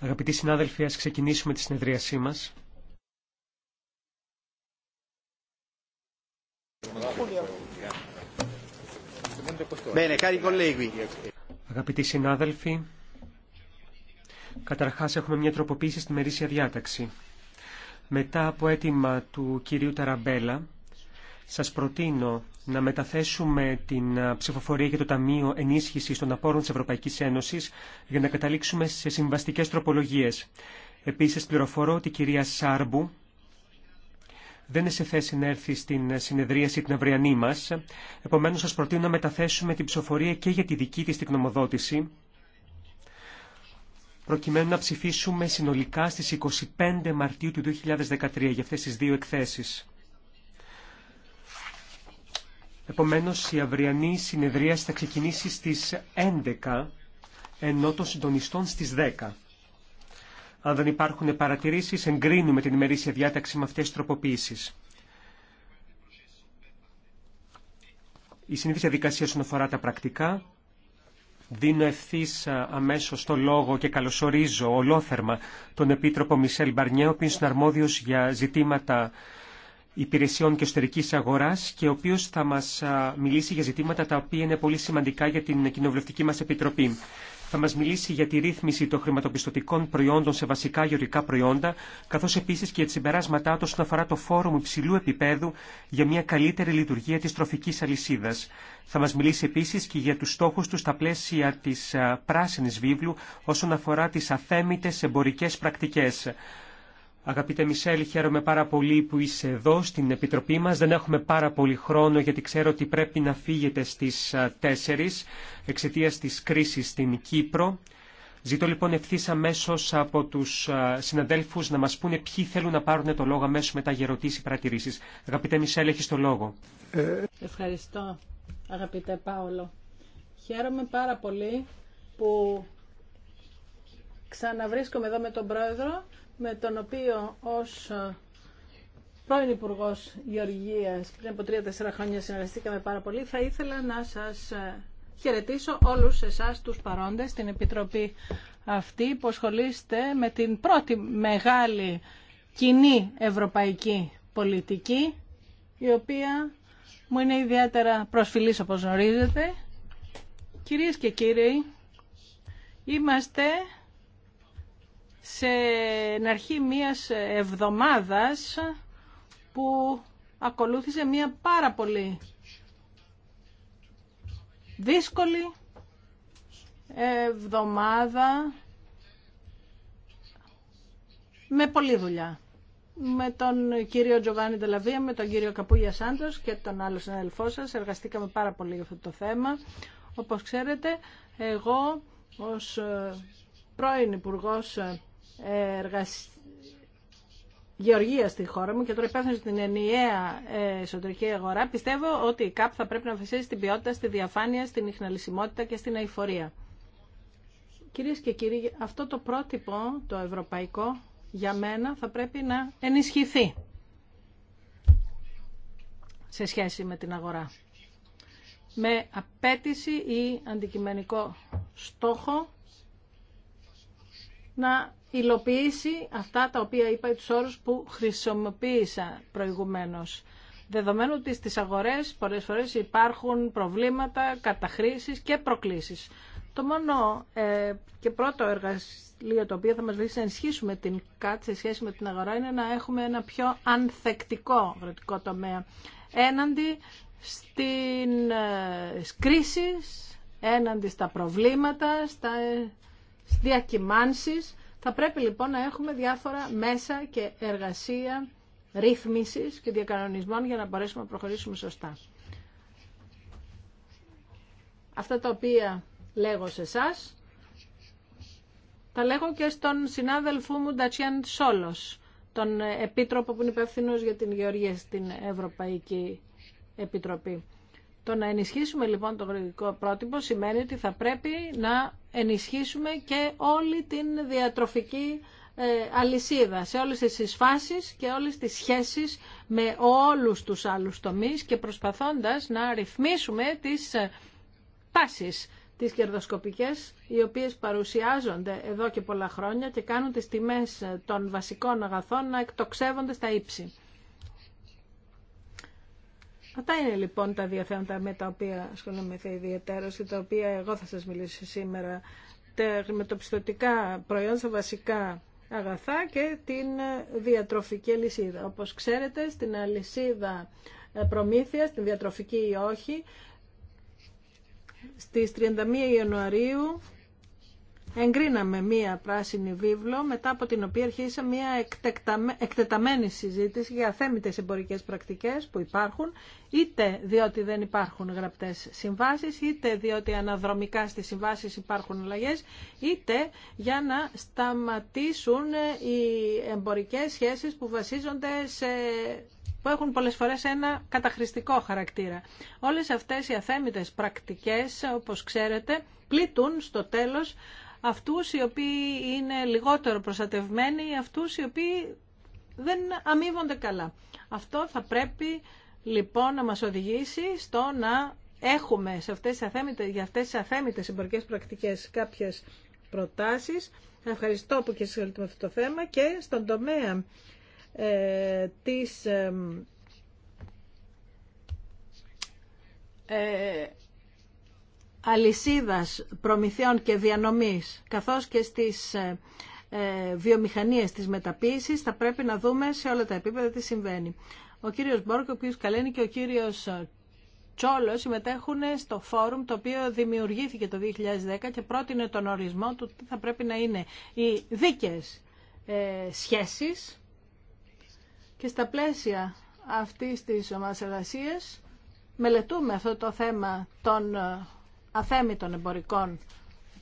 Αγαπητοί συνάδελφοι, ας ξεκινήσουμε τη συνεδρίασή μας. Αγαπητοί συνάδελφοι, καταρχάς έχουμε μια τροποποίηση στη μερίσια διάταξη. Μετά από αίτημα του κυρίου Ταραμπέλα, σας προτείνω να μεταθέσουμε την ψηφοφορία για το Ταμείο Ενίσχυσης των Απόρων της Ευρωπαϊκής Ένωσης για να καταλήξουμε σε συμβαστικές τροπολογίες. Επίσης πληροφορώ ότι η κυρία Σάρμπου δεν είναι σε θέση να έρθει στην συνεδρίαση την αυριανή μας. Επομένως σας προτείνω να μεταθέσουμε την ψηφοφορία και για τη δική της την προκειμένου να ψηφίσουμε συνολικά στις 25 Μαρτίου του 2013 για αυτές τις δύο εκθέσεις. Επομένως, η αυριανή συνεδρία θα ξεκινήσει στις 11, ενώ των συντονιστών στις 10. Αν δεν υπάρχουν παρατηρήσεις, εγκρίνουμε την ημερήσια διάταξη με αυτές τις τροποποίησεις. Η συνήθιση διαδικασία όσον αφορά τα πρακτικά, δίνω ευθύ αμέσω το λόγο και καλωσορίζω ολόθερμα τον Επίτροπο Μισελ Μπαρνιέ, ο οποίο είναι αρμόδιο για ζητήματα υπηρεσιών και εσωτερική αγορά, και ο οποίο θα μα μιλήσει για ζητήματα τα οποία είναι πολύ σημαντικά για την κοινοβουλευτική μα επιτροπή. Θα μα μιλήσει για τη ρύθμιση των χρηματοπιστωτικών προϊόντων σε βασικά γεωργικά προϊόντα, καθώ επίση και για τις συμπεράσματά του όσον αφορά το φόρουμ υψηλού επίπεδου για μια καλύτερη λειτουργία τη τροφική αλυσίδα. Θα μα μιλήσει επίση και για του στόχου του στα πλαίσια τη πράσινη βίβλου όσον αφορά τι αθέμητε εμπορικέ πρακτικέ. Αγαπητέ Μισελ, χαίρομαι πάρα πολύ που είσαι εδώ στην Επιτροπή μας. Δεν έχουμε πάρα πολύ χρόνο γιατί ξέρω ότι πρέπει να φύγετε στις 4 εξαιτίας της κρίσης στην Κύπρο. Ζητώ λοιπόν ευθύ αμέσω από του συναδέλφου να μα πούνε ποιοι θέλουν να πάρουν το λόγο αμέσω μετά για ερωτήσει ή παρατηρήσει. Αγαπητέ Μισελ, έχει το λόγο. Ευχαριστώ, αγαπητέ Πάολο. Χαίρομαι πάρα πολύ που ξαναβρίσκομαι εδώ με τον πρόεδρο με τον οποίο ως ε, πρώην Υπουργό Γεωργίας πριν απο τρια τρία-τεσσέρα χρόνια συνεργαστήκαμε πάρα πολύ, θα ήθελα να σας ε, χαιρετήσω όλους εσάς τους παρόντες στην Επιτροπή αυτή που ασχολείστε με την πρώτη μεγάλη κοινή ευρωπαϊκή πολιτική η οποία μου είναι ιδιαίτερα προσφυλής όπως γνωρίζετε. Κυρίες και κύριοι, είμαστε σε αρχή μίας εβδομάδας που ακολούθησε μια πάρα πολύ δύσκολη εβδομάδα με πολλή δουλειά. Με τον κύριο Τζοβάνι Τελαβία, με τον κύριο Καπούγια Σάντος και τον άλλο συναδελφό σας εργαστήκαμε πάρα πολύ για αυτό το θέμα. Όπως ξέρετε, εγώ ως πρώην Υπουργός γεωργία στη χώρα μου και τώρα υπάρχουν στην ενιαία ε, εσωτερική αγορά, πιστεύω ότι η ΚΑΠ θα πρέπει να αφαισίσει την ποιότητα, στη διαφάνεια, στην ειχναλισμότητα και στην αηφορία. Κυρίε και κύριοι, αυτό το πρότυπο, το ευρωπαϊκό, για μένα θα πρέπει να ενισχυθεί σε σχέση με την αγορά. Με απέτηση ή αντικειμενικό στόχο να υλοποιήσει αυτά τα οποία είπα τους όρους που χρησιμοποίησα προηγουμένως. Δεδομένου ότι στις αγορές πολλές φορές υπάρχουν προβλήματα, καταχρήσεις και προκλήσεις. Το μόνο ε, και πρώτο εργαλείο το οποίο θα μας βοηθήσει να ενισχύσουμε την ΚΑΤ σε σχέση με την αγορά είναι να έχουμε ένα πιο ανθεκτικό αγροτικό τομέα έναντι στην ε, κρίσεις, έναντι στα προβλήματα, στα, διακυμάνσεις. Θα πρέπει λοιπόν να έχουμε διάφορα μέσα και εργασία ρύθμισης και διακανονισμών για να μπορέσουμε να προχωρήσουμε σωστά. Αυτά τα οποία λέγω σε εσά. Τα λέγω και στον συνάδελφό μου Ντατσιάν Σόλος, τον επίτροπο που είναι υπεύθυνο για την Γεωργία στην Ευρωπαϊκή Επιτροπή. Το να ενισχύσουμε λοιπόν το γρηγορικό πρότυπο σημαίνει ότι θα πρέπει να ενισχύσουμε και όλη την διατροφική ε, αλυσίδα σε όλες τις συσφάσεις και όλες τις σχέσεις με όλους τους άλλους τομείς και προσπαθώντας να ρυθμίσουμε τις ε, τάσεις τις κερδοσκοπικές οι οποίες παρουσιάζονται εδώ και πολλά χρόνια και κάνουν τις τιμές ε, των βασικών αγαθών να εκτοξεύονται στα ύψη. Αυτά είναι λοιπόν τα δύο με τα οποία ασχολούμαι ιδιαίτερα και τα οποία εγώ θα σας μιλήσω σήμερα. Τα χρηματοπιστωτικά προϊόντα, βασικά αγαθά και την διατροφική αλυσίδα. Όπως ξέρετε, στην αλυσίδα ε, προμήθεια, την διατροφική ή όχι, στις 31 Ιανουαρίου εγκρίναμε μία πράσινη βίβλο, μετά από την οποία αρχισαμε μία εκτεταμένη συζήτηση για θέμητες εμπορικές πρακτικές που υπάρχουν, είτε διότι δεν υπάρχουν γραπτές συμβάσεις, είτε διότι αναδρομικά στις συμβάσεις υπάρχουν αλλαγές, είτε για να σταματήσουν οι εμπορικές σχέσεις που βασίζονται σε που έχουν πολλές φορές ένα καταχρηστικό χαρακτήρα. Όλες αυτές οι αθέμητες πρακτικές, όπως ξέρετε, πλήττουν στο τέλος αυτούς οι οποίοι είναι λιγότερο προστατευμένοι, αυτούς οι οποίοι δεν αμείβονται καλά. Αυτό θα πρέπει λοιπόν να μας οδηγήσει στο να έχουμε σε αυτές τις για αυτές τις αθέμητες εμπορικές πρακτικές κάποιες προτάσεις. Ευχαριστώ που και συγχωρείτε με αυτό το θέμα και στον τομέα ε, της ε, ε, αλυσίδας προμηθειών και διανομής, καθώς και στις ε, ε, βιομηχανίες της μεταποίησης, θα πρέπει να δούμε σε όλα τα επίπεδα τι συμβαίνει. Ο κύριος Μπόρκ, ο οποίος καλένει και ο κύριος ε, Τσόλο συμμετέχουν στο φόρουμ το οποίο δημιουργήθηκε το 2010 και πρότεινε τον ορισμό του τι θα πρέπει να είναι οι δίκαιες σχέσεις και στα πλαίσια αυτής της ομάδας εργασίας μελετούμε αυτό το θέμα των των εμπορικών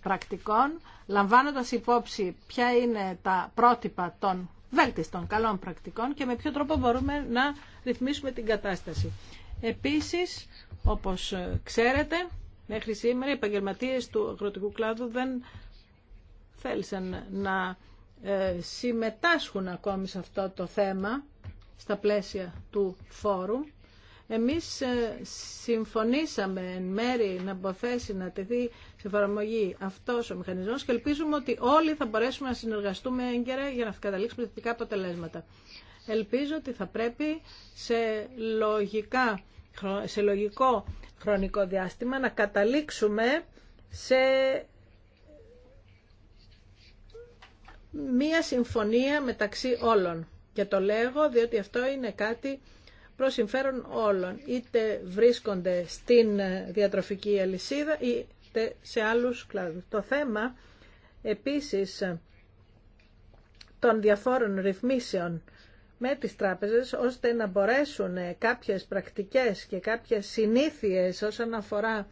πρακτικών, λαμβάνοντας υπόψη ποια είναι τα πρότυπα των βέλτιστων καλών πρακτικών και με ποιο τρόπο μπορούμε να ρυθμίσουμε την κατάσταση. Επίσης, όπως ξέρετε, μέχρι σήμερα οι επαγγελματίες του αγροτικού κλάδου δεν θέλησαν να ε, συμμετάσχουν ακόμη σε αυτό το θέμα στα πλαίσια του φόρου εμείς ε, συμφωνήσαμε εν μέρη να αποθέσει να τεθεί σε εφαρμογή αυτός ο μηχανισμός και ελπίζουμε ότι όλοι θα μπορέσουμε να συνεργαστούμε έγκαιρα για να καταλήξουμε θετικά αποτελέσματα. Ελπίζω ότι θα πρέπει σε, λογικά, σε λογικό χρονικό διάστημα να καταλήξουμε σε μία συμφωνία μεταξύ όλων. Και το λέγω διότι αυτό είναι κάτι προς συμφέρον όλων, είτε βρίσκονται στην διατροφική αλυσίδα είτε σε άλλους κλάδους. Το θέμα επίσης των διαφόρων ρυθμίσεων με τις τράπεζες ώστε να μπορέσουν κάποιες πρακτικές και κάποιες συνήθειες όσον αφορά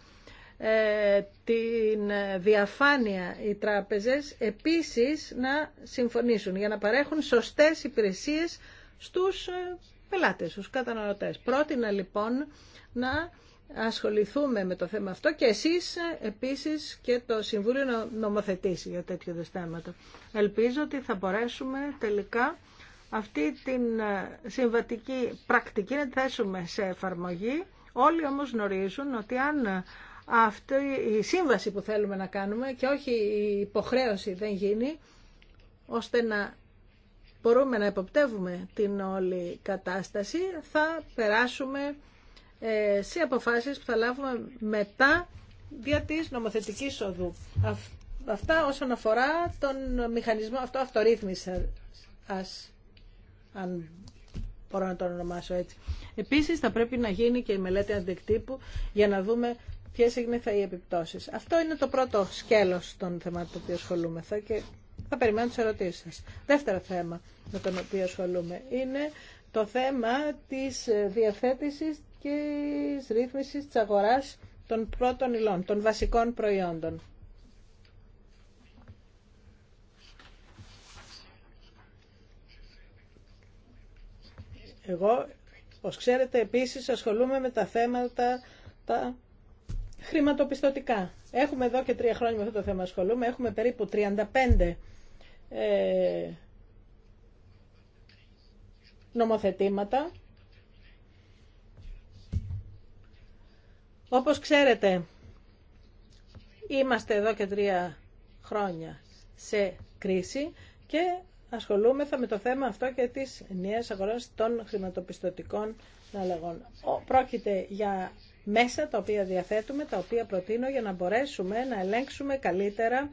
ε, την διαφάνεια οι τράπεζες επίσης να συμφωνήσουν για να παρέχουν σωστές υπηρεσίες στους ε, πελάτες, στους καταναλωτές. Πρότεινα λοιπόν να ασχοληθούμε με το θέμα αυτό και εσείς επίσης και το Συμβούλιο να νομοθετήσει για τέτοιο είδους θέματα. Ελπίζω ότι θα μπορέσουμε τελικά αυτή την ε, συμβατική πρακτική να τη θέσουμε σε εφαρμογή. Όλοι όμως γνωρίζουν ότι αν αυτή η σύμβαση που θέλουμε να κάνουμε και όχι η υποχρέωση δεν γίνει, ώστε να μπορούμε να εποπτεύουμε την όλη κατάσταση, θα περάσουμε ε, σε αποφάσεις που θα λάβουμε μετά δια της νομοθετικής οδού. Αυτά όσον αφορά τον μηχανισμό αυτό αυτορύθμιση, αν μπορώ να τον ονομάσω έτσι. Επίσης θα πρέπει να γίνει και η μελέτη αντικτύπου για να δούμε ποιες είναι θα οι επιπτώσεις. Αυτό είναι το πρώτο σκέλος των θεμάτων που ασχολούμεθα θα περιμένω τις ερωτήσεις σας. Δεύτερο θέμα με τον οποίο ασχολούμαι είναι το θέμα της διαθέτησης και της ρύθμισης της αγοράς των πρώτων υλών, των βασικών προϊόντων. Εγώ, ως ξέρετε, επίσης ασχολούμαι με τα θέματα τα χρηματοπιστωτικά. Έχουμε εδώ και τρία χρόνια με αυτό το θέμα ασχολούμαι. Έχουμε περίπου 35 ε, νομοθετήματα. Όπως ξέρετε, είμαστε εδώ και τρία χρόνια σε κρίση και ασχολούμεθα με το θέμα αυτό και της νέας αγοράς των χρηματοπιστωτικών αλλαγών. Πρόκειται για μέσα τα οποία διαθέτουμε, τα οποία προτείνω για να μπορέσουμε να ελέγξουμε καλύτερα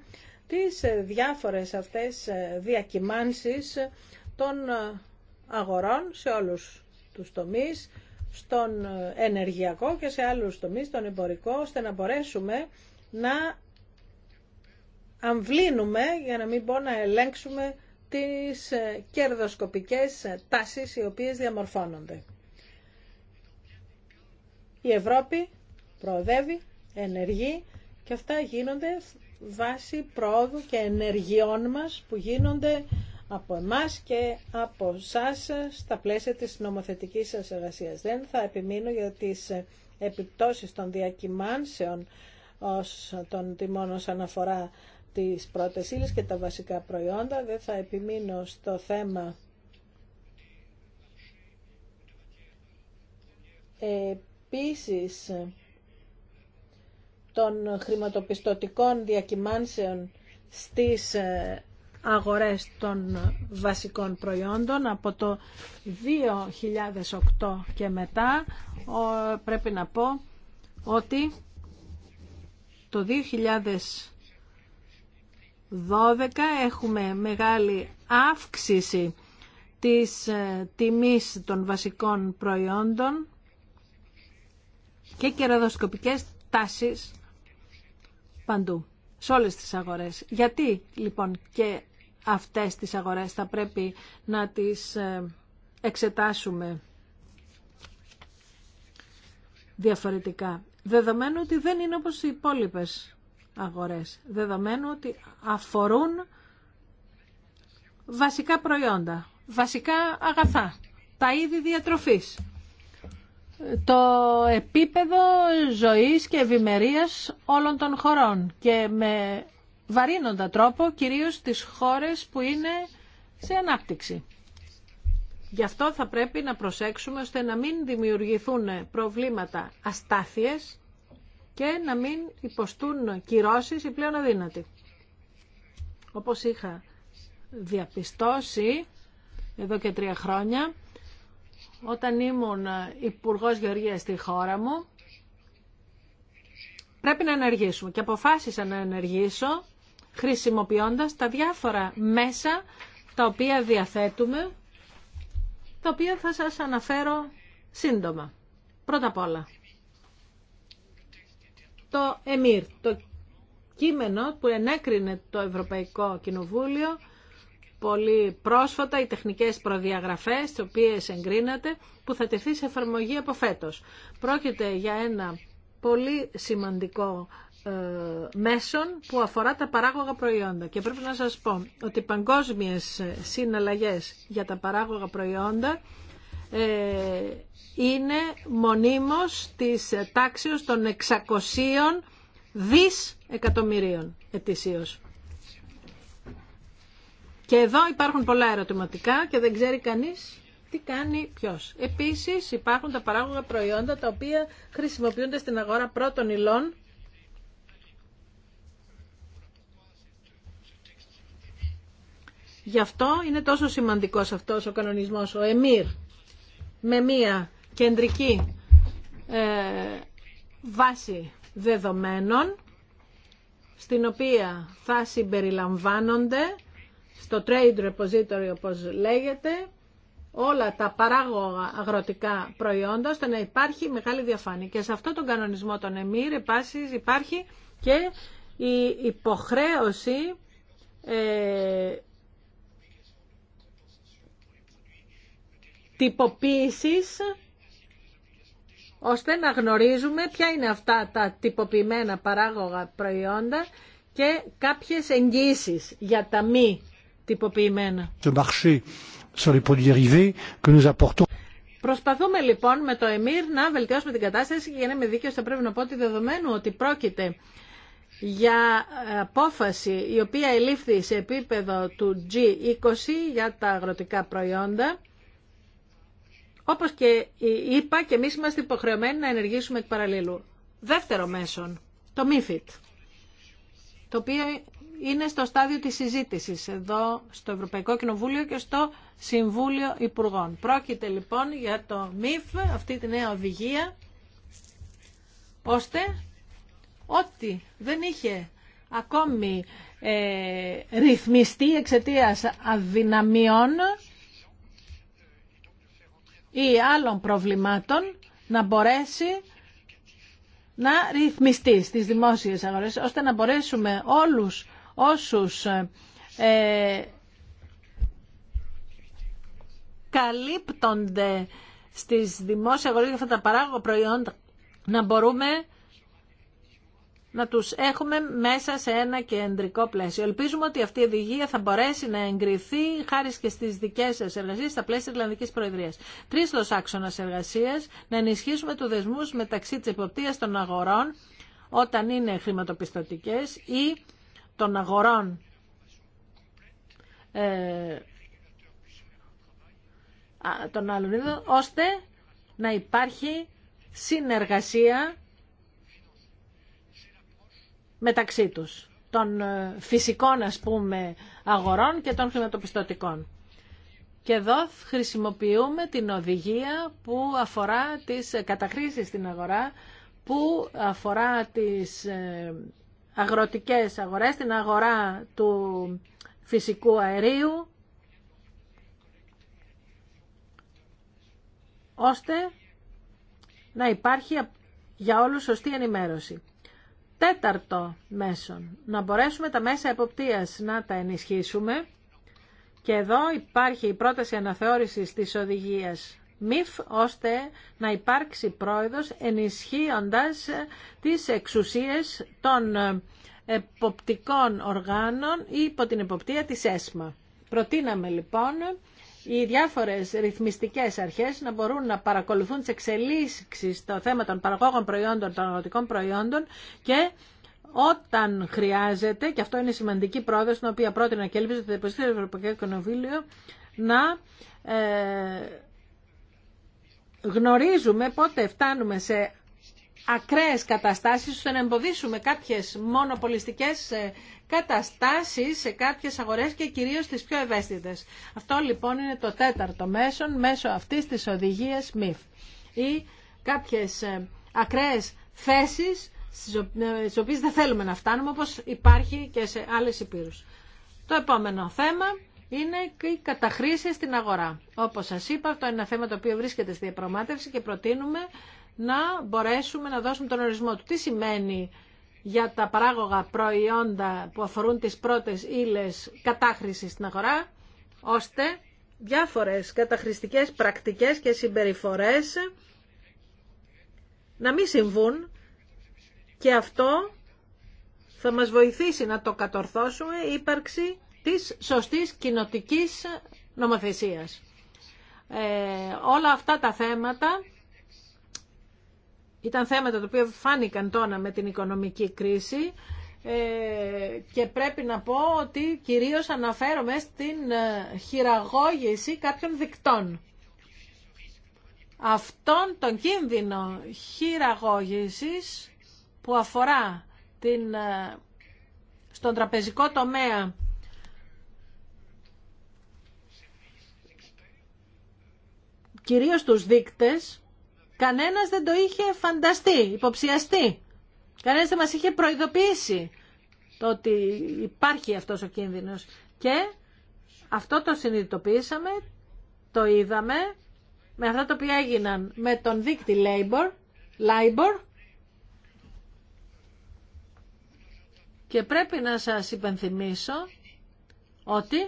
τις ε, διάφορες αυτές ε, διακυμάνσεις των ε, αγορών σε όλους τους τομείς, στον ενεργειακό και σε άλλους τομείς, στον εμπορικό, ώστε να μπορέσουμε να αμβλύνουμε, για να μην πω να ελέγξουμε τις κερδοσκοπικές τάσεις οι οποίες διαμορφώνονται. Η Ευρώπη προοδεύει, ενεργεί και αυτά γίνονται βάση πρόοδου και ενεργειών μας που γίνονται από εμάς και από σας στα πλαίσια της νομοθετικής σας εργασίας. Δεν θα επιμείνω για τις επιπτώσεις των διακυμάνσεων ως των τιμών όσον αφορά τις πρώτες και τα βασικά προϊόντα. Δεν θα επιμείνω στο θέμα επίσης των χρηματοπιστωτικών διακυμάνσεων στις ε, αγορές των βασικών προϊόντων από το 2008 και μετά πρέπει να πω ότι το 2012 έχουμε μεγάλη αύξηση της ε, τιμής των βασικών προϊόντων και κερδοσκοπικές τάσεις παντού, σε όλες τις αγορές. Γιατί λοιπόν και αυτές τις αγορές θα πρέπει να τις ε, εξετάσουμε διαφορετικά. Δεδομένου ότι δεν είναι όπως οι υπόλοιπες αγορές. Δεδομένου ότι αφορούν βασικά προϊόντα, βασικά αγαθά, τα είδη διατροφής το επίπεδο ζωής και ευημερίας όλων των χωρών και με βαρύνοντα τρόπο κυρίως τις χώρες που είναι σε ανάπτυξη. Γι' αυτό θα πρέπει να προσέξουμε ώστε να μην δημιουργηθούν προβλήματα αστάθειες και να μην υποστούν κυρώσεις ή πλέον αδύνατοι. Όπως είχα διαπιστώσει εδώ και τρία χρόνια, όταν ήμουν υπουργό Γεωργίας στη χώρα μου, πρέπει να ενεργήσουμε και αποφάσισα να ενεργήσω χρησιμοποιώντας τα διάφορα μέσα τα οποία διαθέτουμε, τα οποία θα σας αναφέρω σύντομα. Πρώτα απ' όλα, το ΕΜΙΡ, το κείμενο που ενέκρινε το Ευρωπαϊκό Κοινοβούλιο πολύ πρόσφατα οι τεχνικές προδιαγραφές, τις οποίες εγκρίνατε, που θα τεθεί σε εφαρμογή από φέτος. Πρόκειται για ένα πολύ σημαντικό ε, μέσον που αφορά τα παράγωγα προϊόντα. Και πρέπει να σας πω ότι οι παγκόσμιες συναλλαγές για τα παράγωγα προϊόντα ε, είναι μονίμως της τάξεως των 600 δις εκατομμυρίων ετησίως. Και εδώ υπάρχουν πολλά ερωτηματικά και δεν ξέρει κανείς τι κάνει ποιο. Επίσης υπάρχουν τα παράγωγα προϊόντα τα οποία χρησιμοποιούνται στην αγορά πρώτων υλών Γι' αυτό είναι τόσο σημαντικός αυτός ο κανονισμός, ο ΕΜΙΡ, με μία κεντρική ε, βάση δεδομένων, στην οποία θα συμπεριλαμβάνονται στο trade repository όπως λέγεται όλα τα παράγωγα αγροτικά προϊόντα ώστε να υπάρχει μεγάλη διαφάνεια. Και σε αυτό τον κανονισμό των ΕΜΗΡ υπάρχει και η υποχρέωση ε, τυποποίησης ώστε να γνωρίζουμε ποια είναι αυτά τα τυποποιημένα παράγωγα προϊόντα και κάποιες εγγύσεις για τα μη τυποποιημένα. Προσπαθούμε λοιπόν με το ΕΜΙΡ να βελτιώσουμε την κατάσταση και για να είμαι δίκαιο θα πρέπει να πω ότι δεδομένου ότι πρόκειται για απόφαση η οποία ελήφθη σε επίπεδο του G20 για τα αγροτικά προϊόντα. Όπως και είπα και εμείς είμαστε υποχρεωμένοι να ενεργήσουμε εκ παραλλήλου. Δεύτερο μέσον, το MIFID, το οποίο είναι στο στάδιο της συζήτησης εδώ στο Ευρωπαϊκό Κοινοβούλιο και στο Συμβούλιο Υπουργών. Πρόκειται λοιπόν για το ΜΥΦ, αυτή τη νέα οδηγία, ώστε ό,τι δεν είχε ακόμη ε, ρυθμιστεί εξαιτία αδυναμιών ή άλλων προβλημάτων να μπορέσει να ρυθμιστεί στις δημόσιες αγορές, ώστε να μπορέσουμε όλους όσους ε, ε, καλύπτονται στις δημόσια αγορές για αυτά τα παράγωγα προϊόντα να μπορούμε να τους έχουμε μέσα σε ένα κεντρικό πλαίσιο. Ελπίζουμε ότι αυτή η οδηγία θα μπορέσει να εγκριθεί χάρη και στις δικές σας εργασίες στα πλαίσια της Ιρλανδικής Προεδρίας. Τρεις δος άξονας να ενισχύσουμε του δεσμούς μεταξύ της εποπτείας των αγορών όταν είναι χρηματοπιστωτικές ή των αγορών ε, των άλλων ώστε να υπάρχει συνεργασία μεταξύ τους των ε, φυσικών ας πούμε αγορών και των χρηματοπιστωτικών. Και εδώ χρησιμοποιούμε την οδηγία που αφορά τις ε, καταχρήσεις στην αγορά, που αφορά τις αγροτικές αγορές, την αγορά του φυσικού αερίου, ώστε να υπάρχει για όλους σωστή ενημέρωση. Τέταρτο μέσο, να μπορέσουμε τα μέσα εποπτείας να τα ενισχύσουμε. Και εδώ υπάρχει η πρόταση αναθεώρησης της οδηγίας ΜΥΦ ώστε να υπάρξει πρόεδρος ενισχύοντας τις εξουσίες των εποπτικών οργάνων υπό την εποπτεία της ΕΣΜΑ. Προτείναμε λοιπόν οι διάφορες ρυθμιστικές αρχές να μπορούν να παρακολουθούν τις εξελίξεις στο θέμα των παραγόγων προϊόντων, των αγροτικών προϊόντων και όταν χρειάζεται, και αυτό είναι σημαντική πρόοδος, την οποία πρότεινα και ελπίζω το Ευρωπαϊκό Κοινοβούλιο, να ε, γνωρίζουμε πότε φτάνουμε σε ακραίες καταστάσεις ώστε να εμποδίσουμε κάποιες μονοπολιστικές ε, καταστάσεις σε κάποιες αγορές και κυρίως τις πιο ευαίσθητες. Αυτό λοιπόν είναι το τέταρτο μέσο μέσω αυτής της οδηγίας MIF ή κάποιες ε, ακραίες θέσεις ε, στις οποίες δεν θέλουμε να φτάνουμε όπως υπάρχει και σε άλλες υπήρους. Το επόμενο θέμα είναι η καταχρήση στην αγορά. Όπως σας είπα, αυτό είναι ένα θέμα το οποίο βρίσκεται στη διαπραγμάτευση και προτείνουμε να μπορέσουμε να δώσουμε τον ορισμό του. Τι σημαίνει για τα παράγωγα προϊόντα που αφορούν τις πρώτες ύλες κατάχρηση στην αγορά, ώστε διάφορες καταχρηστικές πρακτικές και συμπεριφορές να μην συμβούν και αυτό θα μας βοηθήσει να το κατορθώσουμε ύπαρξη της σωστής κοινοτικής νομοθεσίας. Ε, όλα αυτά τα θέματα ήταν θέματα τα οποία φάνηκαν τώρα με την οικονομική κρίση ε, και πρέπει να πω ότι κυρίως αναφέρομαι στην ε, χειραγώγηση κάποιων δικτών. Αυτόν τον κίνδυνο χειραγώγησης που αφορά την, στον τραπεζικό τομέα κυρίως τους δείκτες, κανένας δεν το είχε φανταστεί, υποψιαστεί. Κανένας δεν μας είχε προειδοποιήσει το ότι υπάρχει αυτός ο κίνδυνος. Και αυτό το συνειδητοποίησαμε, το είδαμε, με αυτά τα οποία έγιναν με τον δείκτη Labor, Libor, και πρέπει να σας υπενθυμίσω ότι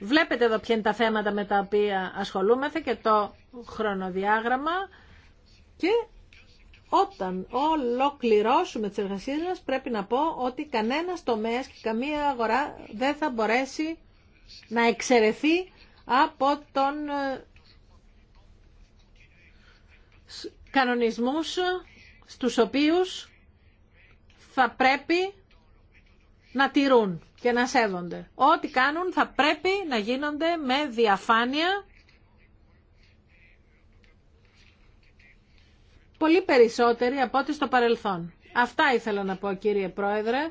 Βλέπετε εδώ ποια είναι τα θέματα με τα οποία ασχολούμαστε και το χρονοδιάγραμμα και όταν ολοκληρώσουμε τις εργασίες μας πρέπει να πω ότι κανένας τομέας και καμία αγορά δεν θα μπορέσει να εξαιρεθεί από τον ε, κανονισμούς στους οποίους θα πρέπει να τηρούν και να σέβονται. Ό,τι κάνουν θα πρέπει να γίνονται με διαφάνεια πολύ περισσότερη από ό,τι στο παρελθόν. Αυτά ήθελα να πω κύριε Πρόεδρε.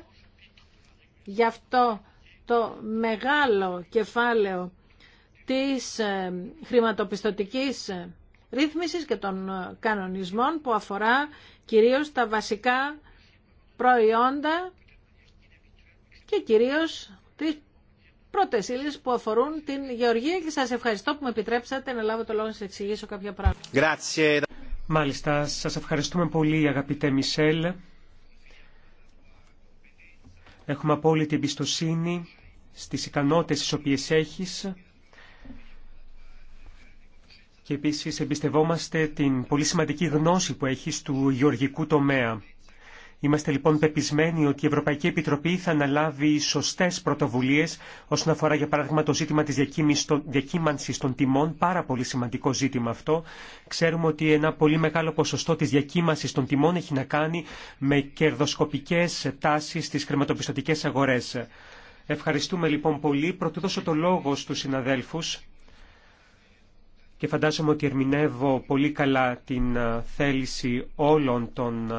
Γι' αυτό το μεγάλο κεφάλαιο της ε, χρηματοπιστωτικής ε, ρύθμισης και των ε, κανονισμών που αφορά κυρίως τα βασικά προϊόντα και κυρίως τις πρώτες ύλε που αφορούν την γεωργία και σας ευχαριστώ που με επιτρέψατε να λάβω το λόγο να σας εξηγήσω κάποια πράγματα. Μάλιστα, σας ευχαριστούμε πολύ αγαπητέ Μισελ. Έχουμε απόλυτη εμπιστοσύνη στις ικανότητες τις οποίες έχεις και επίσης εμπιστευόμαστε την πολύ σημαντική γνώση που έχεις του γεωργικού τομέα. Είμαστε λοιπόν πεπισμένοι ότι η Ευρωπαϊκή Επιτροπή θα αναλάβει σωστέ πρωτοβουλίε όσον αφορά για παράδειγμα το ζήτημα τη διακύμανση των τιμών, πάρα πολύ σημαντικό ζήτημα αυτό. Ξέρουμε ότι ένα πολύ μεγάλο ποσοστό τη διακύμανση των τιμών έχει να κάνει με κερδοσκοπικέ τάσει στι χρηματοπιστωτικέ αγορέ. Ευχαριστούμε λοιπόν πολύ. Πρωτού δώσω το λόγο στους συναδέλφους και φαντάζομαι ότι ερμηνεύω πολύ καλά την θέληση όλων των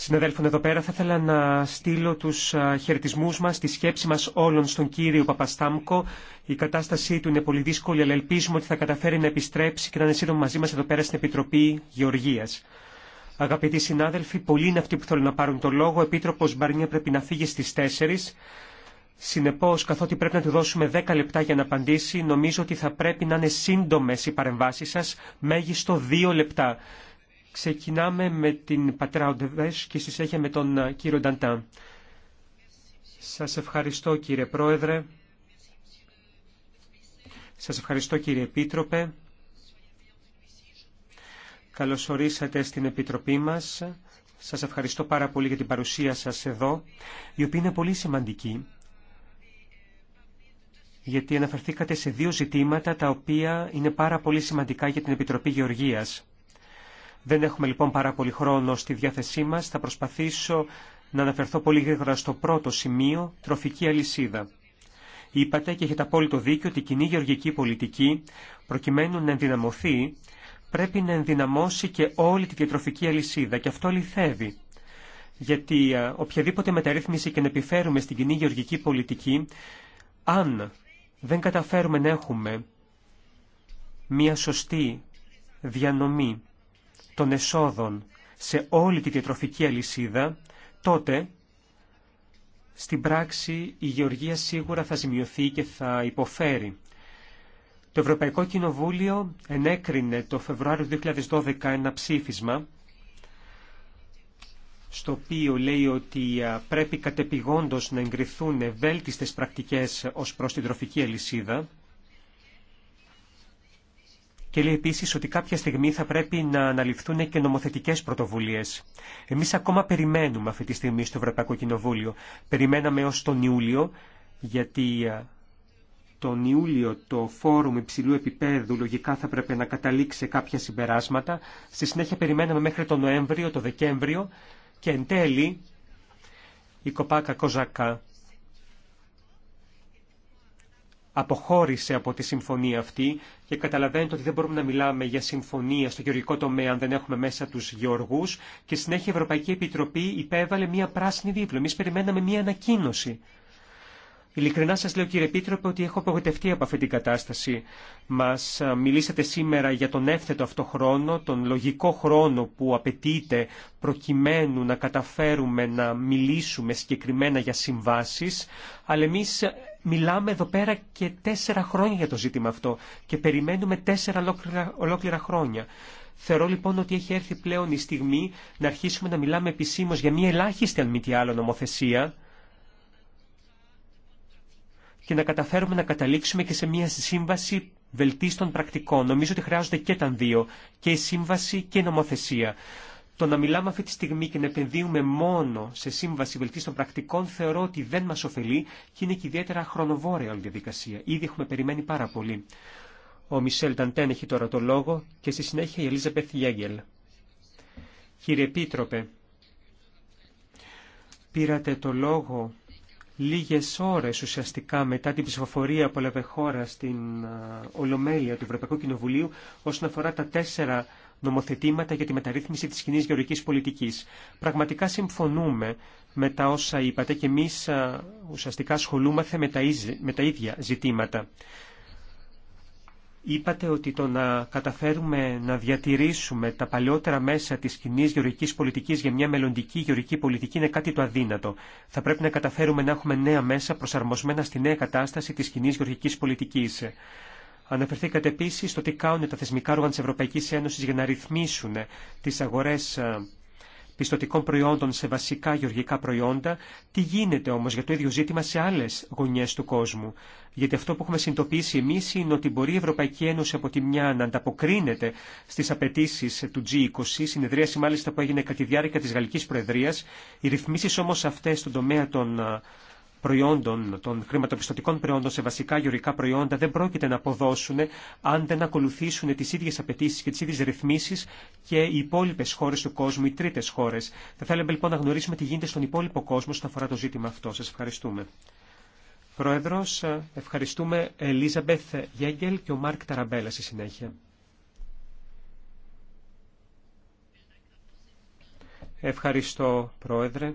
συναδέλφων εδώ πέρα, θα ήθελα να στείλω τους χαιρετισμού μας, τη σκέψη μας όλων στον κύριο Παπαστάμκο. Η κατάστασή του είναι πολύ δύσκολη, αλλά ελπίζουμε ότι θα καταφέρει να επιστρέψει και να είναι σύντομα μαζί μας εδώ πέρα στην Επιτροπή Γεωργίας. Αγαπητοί συνάδελφοι, πολλοί είναι αυτοί που θέλουν να πάρουν το λόγο. Ο Επίτροπος Μπαρνία πρέπει να φύγει στις 4. Συνεπώς, καθότι πρέπει να του δώσουμε 10 λεπτά για να απαντήσει, νομίζω ότι θα πρέπει να είναι σύντομε οι παρεμβάσει σα, μέγιστο 2 λεπτά. Ξεκινάμε με την Πατρά Οντεβές και στη συνέχεια με τον ε, κύριο Νταντάν. Σας ευχαριστώ κύριε Πρόεδρε. Σας ευχαριστώ κύριε Επίτροπε. Καλωσορίσατε στην Επιτροπή μας. Σας ευχαριστώ πάρα πολύ για την παρουσία σας εδώ, η οποία είναι πολύ σημαντική, γιατί αναφερθήκατε σε δύο ζητήματα τα οποία είναι πάρα πολύ σημαντικά για την Επιτροπή Γεωργίας. Δεν έχουμε λοιπόν πάρα πολύ χρόνο στη διάθεσή μας. Θα προσπαθήσω να αναφερθώ πολύ γρήγορα στο πρώτο σημείο, τροφική αλυσίδα. Είπατε και έχετε απόλυτο δίκιο ότι η κοινή γεωργική πολιτική, προκειμένου να ενδυναμωθεί, πρέπει να ενδυναμώσει και όλη τη διατροφική αλυσίδα και αυτό αληθεύει. Γιατί οποιαδήποτε μεταρρύθμιση και να επιφέρουμε στην κοινή γεωργική πολιτική, αν δεν καταφέρουμε να έχουμε μία σωστή διανομή των εσόδων σε όλη τη διατροφική αλυσίδα, τότε στην πράξη η γεωργία σίγουρα θα ζημιωθεί και θα υποφέρει. Το Ευρωπαϊκό Κοινοβούλιο ενέκρινε το Φεβρουάριο 2012 ένα ψήφισμα στο οποίο λέει ότι πρέπει κατεπηγόντως να εγκριθούν βέλτιστες πρακτικές ως προς την τροφική αλυσίδα και λέει επίση ότι κάποια στιγμή θα πρέπει να αναλυφθούν και νομοθετικέ πρωτοβουλίε. Εμεί ακόμα περιμένουμε αυτή τη στιγμή στο Ευρωπαϊκό Κοινοβούλιο. Περιμέναμε ω τον Ιούλιο, γιατί ε, τον Ιούλιο το φόρουμ υψηλού επίπεδου λογικά θα πρέπει να καταλήξει κάποια συμπεράσματα. Στη συνέχεια περιμέναμε μέχρι τον Νοέμβριο, τον Δεκέμβριο και εν τέλει η Κοπάκα Κοζακά αποχώρησε από τη συμφωνία αυτή και καταλαβαίνετε ότι δεν μπορούμε να μιλάμε για συμφωνία στο γεωργικό τομέα αν δεν έχουμε μέσα τους γεωργούς και συνέχεια η Ευρωπαϊκή Επιτροπή υπέβαλε μια πράσινη δίπλα. Εμεί περιμέναμε μια ανακοίνωση. Ειλικρινά σας λέω κύριε Πίτροπε ότι έχω απογοητευτεί από αυτή την κατάσταση. Μας μιλήσατε σήμερα για τον έφθετο αυτό χρόνο, τον λογικό χρόνο που απαιτείται προκειμένου να καταφέρουμε να μιλήσουμε συγκεκριμένα για συμβάσεις, αλλά εμείς μιλάμε εδώ πέρα και τέσσερα χρόνια για το ζήτημα αυτό και περιμένουμε τέσσερα ολόκληρα, ολόκληρα χρόνια. Θεωρώ λοιπόν ότι έχει έρθει πλέον η στιγμή να αρχίσουμε να μιλάμε επισήμω για μια ελάχιστη αν μη τι άλλο νομοθεσία, και να καταφέρουμε να καταλήξουμε και σε μια σύμβαση βελτίστων πρακτικών. Νομίζω ότι χρειάζονται και τα δύο, και η σύμβαση και η νομοθεσία. Το να μιλάμε αυτή τη στιγμή και να επενδύουμε μόνο σε σύμβαση βελτίστων πρακτικών θεωρώ ότι δεν μας ωφελεί και είναι και ιδιαίτερα χρονοβόρεια όλη διαδικασία. Ήδη έχουμε περιμένει πάρα πολύ. Ο Μισελ Νταντέν έχει τώρα το λόγο και στη συνέχεια η Ελίζα Γέγγελ. Κύριε Επίτροπε, πήρατε το λόγο λίγες ώρες ουσιαστικά μετά την ψηφοφορία που έλαβε χώρα στην Ολομέλεια του Ευρωπαϊκού Κοινοβουλίου όσον αφορά τα τέσσερα νομοθετήματα για τη μεταρρύθμιση της κοινή γεωργικής πολιτικής. Πραγματικά συμφωνούμε με τα όσα είπατε και εμείς ουσιαστικά ασχολούμαστε με τα ίδια ζητήματα. Είπατε ότι το να καταφέρουμε να διατηρήσουμε τα παλαιότερα μέσα της κοινή γεωργικής πολιτικής για μια μελλοντική γεωργική πολιτική είναι κάτι το αδύνατο. Θα πρέπει να καταφέρουμε να έχουμε νέα μέσα προσαρμοσμένα στη νέα κατάσταση της κοινή γεωργικής πολιτικής. Αναφερθήκατε επίση στο τι κάνουν τα θεσμικά όργανα τη Ευρωπαϊκή Ένωση για να ρυθμίσουν τι αγορέ ε, πιστοτικών προϊόντων σε βασικά γεωργικά προϊόντα, τι γίνεται όμως για το ίδιο ζήτημα σε άλλες γωνιές του κόσμου. Γιατί αυτό που έχουμε συνειδητοποιήσει εμείς είναι ότι μπορεί η Ευρωπαϊκή Ένωση από τη μια να ανταποκρίνεται στις απαιτήσει του G20, συνεδρίαση μάλιστα που έγινε κατά τη διάρκεια της Γαλλικής Προεδρίας, οι ρυθμίσεις όμως αυτές στον τομέα των προϊόντων, των χρηματοπιστωτικών προϊόντων σε βασικά γεωρικά προϊόντα δεν πρόκειται να αποδώσουν αν δεν ακολουθήσουν τις ίδιες απαιτήσεις και τις ίδιες ρυθμίσεις και οι υπόλοιπε χώρες του κόσμου, οι τρίτες χώρες. Θα θέλαμε λοιπόν να γνωρίσουμε τι γίνεται στον υπόλοιπο κόσμο όσον αφορά το ζήτημα αυτό. Σας ευχαριστούμε. Πρόεδρος, ευχαριστούμε Ελίζαμπεθ Γέγκελ και ο Μάρκ Ταραμπέλα στη συνέχεια. Ευχαριστώ, Πρόεδρε.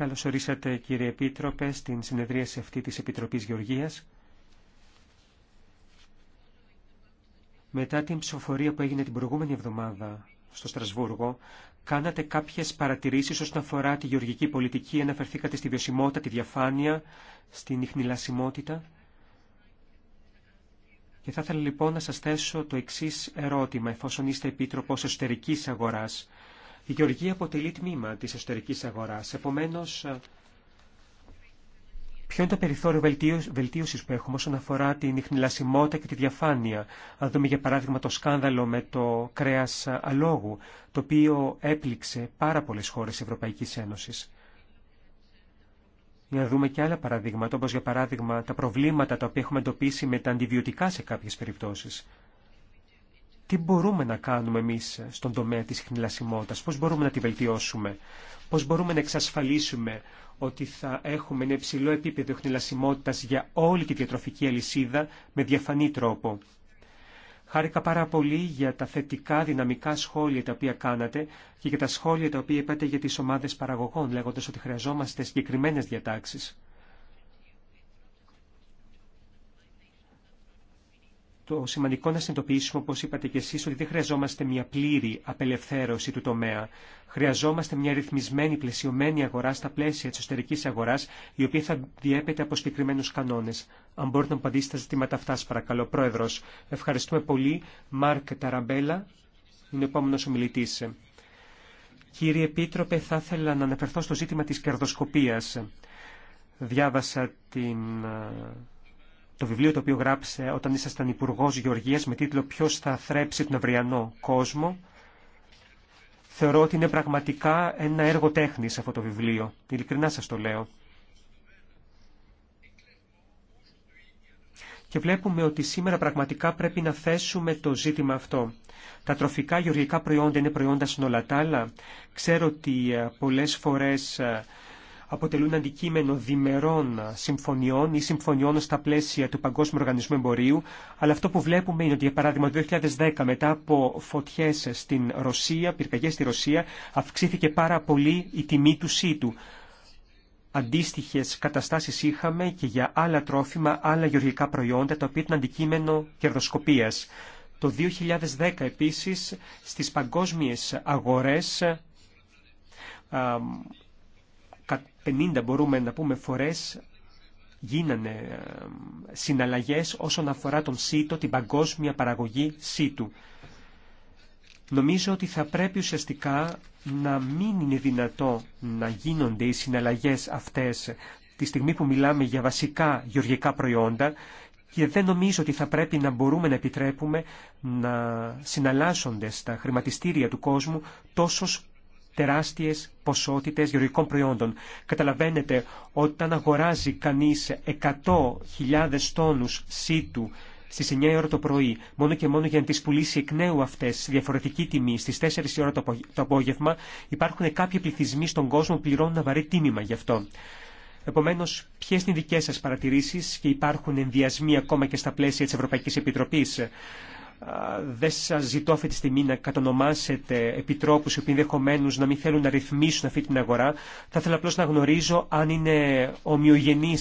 Καλώς ορίσατε κύριε Επίτροπε στην συνεδρίαση αυτή της Επιτροπής Γεωργίας. Μετά την ψηφοφορία που έγινε την προηγούμενη εβδομάδα στο Στρασβούργο, κάνατε κάποιες παρατηρήσεις όσον αφορά τη γεωργική πολιτική, αναφερθήκατε στη βιωσιμότητα, τη διαφάνεια, στην ιχνηλασιμότητα. Και θα ήθελα λοιπόν να σας θέσω το εξής ερώτημα, εφόσον είστε Επίτροπος Εσωτερικής Αγοράς. Η γεωργία αποτελεί τμήμα της εσωτερικής αγοράς. Επομένως, ε, ποιο είναι το περιθώριο βελτίωσης που έχουμε όσον αφορά την ιχνηλασιμότητα και τη διαφάνεια. Αν δούμε για παράδειγμα το σκάνδαλο με το κρέας ε, αλόγου, το οποίο έπληξε πάρα πολλές χώρες Ευρωπαϊκής Ένωσης. Για να δούμε και άλλα παραδείγματα, όπως για παράδειγμα τα προβλήματα τα οποία έχουμε εντοπίσει με τα αντιβιωτικά σε κάποιες περιπτώσεις τι μπορούμε να κάνουμε εμείς στον τομέα της χνηλασιμότητας, πώς μπορούμε να τη βελτιώσουμε, πώς μπορούμε να εξασφαλίσουμε ότι θα έχουμε ένα υψηλό επίπεδο χνηλασιμότητας για όλη τη διατροφική αλυσίδα με διαφανή τρόπο. Χάρηκα πάρα πολύ για τα θετικά δυναμικά σχόλια τα οποία κάνατε και για τα σχόλια τα οποία είπατε για τις ομάδες παραγωγών, λέγοντας ότι χρειαζόμαστε συγκεκριμένες διατάξεις. το σημαντικό να συνειδητοποιήσουμε, όπω είπατε και εσεί ότι δεν χρειαζόμαστε μια πλήρη απελευθέρωση του τομέα. Χρειαζόμαστε μια ρυθμισμένη, πλαισιωμένη αγορά στα πλαίσια της εσωτερικής αγοράς, η οποία θα διέπεται από συγκεκριμένου κανόνε. Αν μπορείτε να απαντήσετε στα ζητήματα αυτά, παρακαλώ. πρόεδρο. ευχαριστούμε πολύ. Μάρκ Ταραμπέλα είναι ο επόμενο ομιλητή. Κύριε Επίτροπε, θα ήθελα να αναφερθώ στο ζήτημα τη κερδοσκοπία. Διάβασα την το βιβλίο το οποίο γράψε όταν ήσασταν υπουργό Γεωργίας με τίτλο Ποιο θα θρέψει τον αυριανό κόσμο» θεωρώ ότι είναι πραγματικά ένα έργο τέχνης αυτό το βιβλίο. Ειλικρινά σα το λέω. Και βλέπουμε ότι σήμερα πραγματικά πρέπει να θέσουμε το ζήτημα αυτό. Τα τροφικά γεωργικά προϊόντα είναι προϊόντα αλλά Ξέρω ότι ε, πολλές φορές ε, αποτελούν αντικείμενο διμερών συμφωνιών ή συμφωνιών στα πλαίσια του Παγκόσμιου Οργανισμού Εμπορίου, αλλά αυτό που βλέπουμε είναι ότι, για παράδειγμα, το 2010 μετά από φωτιές στην Ρωσία, πυρκαγιές στη Ρωσία, αυξήθηκε πάρα πολύ η τιμή του ΣΥΤΟΥ. Αντίστοιχες καταστάσεις είχαμε και για άλλα τρόφιμα, άλλα γεωργικά προϊόντα, τα οποία ήταν αντικείμενο κερδοσκοπία. Το 2010 επίσης στις παγκόσμιες αγορές 50 μπορούμε να πούμε φορές γίνανε ε, συναλλαγές όσον αφορά τον ΣΥΤΟ, την παγκόσμια παραγωγή ΣΥΤΟΥ. Νομίζω ότι θα πρέπει ουσιαστικά να μην είναι δυνατό να γίνονται οι συναλλαγές αυτές τη στιγμή που μιλάμε για βασικά γεωργικά προϊόντα και δεν νομίζω ότι θα πρέπει να μπορούμε να επιτρέπουμε να συναλλάσσονται στα χρηματιστήρια του κόσμου τόσος Τεράστιε ποσότητες γεωργικών προϊόντων. Καταλαβαίνετε, όταν αγοράζει κανεί 100.000 τόνους σίτου στι 9 ώρα το πρωί, μόνο και μόνο για να τι πουλήσει εκ νέου αυτέ, σε διαφορετική τιμή στι 4 ώρα το απόγευμα, υπάρχουν κάποιοι πληθυσμοί στον κόσμο που πληρώνουν ένα βαρύ τίμημα γι' αυτό. Επομένω, ποιε είναι οι δικέ σα παρατηρήσει και υπάρχουν ενδιασμοί ακόμα και στα πλαίσια τη Ευρωπαϊκή Επιτροπή δεν σα ζητώ αυτή τη στιγμή να κατονομάσετε επιτρόπου οι οποίοι ενδεχομένω να μην θέλουν να ρυθμίσουν αυτή την αγορά. Θα ήθελα απλώ να γνωρίζω αν είναι ομοιογενή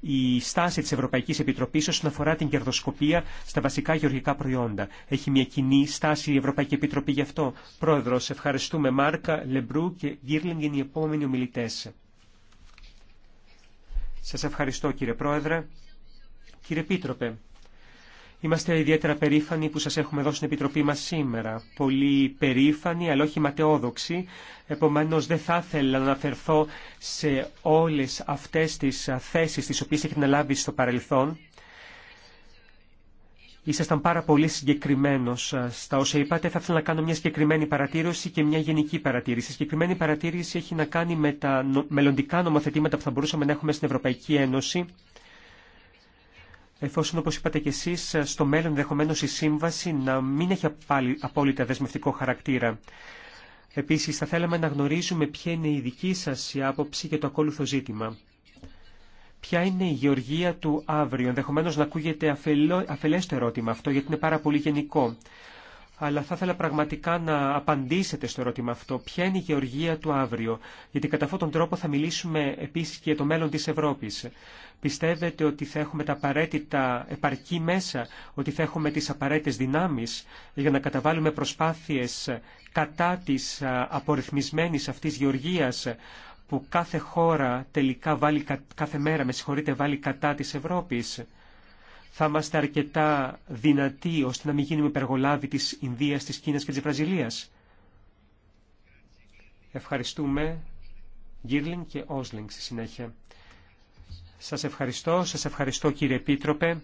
η στάση τη Ευρωπαϊκή Επιτροπή όσον αφορά την κερδοσκοπία στα βασικά γεωργικά προϊόντα. Έχει μια κοινή στάση η Ευρωπαϊκή Επιτροπή γι' αυτό. Πρόεδρο, ευχαριστούμε Μάρκα, Λεμπρού και Γκίρλινγκ είναι οι επόμενοι ομιλητέ. Σα ευχαριστώ κύριε Πρόεδρε. Κύριε Πίτροπε, Είμαστε ιδιαίτερα περήφανοι που σας έχουμε δώσει στην Επιτροπή μας σήμερα. Πολύ περήφανοι, αλλά όχι ματαιόδοξοι. Επομένως, δεν θα ήθελα να αναφερθώ σε όλες αυτές τις θέσεις τις οποίες έχετε λάβει στο παρελθόν. Ήσασταν πάρα πολύ συγκεκριμένο ε, στα όσα είπατε. Θα ήθελα να κάνω μια συγκεκριμένη παρατήρηση και μια γενική παρατήρηση. Η συγκεκριμένη παρατήρηση έχει να κάνει με τα μελλοντικά νομοθετήματα που θα μπορούσαμε να έχουμε στην Ευρωπαϊκή Ένωση εφόσον όπως είπατε και εσείς στο μέλλον ενδεχομένω η σύμβαση να μην έχει απόλυτα δεσμευτικό χαρακτήρα. Επίσης θα θέλαμε να γνωρίζουμε ποια είναι η δική σας η άποψη για το ακόλουθο ζήτημα. Ποια είναι η γεωργία του αύριο. Ενδεχομένω να ακούγεται αφελέ το ερώτημα αυτό γιατί είναι πάρα πολύ γενικό αλλά θα ήθελα πραγματικά να απαντήσετε στο ερώτημα αυτό. Ποια είναι η γεωργία του αύριο, γιατί κατά αυτόν τον τρόπο θα μιλήσουμε επίσης και για το μέλλον της Ευρώπης. Πιστεύετε ότι θα έχουμε τα απαραίτητα επαρκή μέσα, ότι θα έχουμε τις απαραίτητες δυνάμεις για να καταβάλουμε προσπάθειες κατά της απορριθμισμένης αυτής γεωργίας, που κάθε χώρα τελικά βάλει, κάθε μέρα, με συγχωρείτε, βάλει κατά της Ευρώπης θα είμαστε αρκετά δυνατοί ώστε να μην γίνουμε υπεργολάβοι της Ινδίας, της Κίνας και της Βραζιλίας. Ευχαριστούμε Γκίρλινγκ και Όσλινγκ στη συνέχεια. Σας ευχαριστώ, σας ευχαριστώ κύριε Επίτροπε.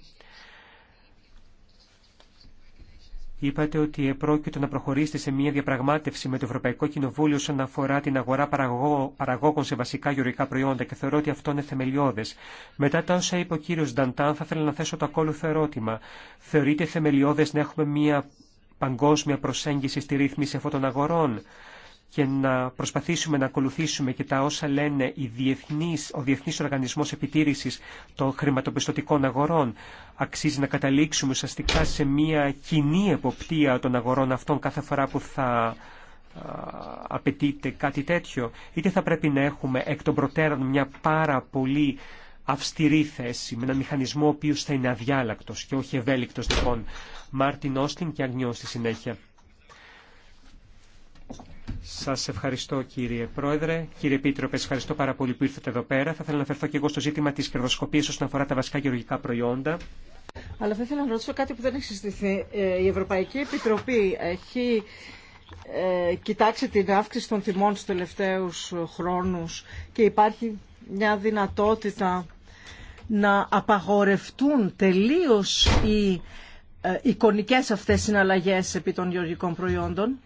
Είπατε ότι επρόκειτο να προχωρήσετε σε μια διαπραγμάτευση με το Ευρωπαϊκό Κοινοβούλιο όσον αφορά την αγορά παραγόγων σε βασικά γεωργικά προϊόντα και θεωρώ ότι αυτό είναι θεμελιώδε. Μετά τα όσα είπε ο κύριο Νταντάν, θα ήθελα να θέσω το ακόλουθο ερώτημα. Θεωρείτε θεμελιώδε να έχουμε μια παγκόσμια προσέγγιση στη ρύθμιση αυτών των αγορών και να προσπαθήσουμε να ακολουθήσουμε και τα όσα λένε οι διεθνείς, ο Διεθνής Οργανισμός Επιτήρησης των Χρηματοπιστωτικών Αγορών. Αξίζει να καταλήξουμε ουσιαστικά σε μια κοινή εποπτεία των αγορών αυτών κάθε φορά που θα απαιτείται κάτι τέτοιο. Είτε θα πρέπει να έχουμε εκ των προτέρων μια πάρα πολύ αυστηρή θέση, με ένα μηχανισμό ο οποίος θα είναι αδιάλακτος και όχι ευέλικτος λοιπόν. Μάρτιν Όστιν και Αγνιό στη συνέχεια. Σας ευχαριστώ κύριε Πρόεδρε. Κύριε Επίτροπε, ευχαριστώ πάρα πολύ που ήρθατε εδώ πέρα. Θα ήθελα να αναφερθώ και εγώ στο ζήτημα της κερδοσκοπίας όσον αφορά τα βασικά γεωργικά προϊόντα. Αλλά θα ήθελα να ρωτήσω κάτι που δεν έχει συζητηθεί. Ε, η Ευρωπαϊκή Επιτροπή έχει ε, κοιτάξει την αύξηση των τιμών στους τελευταίους χρόνους και υπάρχει μια δυνατότητα να απαγορευτούν τελείως οι ε, εικονικές αυτές συναλλαγές επί των γεωργικών προϊόντων.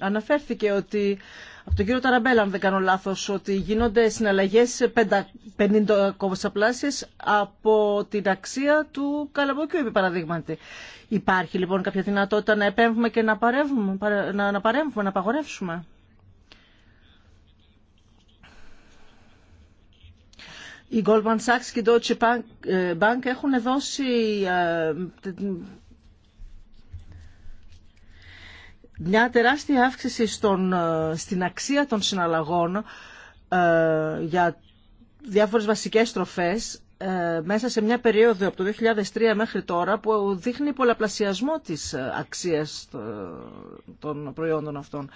Αναφέρθηκε ότι από τον κύριο Ταραμπέλα, αν δεν κάνω λάθος, ότι γίνονται συναλλαγές 50 κομμασαπλάσεις από την αξία του καλαμποκιού, επί παραδείγματι. Υπάρχει λοιπόν κάποια δυνατότητα να επέμβουμε και να παρέμβουμε, να, να παρέμβουμε, να απαγορεύσουμε. Οι Goldman Sachs και η Deutsche Bank ε, έχουν δώσει ε, μια τεράστια αύξηση στον, ε, στην αξία των συναλλαγών ε, για διάφορες βασικές τροφές ε, μέσα σε μια περίοδο από το 2003 μέχρι τώρα που δείχνει πολλαπλασιασμό της αξίας των προϊόντων αυτών.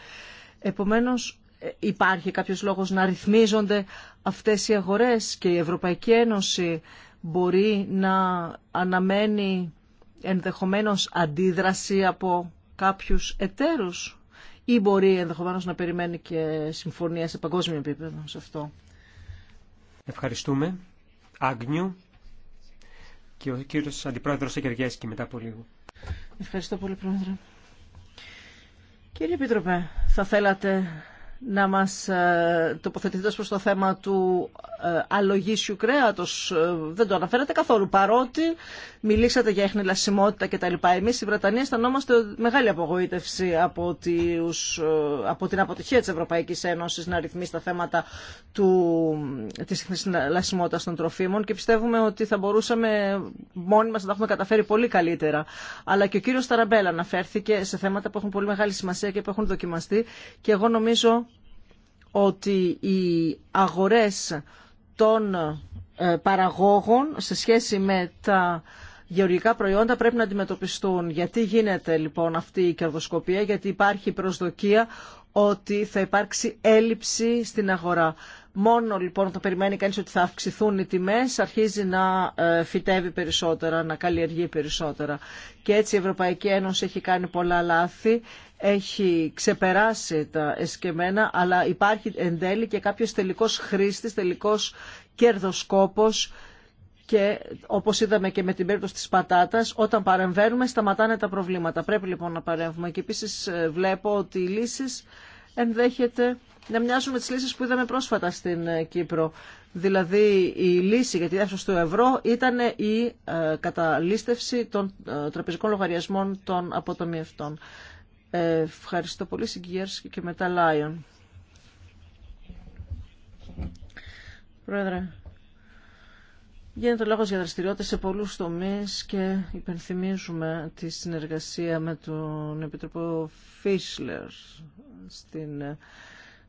Επομένως, υπάρχει κάποιος λόγος να ρυθμίζονται αυτές οι αγορές και η Ευρωπαϊκή Ένωση μπορεί να αναμένει ενδεχομένως αντίδραση από κάποιους εταίρους ή μπορεί ενδεχομένως να περιμένει και συμφωνία σε παγκόσμιο επίπεδο σε αυτό. Ευχαριστούμε. Άγνιου και ο κύριος Αντιπρόεδρος Σεκεργέσκη μετά από λίγο. Ευχαριστώ πολύ Πρόεδρε. Κύριε Επίτροπε, θα θέλατε να μας ε, τοποθετηθείτε προς το θέμα του ε, αλογίσιου κρέατος. Ε, δεν το αναφέρατε καθόλου, παρότι μιλήσατε για εχνηλασιμότητα κτλ. Εμείς στη Βρετανία αισθανόμαστε μεγάλη απογοήτευση από, τις, από την αποτυχία της Ευρωπαϊκής Ένωσης να ρυθμίσει τα θέματα του, της εχνηλασιμότητας των τροφίμων και πιστεύουμε ότι θα μπορούσαμε μόνοι μας να τα έχουμε καταφέρει πολύ καλύτερα. Αλλά και ο κύριος Ταραμπέλα αναφέρθηκε σε θέματα που έχουν πολύ μεγάλη σημασία και που έχουν δοκιμαστεί και εγώ νομίζω ότι οι αγορές των ε, παραγόγων σε σχέση με τα γεωργικά προϊόντα πρέπει να αντιμετωπιστούν. Γιατί γίνεται λοιπόν αυτή η κερδοσκοπία, γιατί υπάρχει προσδοκία ότι θα υπάρξει έλλειψη στην αγορά. Μόνο λοιπόν το περιμένει κανείς ότι θα αυξηθούν οι τιμές αρχίζει να ε, φυτεύει περισσότερα, να καλλιεργεί περισσότερα. Και έτσι η Ευρωπαϊκή Ένωση έχει κάνει πολλά λάθη έχει ξεπεράσει τα εσκεμένα, αλλά υπάρχει εν τέλει και κάποιος τελικός χρήστης, τελικός κερδοσκόπος και όπως είδαμε και με την περίπτωση της πατάτας, όταν παρεμβαίνουμε σταματάνε τα προβλήματα. Πρέπει λοιπόν να παρέμβουμε και επίσης ε, βλέπω ότι οι λύσεις ενδέχεται να μοιάζουν με τις λύσεις που είδαμε πρόσφατα στην ε, Κύπρο. Δηλαδή η λύση για τη διάσωση του ευρώ ήταν η ε, καταλήστευση των τραπεζικών λογαριασμών των αποτομιευτών. Ευχαριστώ πολύ, Συγκιέρσκη και μετά Λάιον. Πρόεδρε, γίνεται λόγος για δραστηριότητες σε πολλούς τομείς και υπενθυμίζουμε τη συνεργασία με τον Επιτροπό Φίσλερ στην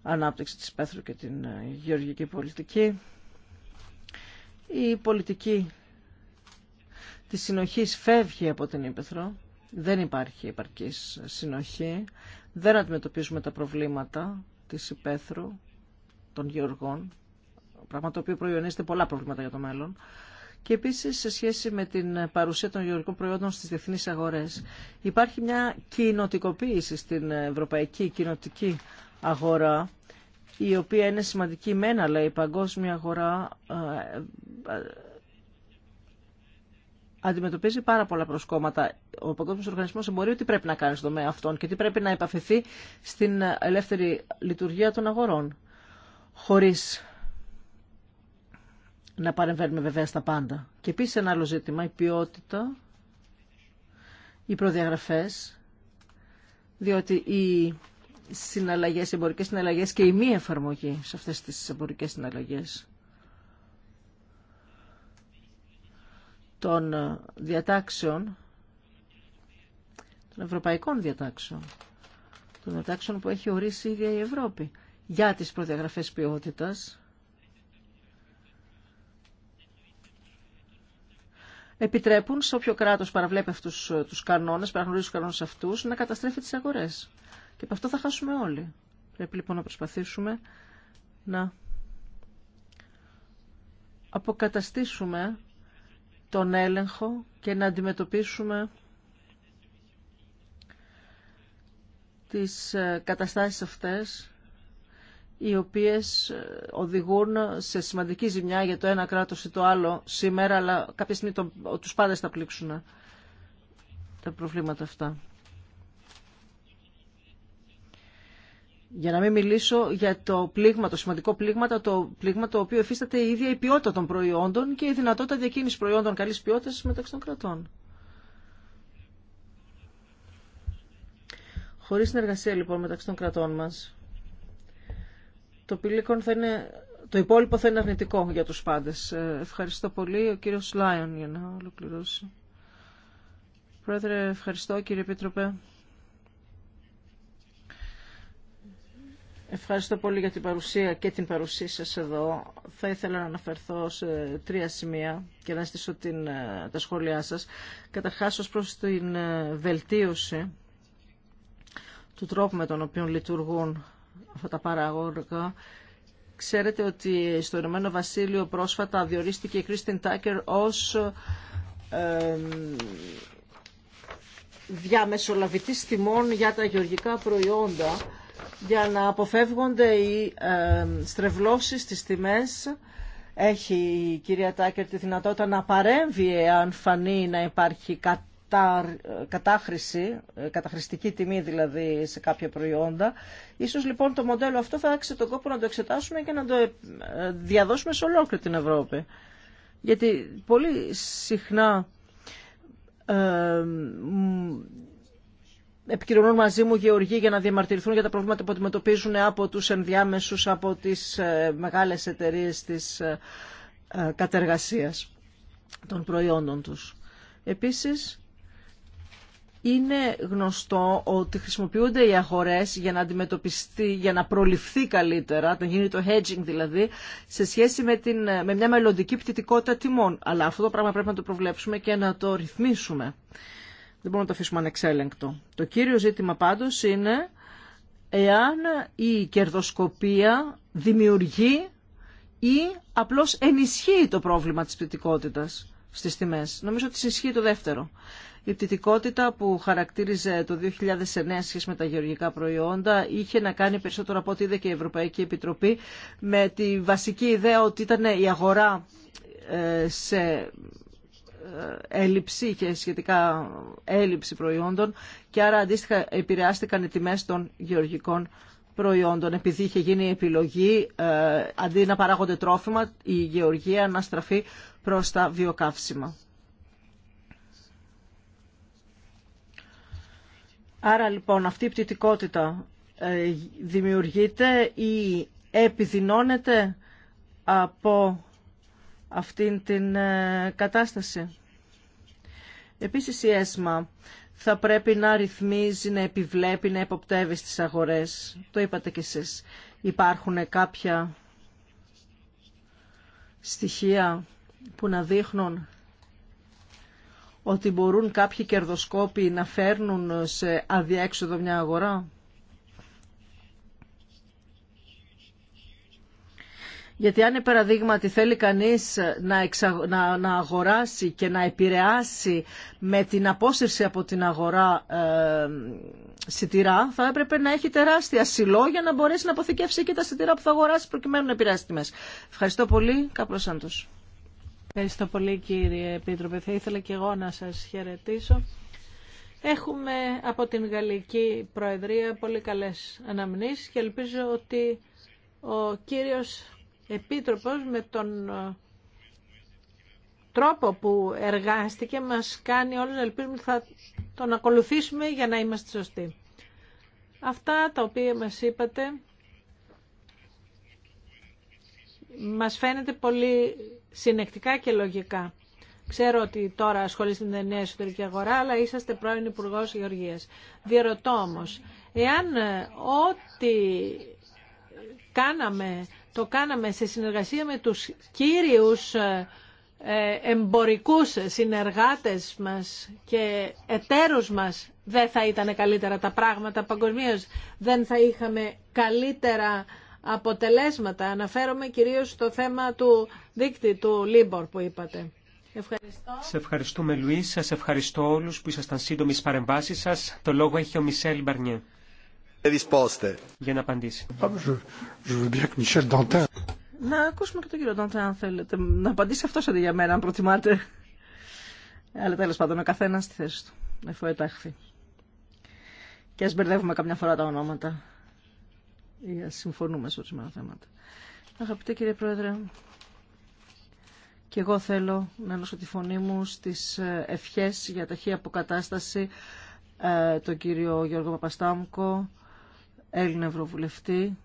ανάπτυξη της Πέθρου και την γεωργική πολιτική. Η πολιτική της συνοχής φεύγει από την Ήπεθρο δεν υπάρχει επαρκής συνοχή. Δεν αντιμετωπίζουμε τα προβλήματα της υπαίθρου των γεωργών, πράγμα το οποίο προϊονίζεται πολλά προβλήματα για το μέλλον. Και επίση σε σχέση με την παρουσία των γεωργικών προϊόντων στι διεθνεί αγορέ. Υπάρχει μια κοινοτικοποίηση στην ευρωπαϊκή κοινοτική αγορά, η οποία είναι σημαντική μένα, αλλά η παγκόσμια αγορά ε, ε, αντιμετωπίζει πάρα πολλά προσκόμματα. Ο Παγκόσμιο Οργανισμό Εμπορίου τι πρέπει να κάνει στον τομέα αυτών και τι πρέπει να επαφηθεί στην ελεύθερη λειτουργία των αγορών. Χωρί να παρεμβαίνουμε βέβαια στα πάντα. Και επίση ένα άλλο ζήτημα, η ποιότητα, οι προδιαγραφέ, διότι οι συναλλαγές, οι εμπορικές συναλλαγές και η μη εφαρμογή σε αυτέ τι εμπορικέ συναλλαγέ. των ε, διατάξεων, των ευρωπαϊκών διατάξεων, των διατάξεων που έχει ορίσει η ίδια η Ευρώπη για τις προδιαγραφές ποιότητας, επιτρέπουν σε όποιο κράτος παραβλέπει αυτούς ε, τους κανόνες, παραγνωρίζει τους κανόνες αυτούς, να καταστρέφει τις αγορές. Και από αυτό θα χάσουμε όλοι. Πρέπει λοιπόν να προσπαθήσουμε να αποκαταστήσουμε τον έλεγχο και να αντιμετωπίσουμε τις ε, καταστάσεις αυτές οι οποίες ε, οδηγούν σε σημαντική ζημιά για το ένα κράτος ή το άλλο σήμερα, αλλά κάποια στιγμή τους πάντες θα πλήξουν τα προβλήματα αυτά. Για να μην μιλήσω για το πλήγμα, το σημαντικό πλήγμα, το πλήγμα το οποίο εφίσταται η ίδια η ποιότητα των προϊόντων και η δυνατότητα διακίνηση προϊόντων καλής ποιότητας μεταξύ των κρατών. Χωρίς συνεργασία λοιπόν μεταξύ των κρατών μας, το θα Το υπόλοιπο θα είναι αρνητικό για τους πάντες. Ε, ευχαριστώ πολύ. Ο κύριος Λάιον για να ολοκληρώσει. Πρόεδρε, ευχαριστώ κύριε Επίτροπε. Ευχαριστώ πολύ για την παρουσία και την παρουσία σας εδώ. Θα ήθελα να αναφερθώ σε τρία σημεία και να στήσω την, ε, τα σχόλιά σας. Καταρχάς ως προς την ε, βελτίωση του τρόπου με τον οποίο λειτουργούν αυτά τα παράγωγα. Ξέρετε ότι στο Ηνωμένο Βασίλειο πρόσφατα διορίστηκε η Κρίστιν Τάκερ ως διάμεσολαβητή διαμεσολαβητής τιμών για τα γεωργικά προϊόντα για να αποφεύγονται οι στρεβλώσεις στις τιμές. Έχει η κυρία Τάκερ τη δυνατότητα να παρέμβει εάν φανεί να υπάρχει κατά, κατάχρηση, ε, καταχρηστική τιμή δηλαδή σε κάποια προϊόντα. Ίσως λοιπόν το μοντέλο αυτό θα άξει τον κόπο να το εξετάσουμε και να το ε, διαδώσουμε σε ολόκληρη την Ευρώπη. Γιατί πολύ συχνά ε, επικοινωνούν μαζί μου γεωργοί για να διαμαρτυρηθούν για τα προβλήματα που αντιμετωπίζουν από τους ενδιάμεσους, από τις ε, μεγάλες εταιρείες της ε, ε, κατεργασίας των προϊόντων τους. Επίσης, είναι γνωστό ότι χρησιμοποιούνται οι αγορές για να αντιμετωπιστεί, για να προληφθεί καλύτερα, να γίνει το hedging δηλαδή, σε σχέση με, την, με μια μελλοντική πτυτικότητα τιμών. Αλλά αυτό το πράγμα πρέπει να το προβλέψουμε και να το ρυθμίσουμε. Δεν μπορούμε να το αφήσουμε ανεξέλεγκτο. Το κύριο ζήτημα πάντως είναι εάν η κερδοσκοπία δημιουργεί ή απλώς ενισχύει το πρόβλημα της πτυτικότητας στις τιμές. Νομίζω ότι ισχύει το δεύτερο. Η πτυτικότητα που χαρακτήριζε το 2009 σχέση με τα γεωργικά προϊόντα είχε να κάνει περισσότερο από ό,τι είδε και η Ευρωπαϊκή Επιτροπή με τη βασική ιδέα ότι ήταν η αγορά ε, σε ε, έλλειψη, και σχετικά έλλειψη προϊόντων και άρα αντίστοιχα επηρεάστηκαν οι τιμές των γεωργικών προϊόντων. Επειδή είχε γίνει η επιλογή, ε, αντί να παράγονται τρόφιμα, η γεωργία να στραφεί προς τα βιοκαύσιμα. Άρα λοιπόν αυτή η πτυτικότητα ε, δημιουργείται ή επιδεινώνεται από αυτήν την ε, κατάσταση. Επίσης η ΕΣΜΑ θα πρέπει να ρυθμίζει, να επιβλέπει, να εποπτεύει στις αγορές. Το είπατε κι εσείς. Υπάρχουν κάποια στοιχεία που να δείχνουν ότι μπορούν κάποιοι κερδοσκόποι να φέρνουν σε αδιέξοδο μια αγορά. Γιατί αν παραδείγματι θέλει κανείς να, να, να αγοράσει και να επηρεάσει με την απόσυρση από την αγορά ε, σιτηρά, θα έπρεπε να έχει τεράστια συλλό για να μπορέσει να αποθηκεύσει και τα σιτηρά που θα αγοράσει προκειμένου να επηρεάσει τιμές. Ευχαριστώ πολύ. Καπλώς Σάντος. Ευχαριστώ πολύ κύριε Επίτροπε. Θα ήθελα και εγώ να σας χαιρετήσω. Έχουμε από την Γαλλική Προεδρία πολύ καλές αναμνήσεις και ελπίζω ότι ο κύριος Επίτροπος με τον ε, τρόπο που εργάστηκε μας κάνει όλους να ελπίζουμε ότι θα τον ακολουθήσουμε για να είμαστε σωστοί. Αυτά τα οποία μας είπατε μας φαίνεται πολύ συνεκτικά και λογικά. Ξέρω ότι τώρα ασχολείστε με την νέα εσωτερική αγορά, αλλά είσαστε πρώην Υπουργό Γεωργία. Διερωτώ όμω, εάν ε, ό,τι κάναμε το κάναμε σε συνεργασία με τους κύριους ε, ε, εμπορικούς συνεργάτες μας και εταίρους μας δεν θα ήταν καλύτερα τα πράγματα παγκοσμίω, δεν θα είχαμε καλύτερα αποτελέσματα. Αναφέρομαι κυρίως στο θέμα του δίκτυ του Λίμπορ που είπατε. Ευχαριστώ. Σε ευχαριστούμε Λουίς, σας ευχαριστώ όλους που ήσασταν σύντομοι στις παρεμβάσεις σας. Το λόγο έχει ο Μισελ Μπαρνιέ. Ε, για να απαντήσει. Να ακούσουμε και τον κύριο Ντόντε αν θέλετε. Να απαντήσει αυτό αντί για μένα αν προτιμάτε. Αλλά τέλο πάντων ο καθένα στη θέση του. Εφού ετάχθη. Και α μπερδεύουμε καμιά φορά τα ονόματα. Ή α συμφωνούμε σε ορισμένα θέματα. Αγαπητέ κύριε Πρόεδρε, και εγώ θέλω να ενώσω τη φωνή μου στι ε, ευχές για ταχύ αποκατάσταση ε, τον κύριο Γιώργο Παπαστάμκο, Έλληνα Ευρωβουλευτή.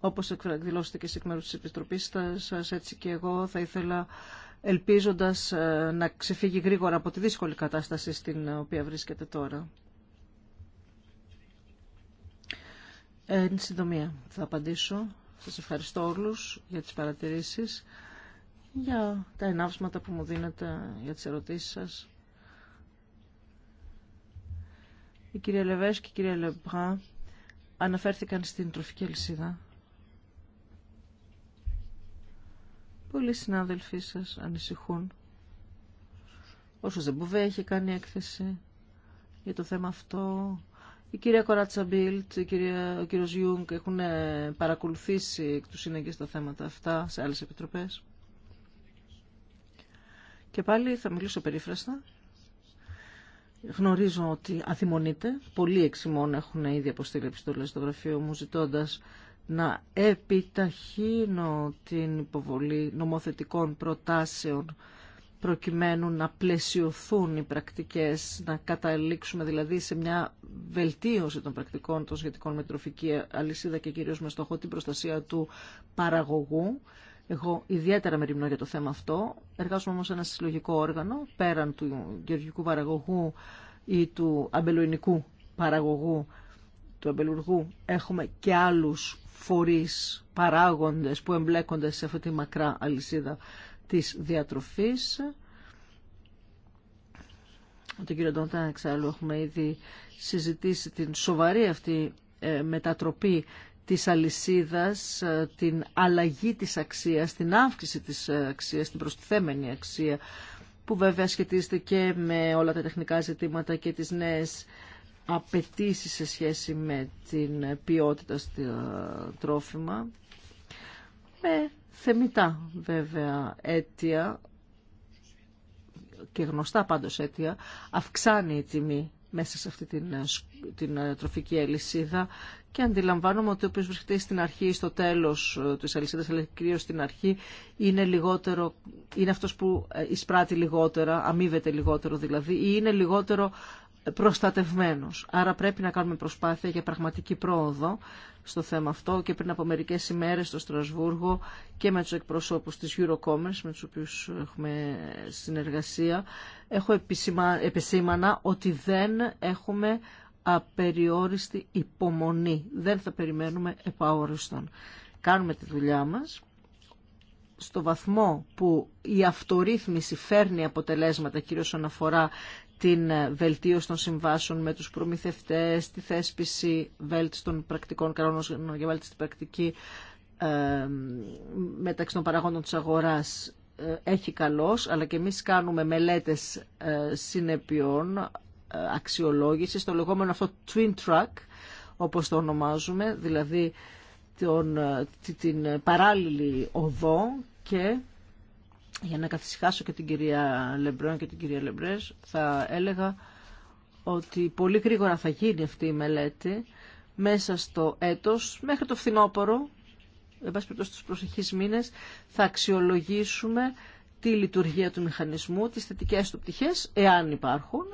Όπως εκδηλώστηκε σε μέρους της Επιτροπής σας, έτσι και εγώ θα ήθελα ελπίζοντας ε, να ξεφύγει γρήγορα από τη δύσκολη κατάσταση στην οποία βρίσκεται τώρα. Εν συντομία θα απαντήσω. Σας ευχαριστώ όλους για τις παρατηρήσεις, για τα ενάψματα που μου δίνετε, για τις ερωτήσεις σας. Η κυρία Λεβέσκη, η κυρία Λεμπρά αναφέρθηκαν στην τροφική αλυσίδα. Πολλοί συνάδελφοί σας ανησυχούν. Όσο Ζεμποβέ έχει κάνει έκθεση για το θέμα αυτό. Η κυρία Κοράτσα Μπίλτ, η κυρία, ο κύριος Γιούγκ έχουν ε, παρακολουθήσει εκ του σύνεγγες τα θέματα αυτά σε άλλες επιτροπές. Και πάλι θα μιλήσω περίφραστα Γνωρίζω ότι αθυμονείται. Πολλοί εξημών έχουν ήδη αποστείλει το στο γραφείο μου ζητώντα, να επιταχύνω την υποβολή νομοθετικών προτάσεων προκειμένου να πλαισιωθούν οι πρακτικές, να καταλήξουμε δηλαδή σε μια βελτίωση των πρακτικών των σχετικών με τροφική αλυσίδα και κυρίως με στόχο την προστασία του παραγωγού εγώ ιδιαίτερα με για το θέμα αυτό. Εργάζομαι όμως σε ένα συλλογικό όργανο, πέραν του γεωργικού παραγωγού ή του αμπελοϊνικού παραγωγού, του αμπελουργού. Έχουμε και άλλους φορείς, παράγοντες που εμπλέκονται σε αυτή τη μακρά αλυσίδα της διατροφής. Τον κύριο Ντόντα, εξάλλου, έχουμε ήδη συζητήσει την σοβαρή αυτή ε, μετατροπή της αλυσίδας, ε, την αλλαγή της αξίας, την αύξηση της ε, αξίας, την προστιθέμενη αξία, που βέβαια σχετίζεται και με όλα τα τεχνικά ζητήματα και τις νέες απαιτήσει σε σχέση με την ποιότητα στο τρόφιμα, με θεμητά βέβαια αίτια και γνωστά πάντως αίτια, αυξάνει η τιμή μέσα σε αυτή την, ε, την ε, τροφική αλυσίδα και αντιλαμβάνομαι ότι όποιος βρίσκεται στην αρχή στο τέλος ε, της αλυσίδας αλλά κυρίως στην αρχή είναι, λιγότερο, είναι αυτός που εισπράττει λιγότερα, αμείβεται λιγότερο δηλαδή ή είναι λιγότερο προστατευμένος. Άρα πρέπει να κάνουμε προσπάθεια για πραγματική πρόοδο στο θέμα αυτό και πριν από μερικές ημέρες στο Στρασβούργο και με τους εκπροσώπους της Eurocommerce, με τους οποίους έχουμε συνεργασία, έχω επισήμανα ότι δεν έχουμε απεριόριστη υπομονή. Δεν θα περιμένουμε επαόριστον. Κάνουμε τη δουλειά μας στο βαθμό που η αυτορύθμιση φέρνει αποτελέσματα κυρίως όσον την βελτίωση των συμβάσεων με τους προμηθευτές, τη θέσπιση βέλτιστων πρακτικών κανόνων για βέλτιστη πρακτική ε, μεταξύ των παραγόντων της αγοράς ε, έχει καλός, αλλά και εμείς κάνουμε μελέτες ε, συνεπειών αξιολόγηση, το λεγόμενο αυτό twin track, όπως το ονομάζουμε, δηλαδή τον, την παράλληλη οδό και για να καθησυχάσω και την κυρία Λεμπρόν και την κυρία Λεμπρές, θα έλεγα ότι πολύ γρήγορα θα γίνει αυτή η μελέτη μέσα στο έτος, μέχρι το φθινόπωρο, εν πάση τους προσεχείς μήνες, θα αξιολογήσουμε τη λειτουργία του μηχανισμού, τις θετικές του πτυχές, εάν υπάρχουν,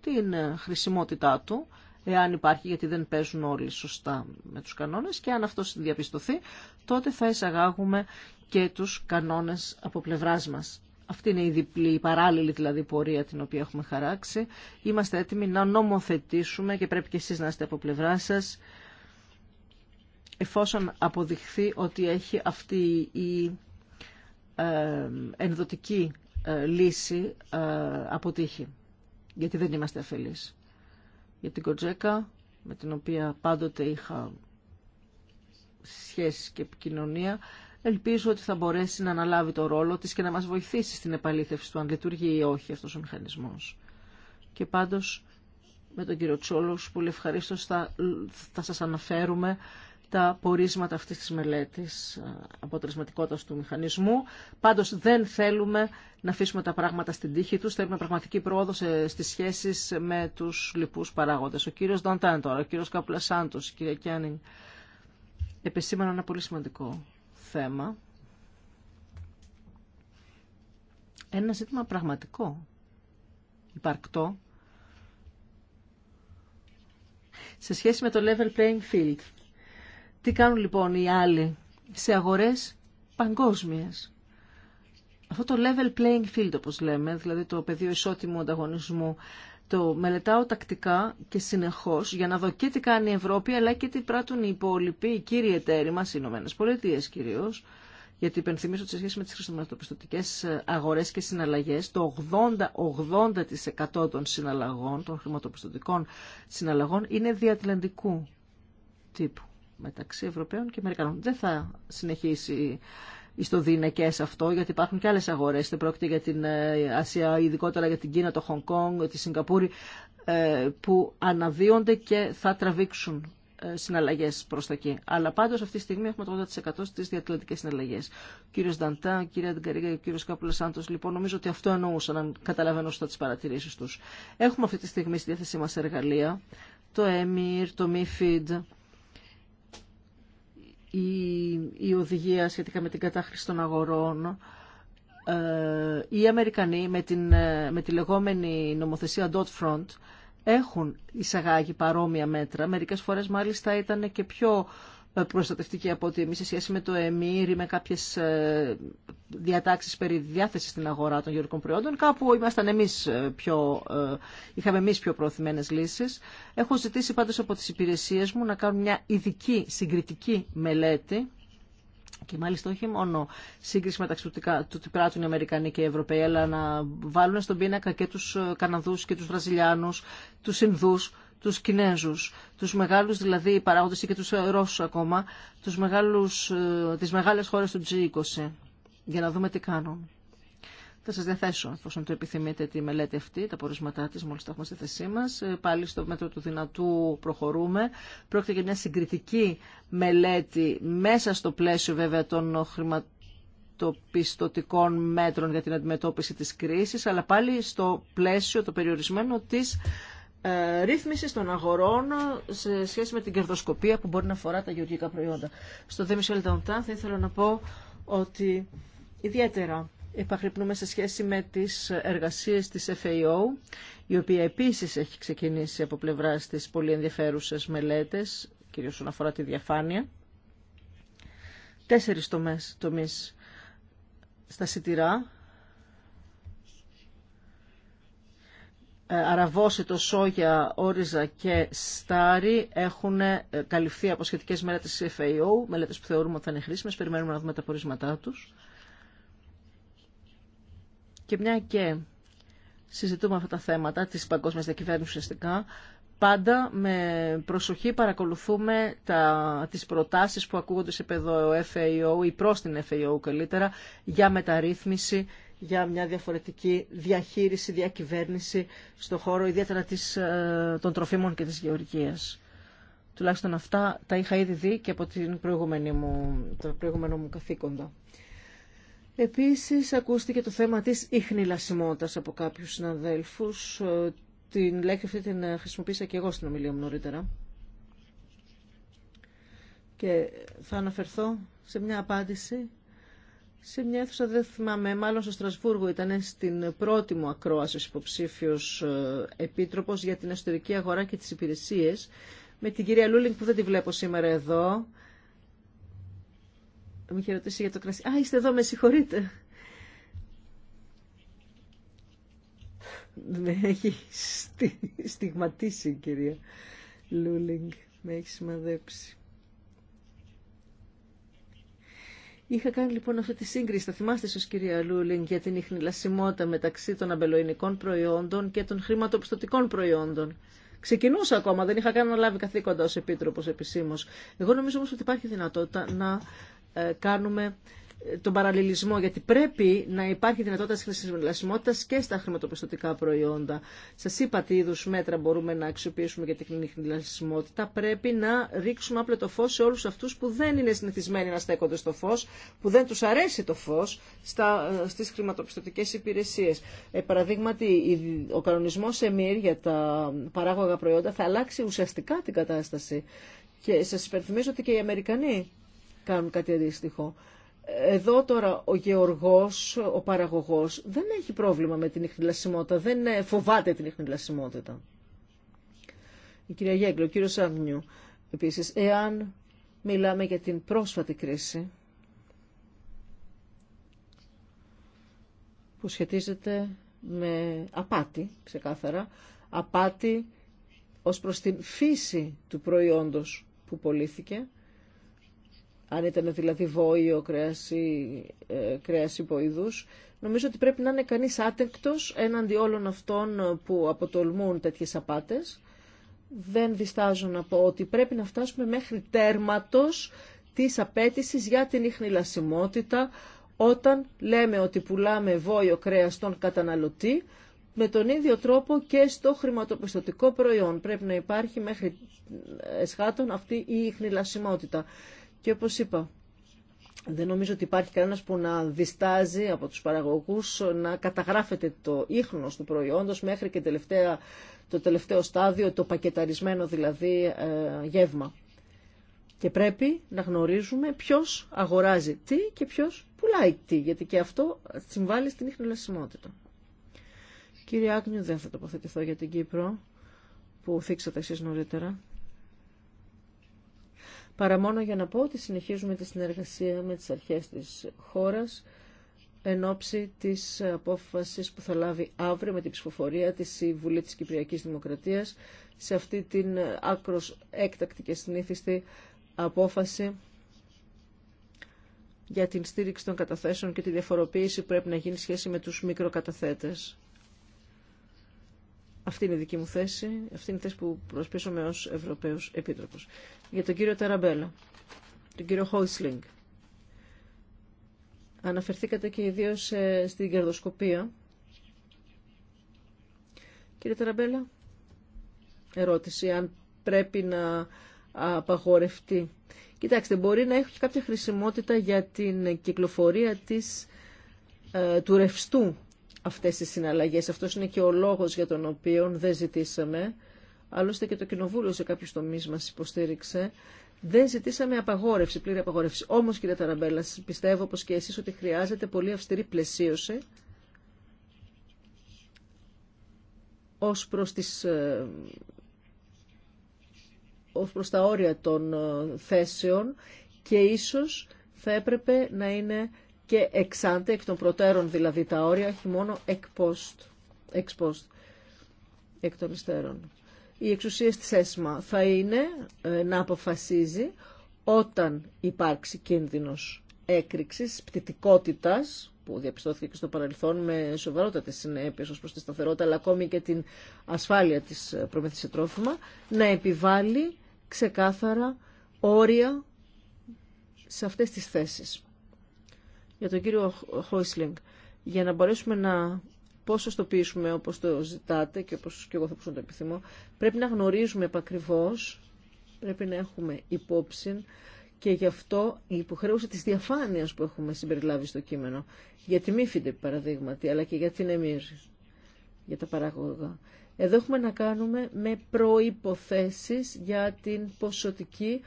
την χρησιμότητά του, εάν υπάρχει, γιατί δεν παίζουν όλοι σωστά με τους κανόνες και αν αυτό διαπιστωθεί, τότε θα εισαγάγουμε και τους κανόνες από πλευράς μας. Αυτή είναι η διπλή, παράλληλη δηλαδή πορεία την οποία έχουμε χαράξει. Είμαστε έτοιμοι να νομοθετήσουμε και πρέπει και εσείς να είστε από πλευρά σας εφόσον αποδειχθεί ότι έχει αυτή η ε, ενδοτική ε, λύση ε, αποτύχει. Γιατί δεν είμαστε αφελείς. Για την Κοτζέκα, με την οποία πάντοτε είχα σχέση και επικοινωνία, ελπίζω ότι θα μπορέσει να αναλάβει το ρόλο της και να μας βοηθήσει στην επαλήθευση του αν λειτουργεί ή όχι αυτός ο μηχανισμός. Και πάντως με τον κύριο Τσόλος πολύ ευχαρίστω θα, θα σας αναφέρουμε τα πορίσματα αυτής της μελέτης ε, αποτελεσματικότητας του μηχανισμού. Πάντως δεν θέλουμε να αφήσουμε τα πράγματα στην τύχη του. Θέλουμε πραγματική πρόοδο στις σχέσεις με τους λοιπούς παράγοντες. Ο κύριος Νταντάν τώρα, ο κύριος Καπλασάντος, η κυρία Κιάνιν επεσήμαναν ένα πολύ σημαντικό θέμα, ένα ζήτημα πραγματικό, υπαρκτό, σε σχέση με το level playing field. Τι κάνουν λοιπόν οι άλλοι σε αγορές παγκόσμιες. Αυτό το level playing field όπως λέμε, δηλαδή το πεδίο ισότιμου ανταγωνισμού, το μελετάω τακτικά και συνεχώς για να δω και τι κάνει η Ευρώπη αλλά και τι πράττουν οι υπόλοιποι, οι κύριοι εταίροι μα, οι Ηνωμένε Πολιτείε κυρίω, γιατί υπενθυμίζω ότι σε σχέση με τις χρηματοπιστωτικέ αγορές και συναλλαγέ, το 80-80% των συναλλαγών, των χρηματοπιστωτικών συναλλαγών, είναι διατλαντικού τύπου μεταξύ Ευρωπαίων και Αμερικανών. Δεν θα συνεχίσει στο δίνεκέ αυτό, γιατί υπάρχουν και άλλε αγορέ. Δεν πρόκειται για την ε, Ασία, ειδικότερα για την Κίνα, το Χονγκ Κόνγκ, τη Σιγκαπούρη, ε, που αναδύονται και θα τραβήξουν ε, συναλλαγέ προ τα εκεί. Αλλά πάντω αυτή τη στιγμή έχουμε 80% στι διατλαντικέ συναλλαγέ. Κύριο Νταντά, κυρία Ντεγκαρίγα και κύριο Κάπουλα Σάντο, λοιπόν, νομίζω ότι αυτό εννοούσαν, αν καταλαβαίνω σωστά τι παρατηρήσει του. Έχουμε αυτή τη στιγμή στη διάθεσή μα εργαλεία, το EMIR, το MIFID, η, οδηγία σχετικά με την κατάχρηση των αγορών, ε, οι Αμερικανοί με, την, ε, με τη λεγόμενη dot Dodd-Front έχουν εισαγάγει παρόμοια μέτρα. Μερικές φορές μάλιστα ήταν και πιο προστατευτική από ότι εμεί σε σχέση με το ΕΜΗΡ με κάποιες ε, διατάξει περί διάθεσης στην αγορά των γεωργικών προϊόντων. Κάπου ήμασταν εμεί ε, πιο, ε, είχαμε εμεί πιο προωθημένε λύσει. Έχω ζητήσει πάντω από τι υπηρεσίε μου να κάνουν μια ειδική συγκριτική μελέτη και μάλιστα όχι μόνο σύγκριση μεταξύ του τι πράττουν οι Αμερικανοί και οι Ευρωπαίοι, αλλά να βάλουν στον πίνακα και του Καναδού και του Βραζιλιάνου, του Ινδού, τους Κινέζους, τους μεγάλους δηλαδή παράγοντες και τους Ρώσους ακόμα, τους μεγάλους, ε, τις μεγάλες χώρες του G20, για να δούμε τι κάνουν. Θα σας διαθέσω, εφόσον το επιθυμείτε, τη μελέτη αυτή, τα πορίσματά της, μόλις τα έχουμε στη θέσή μας. Ε, πάλι στο μέτρο του δυνατού προχωρούμε. Πρόκειται για μια συγκριτική μελέτη μέσα στο πλαίσιο βέβαια των χρηματοπιστωτικών μέτρων για την αντιμετώπιση της κρίσης, αλλά πάλι στο πλαίσιο το περιορισμένο της ε, ρύθμιση των αγορών σε σχέση με την κερδοσκοπία που μπορεί να αφορά τα γεωργικά προϊόντα. Στο δε Μισελ θα ήθελα να πω ότι ιδιαίτερα επαγρυπνούμε σε σχέση με τις εργασίες της FAO, η οποία επίσης έχει ξεκινήσει από πλευράς της πολύ ενδιαφέρουσες μελέτες, κυρίως όσον αφορά τη διαφάνεια. Τέσσερις τομές, τομείς στα σιτηρά, Ε, αραβόσιτο, σόγια, όριζα και στάρι έχουν ε, καλυφθεί από σχετικές μελέτε τη FAO, μελέτε που θεωρούμε ότι θα είναι χρήσιμε. Περιμένουμε να δούμε τα πορίσματά του. Και μια και συζητούμε αυτά τα θέματα τη παγκόσμια διακυβέρνηση ουσιαστικά, πάντα με προσοχή παρακολουθούμε τα, τις προτάσεις που ακούγονται σε επίπεδο FAO ή προς την FAO καλύτερα για μεταρρύθμιση για μια διαφορετική διαχείριση, διακυβέρνηση στον χώρο ιδιαίτερα της, ε, των τροφίμων και της γεωργίας. Τουλάχιστον αυτά τα είχα ήδη δει και από την προηγούμενη μου, τα προηγούμενα μου καθήκοντα. Επίσης ακούστηκε το θέμα της ίχνηλασιμότητας από κάποιους συναδέλφους. Ε, την λέξη αυτή την ε, χρησιμοποίησα και εγώ στην ομιλία μου νωρίτερα. Και θα αναφερθώ σε μια απάντηση σε μια αίθουσα, δεν θυμάμαι, μάλλον στο Στρασβούργο ήταν στην πρώτη μου ακρόαση υποψήφιο υποψήφιος ε, επίτροπος για την εσωτερική αγορά και τις υπηρεσίες με την κυρία Λούλινγκ που δεν τη βλέπω σήμερα εδώ. Μου είχε ρωτήσει για το κρασί. Α, είστε εδώ, με συγχωρείτε. Με έχει στιγματίσει η κυρία Λούλινγκ. Με έχει σημαδέψει. Είχα κάνει λοιπόν αυτή τη σύγκριση, θα θυμάστε σας κυρία Λούλινγκ, για την ιχνηλασιμότητα μεταξύ των αμπελοϊνικών προϊόντων και των χρηματοπιστωτικών προϊόντων. Ξεκινούσα ακόμα, δεν είχα καν να λάβει καθήκοντα ω επίτροπος επισήμω. Εγώ νομίζω όμως ότι υπάρχει δυνατότητα να ε, κάνουμε τον παραλληλισμό, γιατί πρέπει να υπάρχει δυνατότητα συνεργασιμότητα και στα χρηματοπιστωτικά προϊόντα. Σα είπα τι είδου μέτρα μπορούμε να αξιοποιήσουμε για την συνεργασιμότητα. Πρέπει να ρίξουμε απλό το φω σε όλου αυτού που δεν είναι συνηθισμένοι να στέκονται στο φω, που δεν του αρέσει το φω στι χρηματοπιστωτικέ υπηρεσίε. Ε, παραδείγματι, ο κανονισμό ΕΜΗΡ για τα παράγωγα προϊόντα θα αλλάξει ουσιαστικά την κατάσταση. Και σα υπενθυμίζω ότι και οι Αμερικανοί κάνουν κάτι αντίστοιχο εδώ τώρα ο γεωργός, ο παραγωγός, δεν έχει πρόβλημα με την ιχνηλασιμότητα, δεν ε, φοβάται την ιχνηλασιμότητα. Η κυρία Γέγκλο, ο κύριος Αγνιού, επίσης, εάν μιλάμε για την πρόσφατη κρίση, που σχετίζεται με απάτη, ξεκάθαρα, απάτη ως προς την φύση του προϊόντος που πωλήθηκε, αν ήταν δηλαδή βόηο κρέας ή ε, κρέας υποειδούς. Νομίζω ότι πρέπει να είναι κανείς άτεκτος έναντι όλων αυτών που αποτολμούν τέτοιες απάτες. Δεν διστάζω να πω ότι πρέπει να φτάσουμε μέχρι τέρματος της απέτηση για την ιχνηλασιμότητα όταν λέμε ότι πουλάμε βόηο κρέας στον καταναλωτή με τον ίδιο τρόπο και στο χρηματοπιστωτικό προϊόν πρέπει να υπάρχει μέχρι εσχάτων αυτή η ιχνηλασιμότητα. Και όπως είπα, δεν νομίζω ότι υπάρχει κανένας που να διστάζει από τους παραγωγούς να καταγράφεται το ίχνος του προϊόντος μέχρι και τελευταία, το τελευταίο στάδιο, το πακεταρισμένο δηλαδή ε, γεύμα. Και πρέπει να γνωρίζουμε ποιος αγοράζει τι και ποιος πουλάει τι, γιατί και αυτό συμβάλλει στην λασιμότητα. Κύριε Άγνιου, δεν θα τοποθετηθώ για την Κύπρο, που θίξατε εσείς νωρίτερα παρά μόνο για να πω ότι συνεχίζουμε τη συνεργασία με τις αρχές της χώρας εν ώψη της απόφασης που θα λάβει αύριο με την ψηφοφορία της η Βουλή της Κυπριακής Δημοκρατίας σε αυτή την άκρος έκτακτη και συνήθιστη απόφαση για την στήριξη των καταθέσεων και τη διαφοροποίηση που πρέπει να γίνει σχέση με τους μικροκαταθέτες. Αυτή είναι η δική μου θέση, αυτή είναι η θέση που με ως Ευρωπαίος Επίτροπος. Για τον κύριο Ταραμπέλα, τον κύριο Χόισλινγκ. Αναφερθήκατε και ιδίω ε, στην κερδοσκοπία. Κύριε Ταραμπέλα, ερώτηση, αν πρέπει να απαγορευτεί. Κοιτάξτε, μπορεί να έχει κάποια χρησιμότητα για την κυκλοφορία της, ε, του ρευστού αυτές τις συναλλαγές. Αυτός είναι και ο λόγος για τον οποίο δεν ζητήσαμε. Άλλωστε και το Κοινοβούλιο σε κάποιους τομείς μας υποστήριξε. Δεν ζητήσαμε απαγόρευση, πλήρη απαγόρευση. Όμως, κύριε Ταραμπέλα, πιστεύω, όπως και εσείς, ότι χρειάζεται πολύ αυστηρή πλαισίωση ως προς, τις, ε, ως προς τα όρια των ε, θέσεων και ίσως θα έπρεπε να είναι και εξάντε, εκ των προτέρων δηλαδή τα όρια, όχι μόνο εκ post, εκ, post, εκ των υστέρων. Οι εξουσίες της ΕΣΜΑ θα είναι ε, να αποφασίζει όταν υπάρξει κίνδυνος έκρηξης, πτυτικότητας, που διαπιστώθηκε και στο παρελθόν με σοβαρότατες συνέπειες ως προς τη σταθερότητα, αλλά ακόμη και την ασφάλεια της ε, προμήθησης τρόφιμα, να επιβάλλει ξεκάθαρα όρια σε αυτές τις θέσεις για τον κύριο Χόισλινγκ, για να μπορέσουμε να ποσοστοποιήσουμε όπως το ζητάτε και όπως και εγώ θα πω το επιθυμώ, πρέπει να γνωρίζουμε επακριβώ, πρέπει να έχουμε υπόψη και γι' αυτό η υποχρέωση της διαφάνειας που έχουμε συμπεριλάβει στο κείμενο, για τη μύφιντε παραδείγματι, αλλά και για την εμίρ, για τα παράγωγα. Εδώ έχουμε να κάνουμε με προϋποθέσεις για την ποσοτική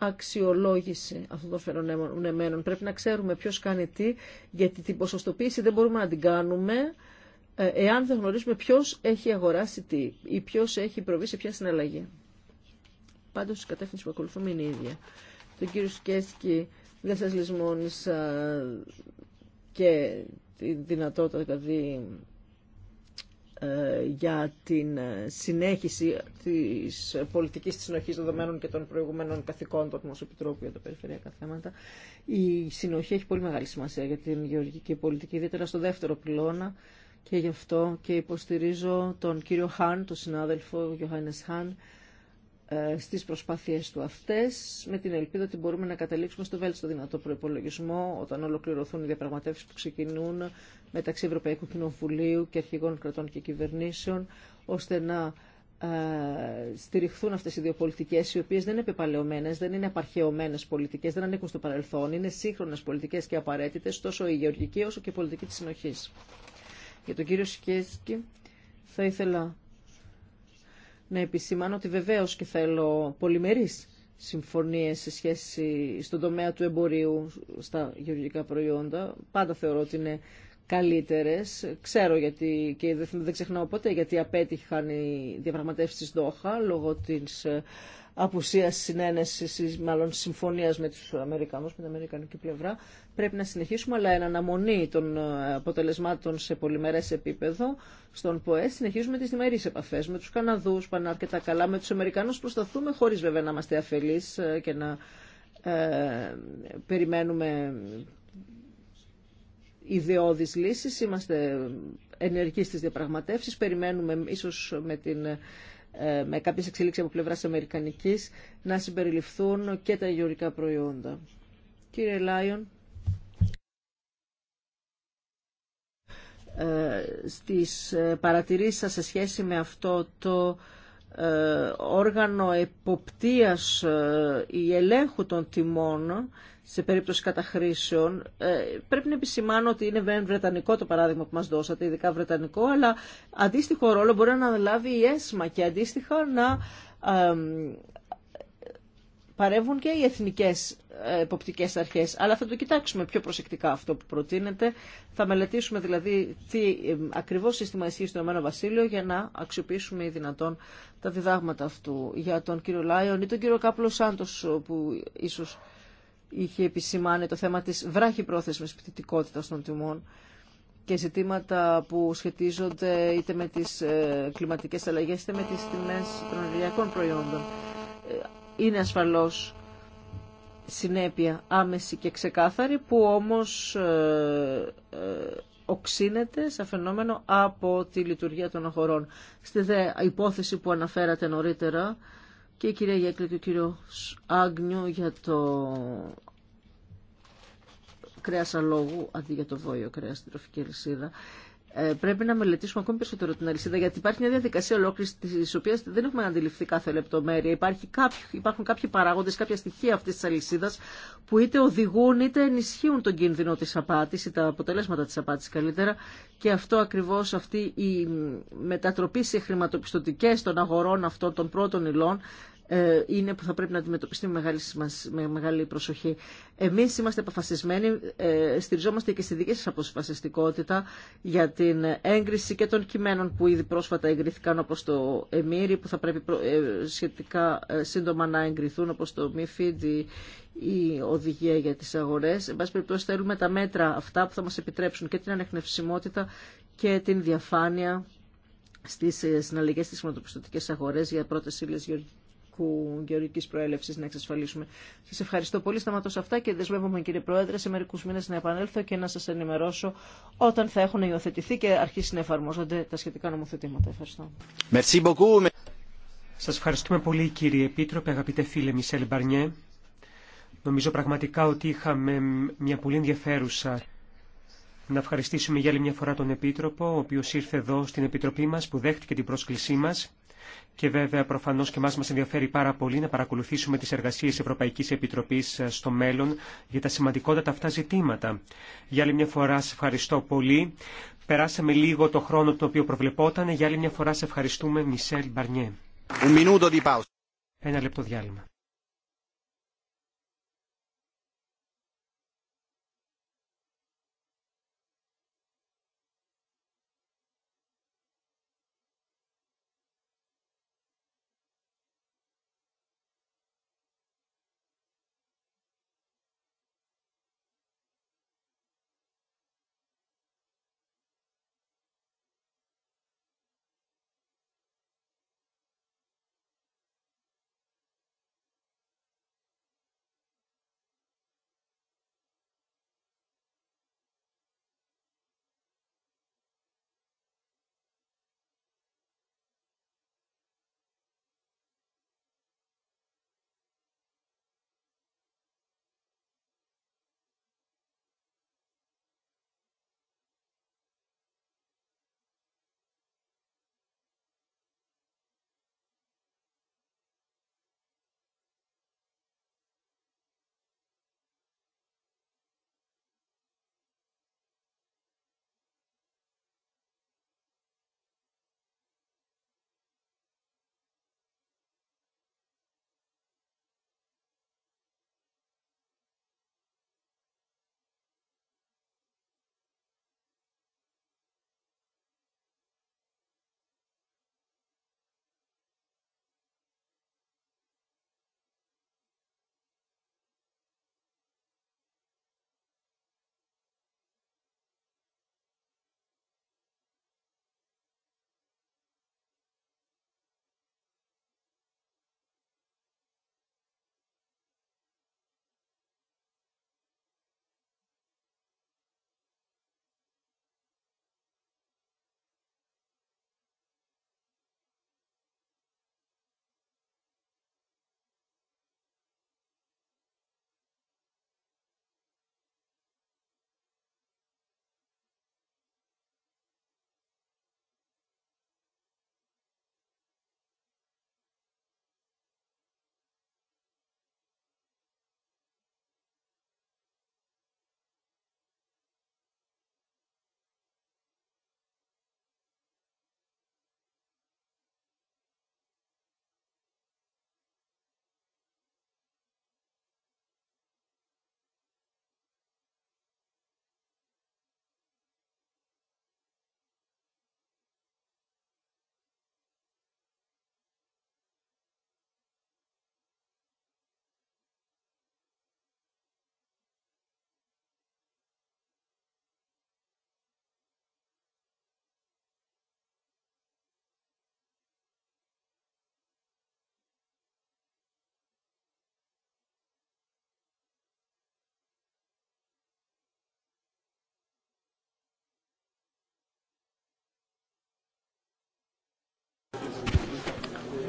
αξιολόγηση αυτών των φαινομένων. Πρέπει να ξέρουμε ποιος κάνει τι, γιατί την ποσοστοποίηση δεν μπορούμε να την κάνουμε ε, εάν δεν γνωρίζουμε ποιος έχει αγοράσει τι ή ποιος έχει προβεί σε ποια συναλλαγή. Πάντως η κατεύθυνση που ακολουθούμε είναι η ίδια. Τον κύριο Σκέσκι δεν σας λησμόνισα και τη δυνατότητα δηλαδή ε, για την συνέχιση της πολιτικής της συνοχής δεδομένων και των προηγουμένων καθηκόντων του Επιτρόπου για τα περιφερειακά θέματα. Η συνοχή έχει πολύ μεγάλη σημασία για την γεωργική πολιτική, ιδιαίτερα στο δεύτερο πυλώνα και γι' αυτό και υποστηρίζω τον κύριο Χάν, τον συνάδελφο Γιωάννης Χάν, ε, στις προσπάθειές του αυτές, με την ελπίδα ότι μπορούμε να καταλήξουμε στο βέλτιστο δυνατό προπολογισμό όταν ολοκληρωθούν οι διαπραγματεύσεις που ξεκινούν μεταξύ Ευρωπαϊκού Κοινοβουλίου και αρχηγών κρατών και κυβερνήσεων, ώστε να ε, στηριχθούν αυτές οι δύο πολιτικές, οι οποίες δεν είναι επεπαλαιωμένες, δεν είναι απαρχαιωμένες πολιτικές, δεν ανήκουν στο παρελθόν, είναι σύγχρονες πολιτικές και απαραίτητες, τόσο η γεωργική όσο και η πολιτική της συνοχής. Για τον κύριο Σικέσκι θα ήθελα να επισημάνω ότι βεβαίω και θέλω πολυμερει συμφωνίες σε σχέση στον τομέα του εμπορίου στα γεωργικά προϊόντα. Πάντα θεωρώ ότι είναι καλύτερες. Ξέρω γιατί και δεν ξεχνάω ποτέ γιατί απέτυχαν οι τη ΔΟΧΑ λόγω της ε, απουσία συνένεση, ή μάλλον συμφωνία με του Αμερικανού, με την Αμερικανική πλευρά. Πρέπει να συνεχίσουμε, αλλά εν αναμονή των ε, αποτελεσμάτων σε πολυμερέ επίπεδο, στον ΠΟΕ συνεχίζουμε τι διμερεί επαφές με τους Καναδούς, πάνε αρκετά καλά, με του Αμερικανούς προσταθούμε χωρί βέβαια να είμαστε αφελεί ε, και να ε, περιμένουμε ιδεώδεις λύσεις, είμαστε ενεργοί στις διαπραγματεύσεις, περιμένουμε ίσως με την ε, με κάποιες εξελίξεις από πλευράς αμερικανικής να συμπεριληφθούν και τα γεωρικά προϊόντα. Κύριε Λάιον. Ε, στις ε, παρατηρήσεις σας σε σχέση με αυτό το όργανο εποπτείας ή ελέγχου των τιμών σε περίπτωση καταχρήσεων. Ε, πρέπει να επισημάνω ότι είναι βρετανικό το παράδειγμα που μας δώσατε, ειδικά βρετανικό, αλλά αντίστοιχο ρόλο μπορεί να αναλάβει η ΕΣΜΑ και αντίστοιχα να παρεύουν και οι εθνικές ε, εποπτικές αρχές. Αλλά θα το κοιτάξουμε πιο προσεκτικά αυτό που προτείνεται. Θα μελετήσουμε δηλαδή τι ακριβώς σύστημα ισχύει στο Ηνωμένο Βασίλειο για να αξιοποιήσουμε οι δυνατόν τα διδάγματα αυτού για τον κύριο Λάιον ή τον κύριο Κάπλο Σάντος που ίσως είχε επισημάνει το θέμα της βράχυπρόθεσμης πτυτικότητας των τιμών και ζητήματα που σχετίζονται είτε με τις ε, κλιματικές αλλαγές είτε με τις τιμές των ενεργειακών προϊόντων. Ε, είναι ασφαλώς συνέπεια άμεση και ξεκάθαρη που όμως ε, οξύνεται σε φαινόμενο από τη λειτουργία των αγορών. Στη δε υπόθεση που αναφέρατε νωρίτερα, και η κυρία Γέκλη και ο κύριο Άγνιου για το κρέα αλόγου αντί για το βόλιο κρέα στην τροφική αλυσίδα. Ε, πρέπει να μελετήσουμε ακόμη περισσότερο την αλυσίδα, γιατί υπάρχει μια διαδικασία ολόκληρη τη οποία δεν έχουμε αντιληφθεί κάθε λεπτομέρεια. Υπάρχει κάποιο, υπάρχουν κάποιοι παράγοντε, κάποια στοιχεία αυτή τη αλυσίδα που είτε οδηγούν είτε ενισχύουν τον κίνδυνο τη απάτη ή τα αποτελέσματα τη απάτη καλύτερα. Και αυτό ακριβώ αυτή η μετατροπή σε χρηματοπιστωτικέ των αγορών αυτών των πρώτων υλών ε, είναι που θα πρέπει να αντιμετωπιστεί με μεγάλη, με μεγάλη προσοχή. Εμεί είμαστε αποφασισμένοι, ε, στηριζόμαστε και στη δική σα αποφασιστικότητα για την έγκριση και των κειμένων που ήδη πρόσφατα εγκριθήκαν όπω το ΕΜΗΡΙ που θα πρέπει ε, σχετικά σύντομα να εγκριθούν όπω το ΜΥΦΙΔ ή η η οδηγία για τι αγορέ. Εν πάση περιπτώσει θέλουμε τα μέτρα αυτά που θα μα επιτρέψουν και την ανεχνευσιμότητα και την διαφάνεια στις συναλλαγές στις χρηματοπιστωτικέ αγορές για πρώτες ύλες γεωργικού, γεωργικής προέλευσης να εξασφαλίσουμε. Σας ευχαριστώ πολύ. Σταματώ σε αυτά και δεσμεύομαι κύριε Πρόεδρε σε μερικούς μήνες να επανέλθω και να σας ενημερώσω όταν θα έχουν υιοθετηθεί και αρχίσει να εφαρμόζονται τα σχετικά νομοθετήματα. Ευχαριστώ. Σας ευχαριστούμε πολύ κύριε Επίτροπε, αγαπητέ φίλε Μισελ Μπαρνιέ. Νομίζω πραγματικά ότι είχαμε μια πολύ ενδιαφέρουσα να ευχαριστήσουμε για άλλη μια φορά τον Επίτροπο, ο οποίος ήρθε εδώ στην Επιτροπή μας που δέχτηκε την πρόσκλησή μας. Και βέβαια προφανώ και εμά μας ενδιαφέρει πάρα πολύ να παρακολουθήσουμε τις εργασίες Ευρωπαϊκή Επιτροπή ε, στο μέλλον για τα σημαντικότατα αυτά ζητήματα. Για άλλη μια φορά σε ευχαριστώ πολύ. Περάσαμε λίγο το χρόνο το οποίο προβλεπόταν. Για άλλη μια φορά σε ευχαριστούμε Μισελ Μπαρνιέ. Ένα λεπτό διάλειμμα.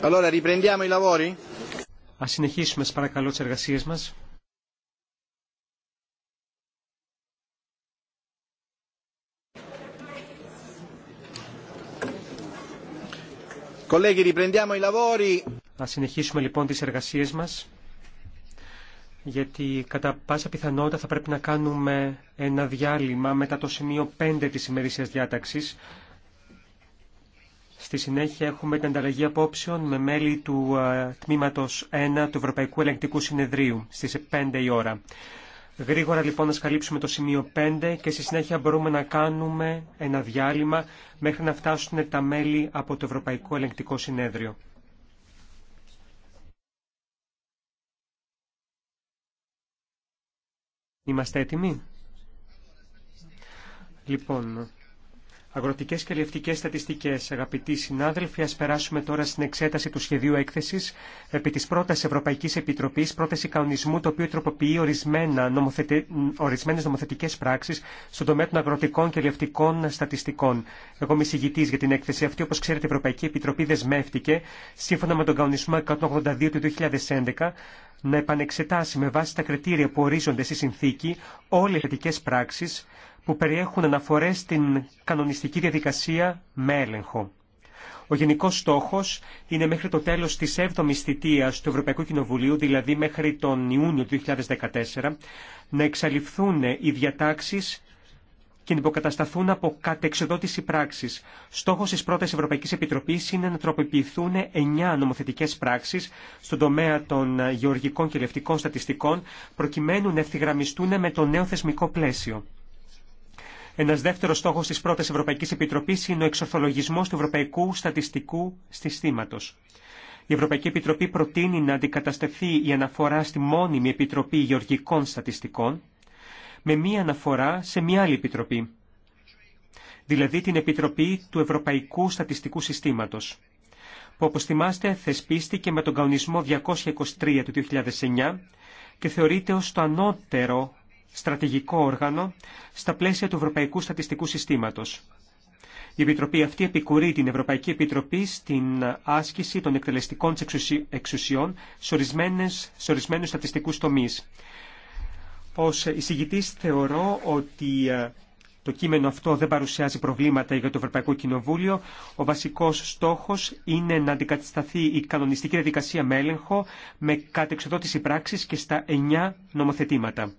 Allora Ας συνεχίσουμε, παρακαλώ, τις εργασίες μας. Colleghi, Ας συνεχίσουμε λοιπόν τις εργασίες μας, γιατί κατά πάσα πιθανότητα θα πρέπει να κάνουμε ένα διάλειμμα μετά το σημείο 5 της ημερήσιας διάταξης, Στη συνέχεια έχουμε την ανταλλαγή απόψεων με μέλη του ε, τμήματος 1 του Ευρωπαϊκού Ελεγκτικού Συνεδρίου στις 5 η ώρα. Γρήγορα λοιπόν να σκαλύψουμε το σημείο 5 και στη συνέχεια μπορούμε να κάνουμε ένα διάλειμμα μέχρι να φτάσουν τα μέλη από το Ευρωπαϊκό Ελεγκτικό Συνέδριο. Είμαστε έτοιμοι. Λοιπόν, Αγροτικέ και λευτικέ στατιστικέ, αγαπητοί συνάδελφοι, α περάσουμε τώρα στην εξέταση του σχεδίου έκθεση επί τη πρόταση Ευρωπαϊκή Επιτροπή, πρόταση κανονισμού το οποίο τροποποιεί ορισμένε νομοθετε... ορισμένες νομοθετικές πράξεις στον τομέα των αγροτικών και λευτικών στατιστικών. Εγώ είμαι συγητή για την έκθεση αυτή. όπω ξέρετε, η Ευρωπαϊκή Επιτροπή δεσμεύτηκε, σύμφωνα με τον κανονισμό 182 του 2011, να επανεξετάσει με βάση τα κριτήρια που ορίζονται στη συνθήκη όλες τις πράξεις που περιέχουν αναφορές στην κανονιστική διαδικασία με έλεγχο. Ο γενικός στόχος είναι μέχρι το τέλος της 7ης θητείας του Ευρωπαϊκού Κοινοβουλίου, δηλαδή μέχρι τον Ιούνιο 2014, να εξαλειφθούν οι διατάξεις και να υποκατασταθούν από κατεξοδότηση πράξη. Στόχο τη πρώτη Ευρωπαϊκή Επιτροπή είναι να τροποποιηθούν 9 νομοθετικέ πράξει στον τομέα των γεωργικών και λευτικών στατιστικών, προκειμένου να ευθυγραμμιστούν με το νέο θεσμικό πλαίσιο. Ένα δεύτερο στόχο τη πρώτη Ευρωπαϊκή Επιτροπή είναι ο εξορθολογισμό του Ευρωπαϊκού Στατιστικού Συστήματο. Η Ευρωπαϊκή Επιτροπή προτείνει να αντικατασταθεί η αναφορά στη μόνιμη Επιτροπή Γεωργικών Στατιστικών με μία αναφορά σε μία άλλη Επιτροπή, δηλαδή την Επιτροπή του Ευρωπαϊκού Στατιστικού Συστήματος, που όπως θυμάστε θεσπίστηκε με τον καονισμό 223 του 2009 και θεωρείται ως το ανώτερο στρατηγικό όργανο στα πλαίσια του Ευρωπαϊκού Στατιστικού Συστήματος. Η Επιτροπή αυτή επικουρεί την Ευρωπαϊκή Επιτροπή στην άσκηση των εκτελεστικών εξουσιών σε, ορισμένου στατιστικού τομεί. στατιστικούς τομείς. Ως θεωρώ ότι ε, το κείμενο αυτό δεν παρουσιάζει προβλήματα για το Ευρωπαϊκό Κοινοβούλιο. Ο βασικός στόχος είναι να αντικατασταθεί η κανονιστική διαδικασία με έλεγχο με κατεξοδότηση πράξη και στα εννιά νομοθετήματα.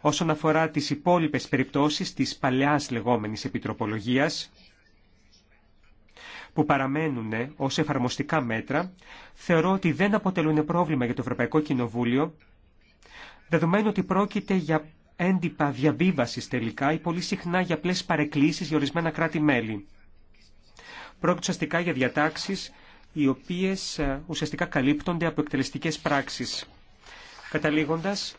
Όσον αφορά τις υπόλοιπες περιπτώσεις της παλαιάς λεγόμενης επιτροπολογίας, που παραμένουν ως εφαρμοστικά μέτρα, θεωρώ ότι δεν αποτελούν πρόβλημα για το Ευρωπαϊκό Κοινοβούλιο, δεδομένου ότι πρόκειται για έντυπα διαβίβασης τελικά ή πολύ συχνά για απλές παρεκκλήσεις για ορισμένα κράτη-μέλη. Πρόκειται ουσιαστικά για διατάξεις οι οποίες ε, ουσιαστικά καλύπτονται από εκτελεστικές πράξεις. Καταλήγοντας,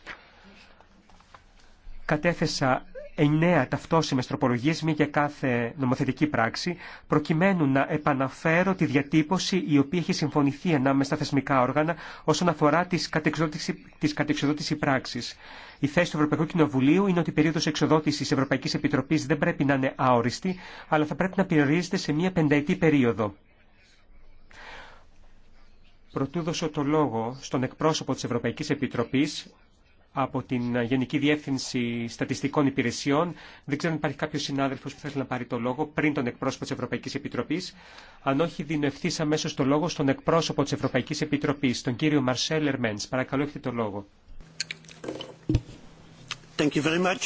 κατέθεσα εννέα ταυτόσιμες τροπολογίες, μία για κάθε νομοθετική πράξη, προκειμένου να επαναφέρω τη διατύπωση η οποία έχει συμφωνηθεί ανάμεσα στα θεσμικά όργανα όσον αφορά τις κατεξοδότηση, τις κατεξοδότηση πράξης. Η θέση του Ευρωπαϊκού Κοινοβουλίου είναι ότι η περίοδος εξοδότησης Ευρωπαϊκής Επιτροπής δεν πρέπει να είναι αόριστη, αλλά θα πρέπει να περιορίζεται σε μία πενταετή περίοδο. Προτού δώσω το λόγο στον εκπρόσωπο της Ευρωπαϊκής Επιτροπής, από την Γενική Διεύθυνση Στατιστικών Υπηρεσιών. Δεν ξέρω αν υπάρχει κάποιο συνάδελφο που θέλει να πάρει το λόγο πριν τον εκπρόσωπο τη Ευρωπαϊκή Επιτροπή. Αν όχι, δίνω ευθύ αμέσω το λόγο στον εκπρόσωπο τη Ευρωπαϊκή Επιτροπή, τον κύριο Μαρσέλ Ερμέν. Παρακαλώ, έχετε το λόγο. Uh,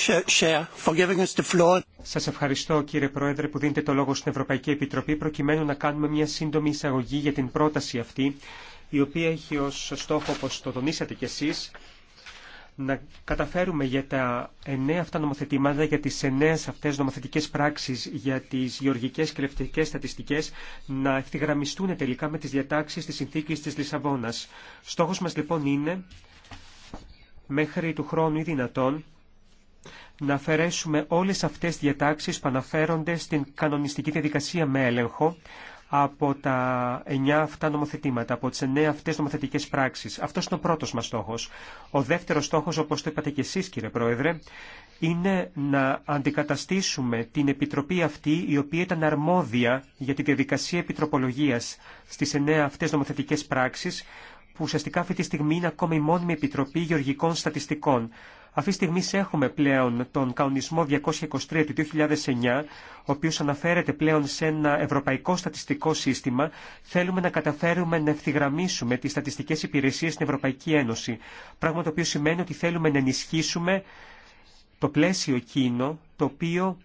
Σα ευχαριστώ κύριε Πρόεδρε που δίνετε το λόγο στην Ευρωπαϊκή Επιτροπή προκειμένου να κάνουμε μια σύντομη εισαγωγή για την πρόταση αυτή η οποία έχει ως στόχο όπως το τονίσατε κι εσείς να καταφέρουμε για τα εννέα αυτά νομοθετήματα, για τις εννέα αυτές νομοθετικές πράξεις, για τις γεωργικές και ελευθερικές στατιστικές, να ευθυγραμμιστούν τελικά με τις διατάξεις της συνθήκης της Λισαβόνας. Στόχος μας λοιπόν είναι, μέχρι του χρόνου ή δυνατόν, να αφαιρέσουμε όλες αυτές τις διατάξεις που αναφέρονται στην κανονιστική διαδικασία με έλεγχο, από τα 9 αυτά νομοθετήματα, από τις εννέα αυτές νομοθετικές πράξεις. Αυτός είναι ο πρώτος μας στόχος. Ο δεύτερος στόχος, όπως το είπατε και εσείς κύριε Πρόεδρε, είναι να αντικαταστήσουμε την επιτροπή αυτή η οποία ήταν αρμόδια για τη διαδικασία επιτροπολογίας στις εννέα αυτές νομοθετικές πράξεις που ουσιαστικά αυτή τη στιγμή είναι ακόμα η μόνιμη Επιτροπή Γεωργικών Στατιστικών. Αυτή τη στιγμή έχουμε πλέον τον κανονισμό 223 του 2009, ο οποίος αναφέρεται πλέον σε ένα ευρωπαϊκό στατιστικό σύστημα. Θέλουμε να καταφέρουμε να ευθυγραμμίσουμε τι στατιστικές υπηρεσίες στην Ευρωπαϊκή Ένωση, πράγμα το οποίο σημαίνει ότι θέλουμε να ενισχύσουμε το πλαίσιο εκείνο το οποίο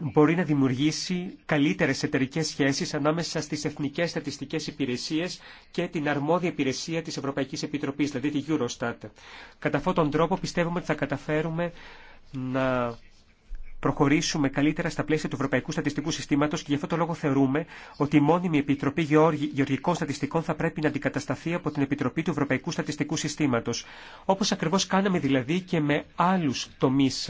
μπορεί να δημιουργήσει καλύτερες εταιρικές σχέσεις ανάμεσα στις Εθνικές Στατιστικές Υπηρεσίες και την αρμόδια υπηρεσία της Ευρωπαϊκής Επιτροπής, δηλαδή τη Eurostat. Κατά αυτόν τον τρόπο πιστεύουμε ότι θα καταφέρουμε να προχωρήσουμε καλύτερα στα πλαίσια του Ευρωπαϊκού Στατιστικού Συστήματος και γι' αυτό το λόγο θεωρούμε ότι η μόνιμη Επιτροπή Γεωργικών Στατιστικών θα πρέπει να αντικατασταθεί από την Επιτροπή του Ευρωπαϊκού Στατιστικού Συστήματος, όπως ακριβώς κάναμε δηλαδή και με άλλους τομείς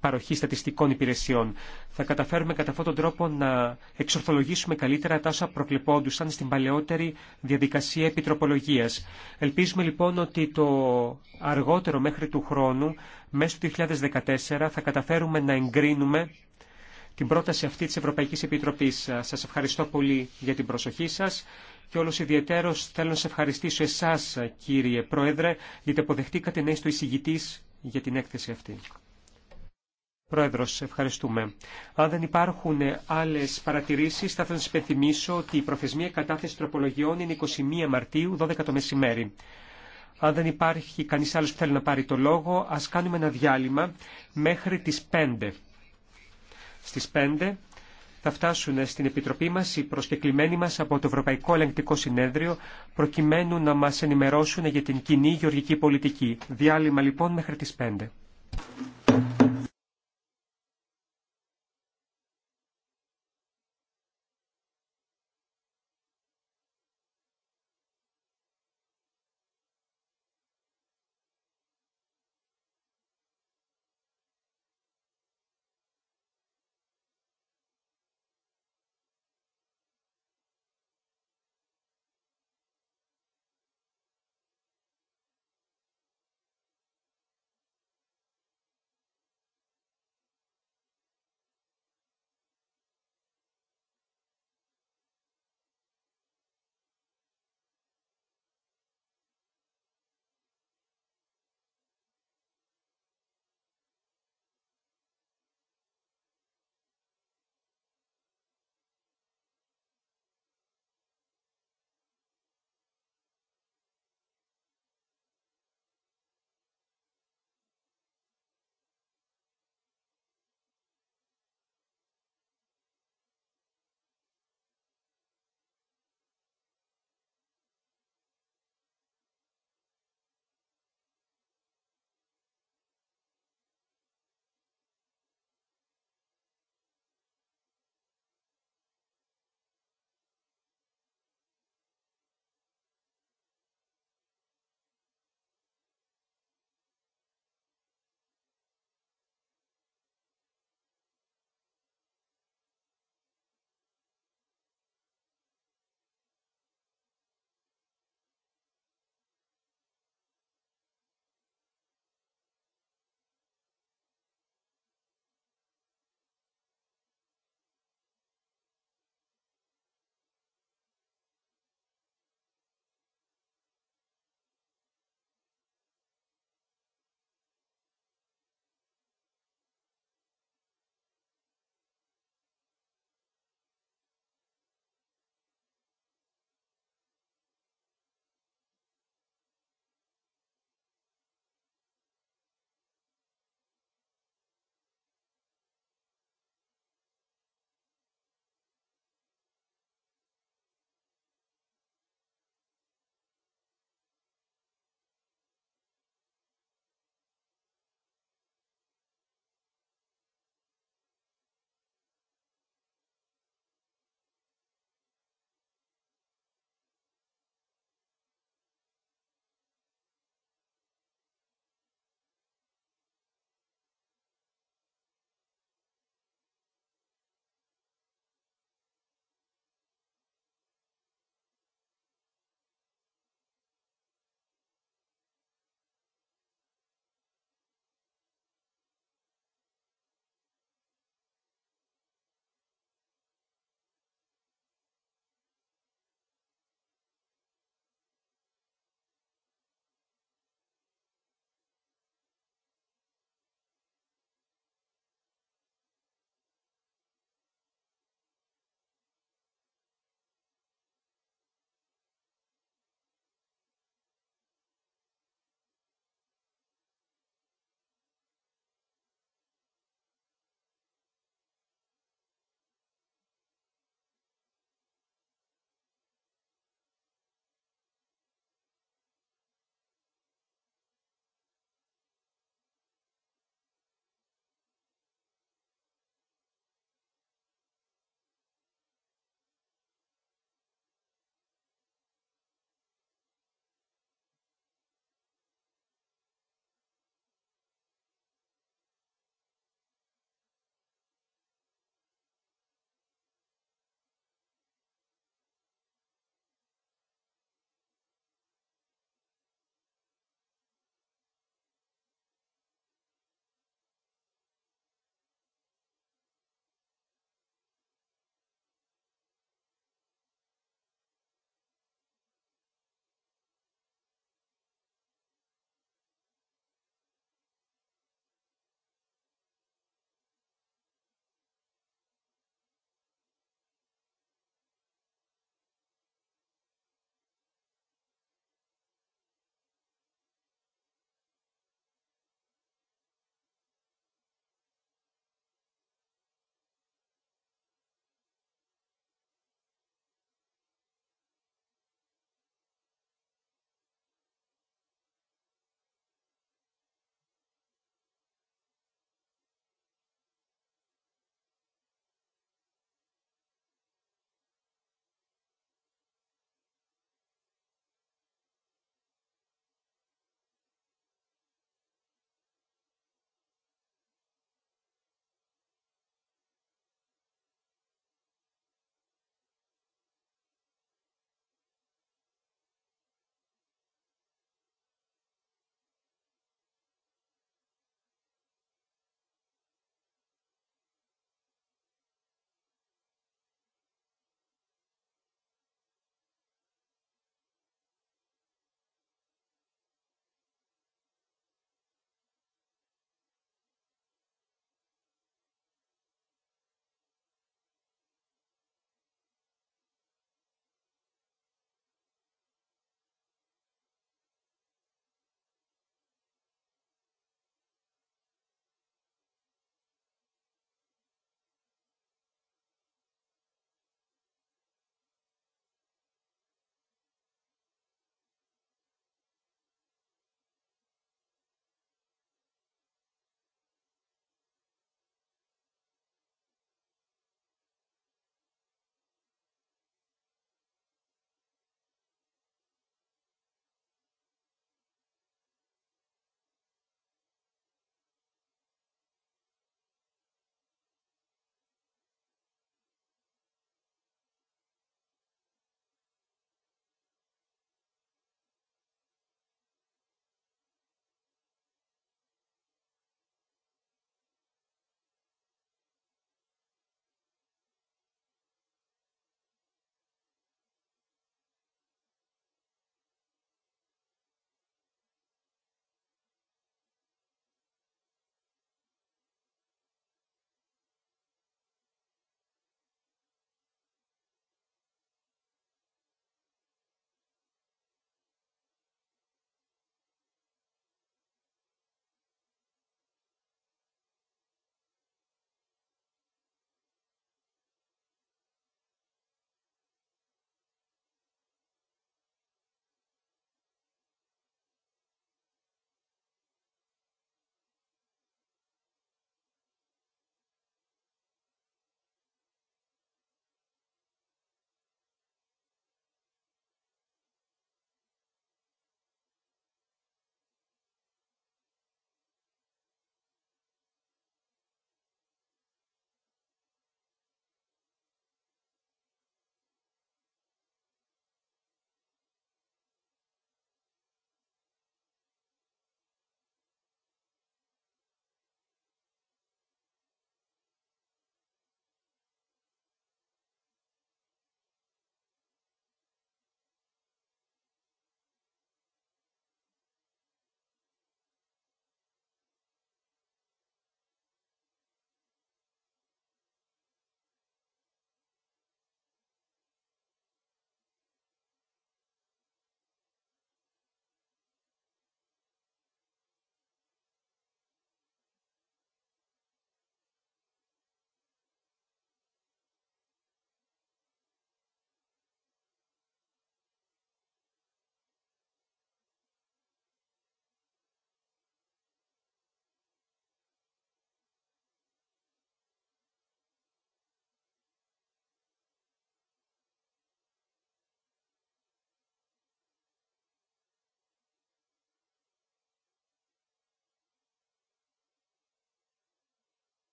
παροχή στατιστικών υπηρεσιών. Θα καταφέρουμε κατά αυτόν τον τρόπο να εξορθολογήσουμε καλύτερα τα όσα προκλεπόντουσαν στην παλαιότερη διαδικασία επιτροπολογία. Ελπίζουμε λοιπόν ότι το αργότερο μέχρι του χρόνου, μέσω του 2014, θα καταφέρουμε να εγκρίνουμε την πρόταση αυτή της Ευρωπαϊκής Επιτροπής. Σας ευχαριστώ πολύ για την προσοχή σας και όλος ιδιαίτερος θέλω να σε ευχαριστήσω εσάς κύριε Πρόεδρε γιατί αποδεχτήκατε να είστε ο εισηγητής για την έκθεση αυτή. Προέδρο, ευχαριστούμε. Αν δεν υπάρχουν άλλε παρατηρήσει, θα ήθελα να σα υπενθυμίσω ότι η προθεσμία κατάθεση τροπολογιών είναι 21 Μαρτίου, 12 το μεσημέρι. Αν δεν υπάρχει κανεί άλλο που θέλει να πάρει το λόγο, α κάνουμε ένα διάλειμμα μέχρι τι 5. Στι 5 θα φτάσουν στην Επιτροπή μα, οι προσκεκλημένοι μα από το Ευρωπαϊκό Ελεγκτικό Συνέδριο προκειμένου να μα ενημερώσουν για την κοινή γεωργική πολιτική. Διάλειμμα λοιπόν μέχρι τι 5.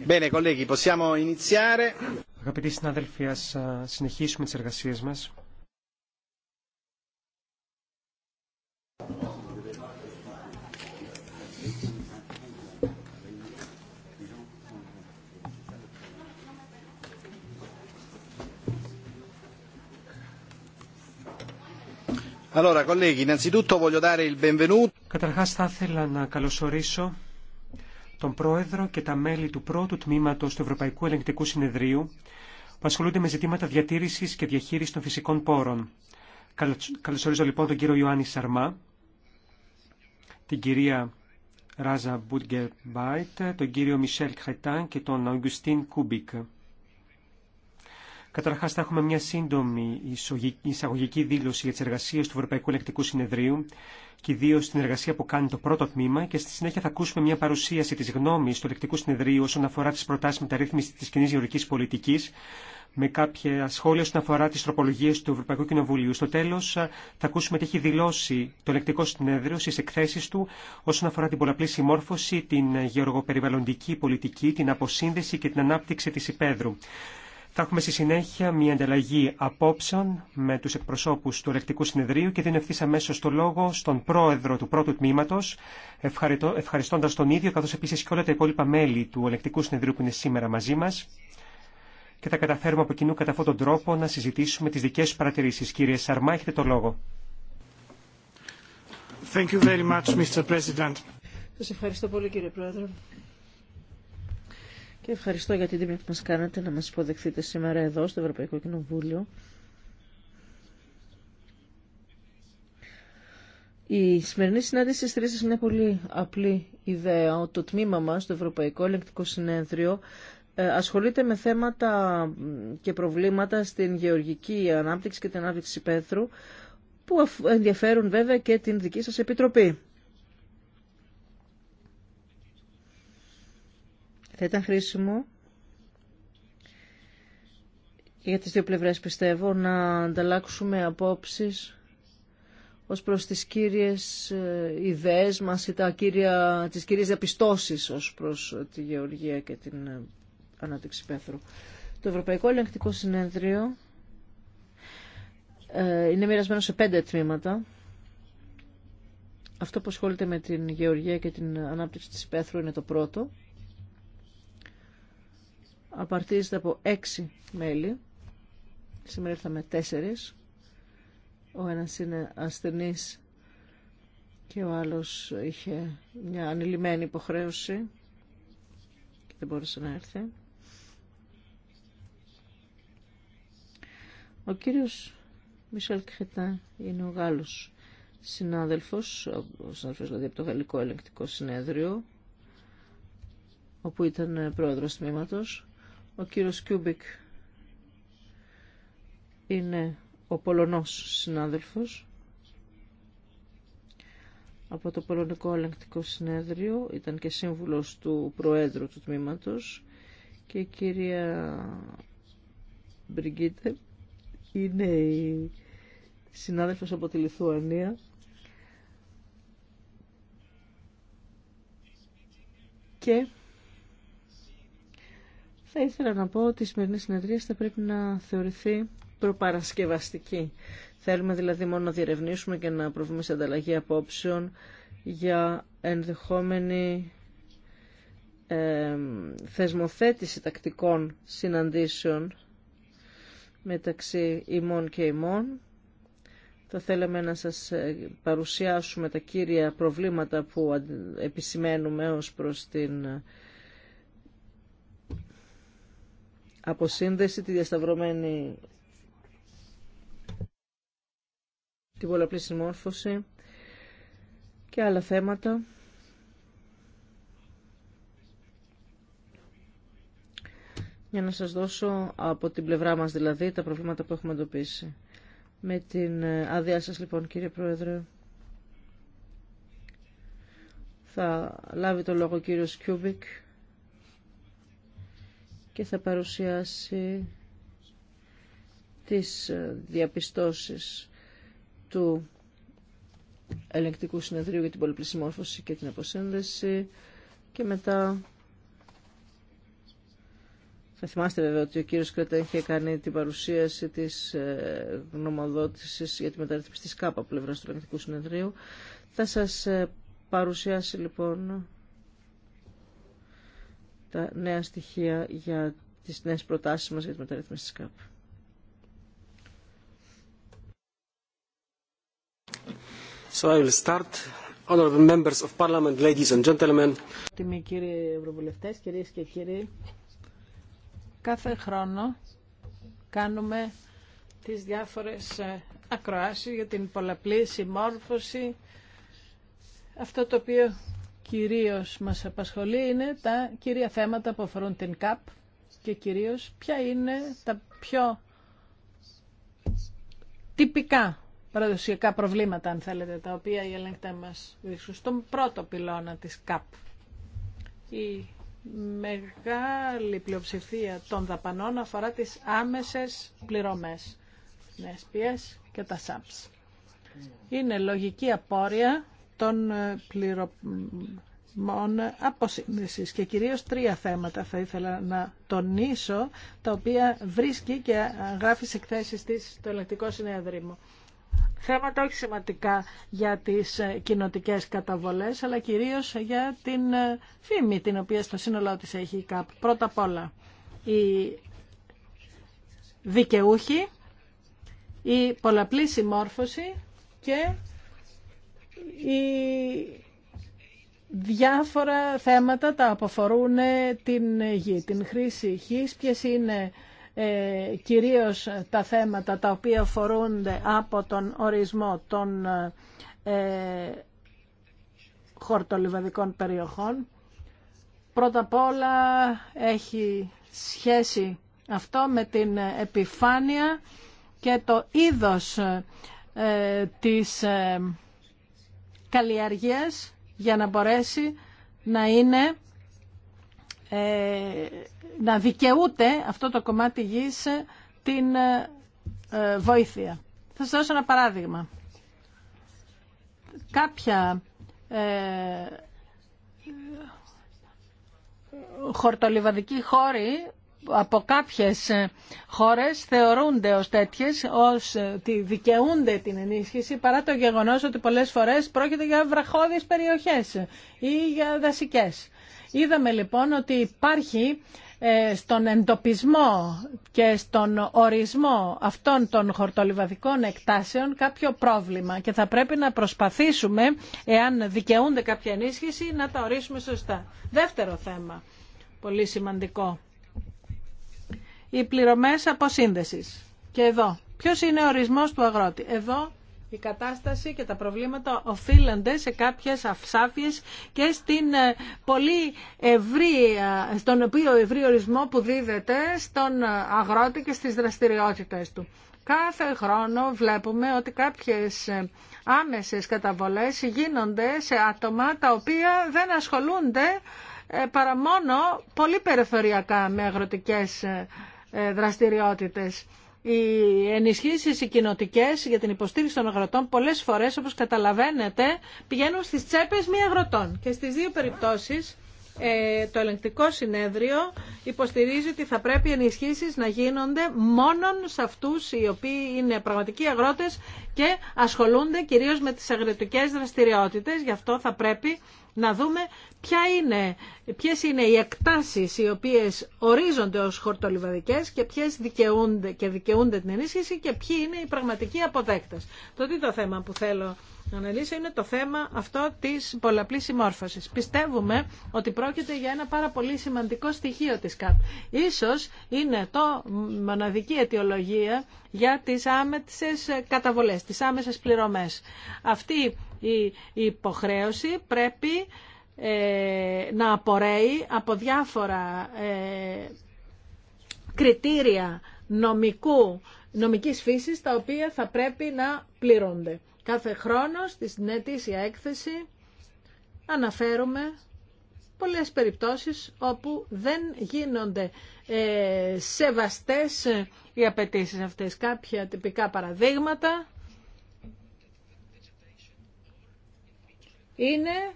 Bene, colleghi, possiamo iniziare. Αγαπητοί συνάδελφοι, ας συνεχίσουμε τις εργασίες μας. Καταρχάς θα ήθελα να καλωσορίσω τον Πρόεδρο και τα μέλη του πρώτου τμήματος του Ευρωπαϊκού Ελεγκτικού Συνεδρίου που ασχολούνται με ζητήματα διατήρησης και διαχείρισης των φυσικών πόρων. Καλωσορίζω λοιπόν τον κύριο Ιωάννη Σαρμά, την κυρία Ράζα Μπούτγκερ Μπάιτ, τον κύριο Μισελ Χαϊτάν και τον Αγγουστίν Κούμπικ. Καταρχά, θα έχουμε μια σύντομη εισαγωγική δήλωση για τι εργασίε του Ευρωπαϊκού Ελεκτικού Συνεδρίου και ιδίω την εργασία που κάνει το πρώτο τμήμα και στη συνέχεια θα ακούσουμε μια παρουσίαση τη γνώμη του Ελεκτικού Συνεδρίου όσον αφορά τι προτάσει μεταρρύθμιση τη κοινή γεωργική πολιτική με κάποια σχόλια όσον αφορά τι τροπολογίε του Ευρωπαϊκού Κοινοβουλίου. Στο τέλο, θα ακούσουμε τι έχει δηλώσει το Ελεκτικό Συνέδριο στι εκθέσει του όσον αφορά την πολλαπλή συμμόρφωση, την γεωργοπεριβαλλοντική πολιτική, την αποσύνδεση και την ανάπτυξη τη υπαίδρου. Θα έχουμε στη συνέχεια μια ανταλλαγή απόψεων με τους εκπροσώπους του Ελεκτικού Συνεδρίου και δίνω ευθύς αμέσως το λόγο στον πρόεδρο του πρώτου τμήματος, ευχαριστώντας τον ίδιο, καθώς επίσης και όλα τα υπόλοιπα μέλη του Ελεκτικού Συνεδρίου που είναι σήμερα μαζί μας και θα καταφέρουμε από κοινού κατά αυτόν τον τρόπο να συζητήσουμε τις δικές σου παρατηρήσεις. Κύριε Σαρμά, έχετε το λόγο. Thank Σας ευχαριστώ πολύ κύριε Πρόεδρε ευχαριστώ για την τιμή που μας κάνατε να μας υποδεχθείτε σήμερα εδώ στο Ευρωπαϊκό Κοινοβούλιο. Η σημερινή συνάντηση στις τρεις είναι πολύ απλή ιδέα. Το τμήμα μας, το Ευρωπαϊκό Ελεκτικό Συνέδριο, ε, ασχολείται με θέματα και προβλήματα στην γεωργική ανάπτυξη και την ανάπτυξη πέθρου, που ενδιαφέρουν βέβαια και την δική σας Επιτροπή. Θα ήταν χρήσιμο για τις δύο πλευρές πιστεύω να ανταλλάξουμε απόψεις ως προς τις κύριες ε, ιδέες μας ή τα κύρια, τις κύριες διαπιστώσεις ως προς ε, τη γεωργία και την ε, ανάπτυξη πέθρου. Το Ευρωπαϊκό Ελεγκτικό Συνέδριο είναι μοιρασμένο σε πέντε τμήματα. Αυτό που ασχολείται με την γεωργία και την ανάπτυξη της πέθρου είναι το πρώτο απαρτίζεται από έξι μέλη. Σήμερα ήρθαμε τέσσερις. Ο ένας είναι ασθενής και ο άλλος είχε μια ανηλυμένη υποχρέωση και δεν μπόρεσε να έρθει. Ο κύριος Μισελ Κιχετά είναι ο Γάλλος συνάδελφος, ο συνάδελφος δηλαδή από το Γαλλικό Ελεγκτικό Συνέδριο, όπου ήταν πρόεδρος τμήματος ο κύριος Κιούμπικ είναι ο Πολωνός συνάδελφος από το Πολωνικό Ελεγκτικό Συνέδριο, ήταν και σύμβουλος του Προέδρου του Τμήματος και η κυρία Μπριγκίτε είναι η συνάδελφος από τη Λιθουανία και θα ήθελα να πω ότι η σημερινή συνεδρία θα πρέπει να θεωρηθεί προπαρασκευαστική. Θέλουμε δηλαδή μόνο να διερευνήσουμε και να προβούμε σε ανταλλαγή απόψεων για ενδεχόμενη θεσμοθέτηση τακτικών συναντήσεων μεταξύ ημών και ημών. Θα θέλαμε να σας ε, παρουσιάσουμε τα κύρια προβλήματα που επισημαίνουμε ως προς την ε, σύνδεση τη διασταυρωμένη την πολλαπλή συμμόρφωση και άλλα θέματα. Για να σας δώσω από την πλευρά μας δηλαδή τα προβλήματα που έχουμε εντοπίσει. Με την ε, άδειά σας λοιπόν κύριε Πρόεδρε θα λάβει το λόγο ο κύριος Κιούβικ και θα παρουσιάσει τις ε, διαπιστώσεις του ελεγκτικού συνεδρίου για την πολυπλησιμόρφωση και την αποσύνδεση και μετά θα θυμάστε βέβαια ότι ο κύριος Κρέτα είχε κάνει την παρουσίαση της ε, γνωμοδότησης για τη μεταρρύθμιση της ΚΑΠΑ πλευράς του ελεγκτικού συνεδρίου. Θα σας ε, παρουσιάσει λοιπόν τα νέα στοιχεία για τις νέες προτάσεις μας για τη μεταρρύθμιση της ΚΑΠ. So I will start. Honorable members of parliament, ladies and gentlemen. Τιμή κύριοι Ευρωβουλευτές, κυρίες και κύριοι, κάθε χρόνο κάνουμε τις διάφορες ε, ακροάσεις για την πολλαπλή συμμόρφωση, αυτό το οποίο κυρίως μας απασχολεί είναι τα κυρία θέματα που αφορούν την ΚΑΠ και κυρίως ποια είναι τα πιο τυπικά παραδοσιακά προβλήματα, αν θέλετε, τα οποία οι ελεγκτές μας βρίσκουν στον πρώτο πυλώνα της ΚΑΠ. Η μεγάλη πλειοψηφία των δαπανών αφορά τις άμεσες πληρωμές, νέσπιες και τα ΣΑΠΣ. Είναι λογική απόρρια των ε, πληρωμών αποσύνδεσης και κυρίως τρία θέματα θα ήθελα να τονίσω τα οποία βρίσκει και γράφει σε εκθέσεις της το Ελεκτικό Συνέδριο θέματα όχι σημαντικά για τις ε, κοινοτικέ καταβολές, αλλά κυρίως για την ε, φήμη την οποία στο σύνολό της έχει η ΚΑΠ. Πρώτα απ' όλα, οι δικαιούχοι, η πολλαπλή συμμόρφωση και οι διάφορα θέματα τα αποφορούν ε, την γη, την χρήση γης, ποιες είναι ε, κυρίως τα θέματα τα οποία φορούνται από τον ορισμό των ε, χορτολιβαδικών περιοχών. Πρώτα απ' όλα έχει σχέση αυτό με την επιφάνεια και το είδος ε, της ε, καλλιεργίας για να μπορέσει να είναι ε, να δικαιούται αυτό το κομμάτι γης ε, την ε, βοήθεια. Θα σας δώσω ένα παράδειγμα. Κάποια χορτολιβαδική χώρη από κάποιες ε, χώρες θεωρούνται ως τέτοιες, ως ότι ε, δικαιούνται την ενίσχυση παρά το γεγονός ότι πολλές φορές πρόκειται για βραχώδεις περιοχές ή για δασικές. Είδαμε λοιπόν ότι υπάρχει ε, στον εντοπισμό και στον ορισμό αυτών των χορτολιβαδικών εκτάσεων κάποιο πρόβλημα και θα πρέπει να προσπαθήσουμε, εάν δικαιούνται κάποια ενίσχυση, να τα ορίσουμε σωστά. Δεύτερο θέμα, πολύ σημαντικό οι πληρωμές αποσύνδεση. Και εδώ, ποιος είναι ο ορισμός του αγρότη. Εδώ η κατάσταση και τα προβλήματα οφείλονται σε κάποιες αυσάφειες και στην ε, πολύ ευρία, ε, στον οποίο ευρύ ορισμό που δίδεται στον ε, αγρότη και στις δραστηριότητες του. Κάθε χρόνο βλέπουμε ότι κάποιες άμεσες καταβολές γίνονται σε άτομα τα οποία δεν ασχολούνται παρά μόνο πολύ περιθωριακά με αγροτικές ε, δραστηριότητες. Οι ενισχύσεις οι κοινοτικές για την υποστήριξη των αγροτών πολλές φορές, όπως καταλαβαίνετε, πηγαίνουν στις τσέπες μη αγροτών. Και στις δύο περιπτώσεις ε, το ελεγκτικό συνέδριο υποστηρίζει ότι θα πρέπει οι ενισχύσεις να γίνονται μόνον σε αυτούς οι οποίοι είναι πραγματικοί αγρότες και ασχολούνται κυρίως με τις αγροτικές δραστηριότητες. Γι' αυτό θα πρέπει να δούμε ποια είναι, ποιες είναι οι εκτάσεις οι οποίες ορίζονται ως χορτολιβαδικές και ποιες δικαιούνται και δικαιούνται την ενίσχυση και ποιοι είναι οι πραγματικοί αποδέκτες. Το το θέμα που θέλω να αναλύσω είναι το θέμα αυτό της πολλαπλής συμμόρφωσης. Πιστεύουμε ότι πρόκειται για ένα πάρα πολύ σημαντικό στοιχείο της ΚΑΠ. Ίσως είναι το μοναδική αιτιολογία για τις άμεσες καταβολές, τις άμεσες πληρωμές. Αυτή η υποχρέωση πρέπει ε, να απορρέει από διάφορα ε, κριτήρια νομικού, νομικής φύσης τα οποία θα πρέπει να πληρώνται. Κάθε χρόνο στη συνέτησια έκθεση αναφέρουμε πολλές περιπτώσεις όπου δεν γίνονται ε, σεβαστές οι απαιτήσει αυτές. Κάποια τυπικά παραδείγματα είναι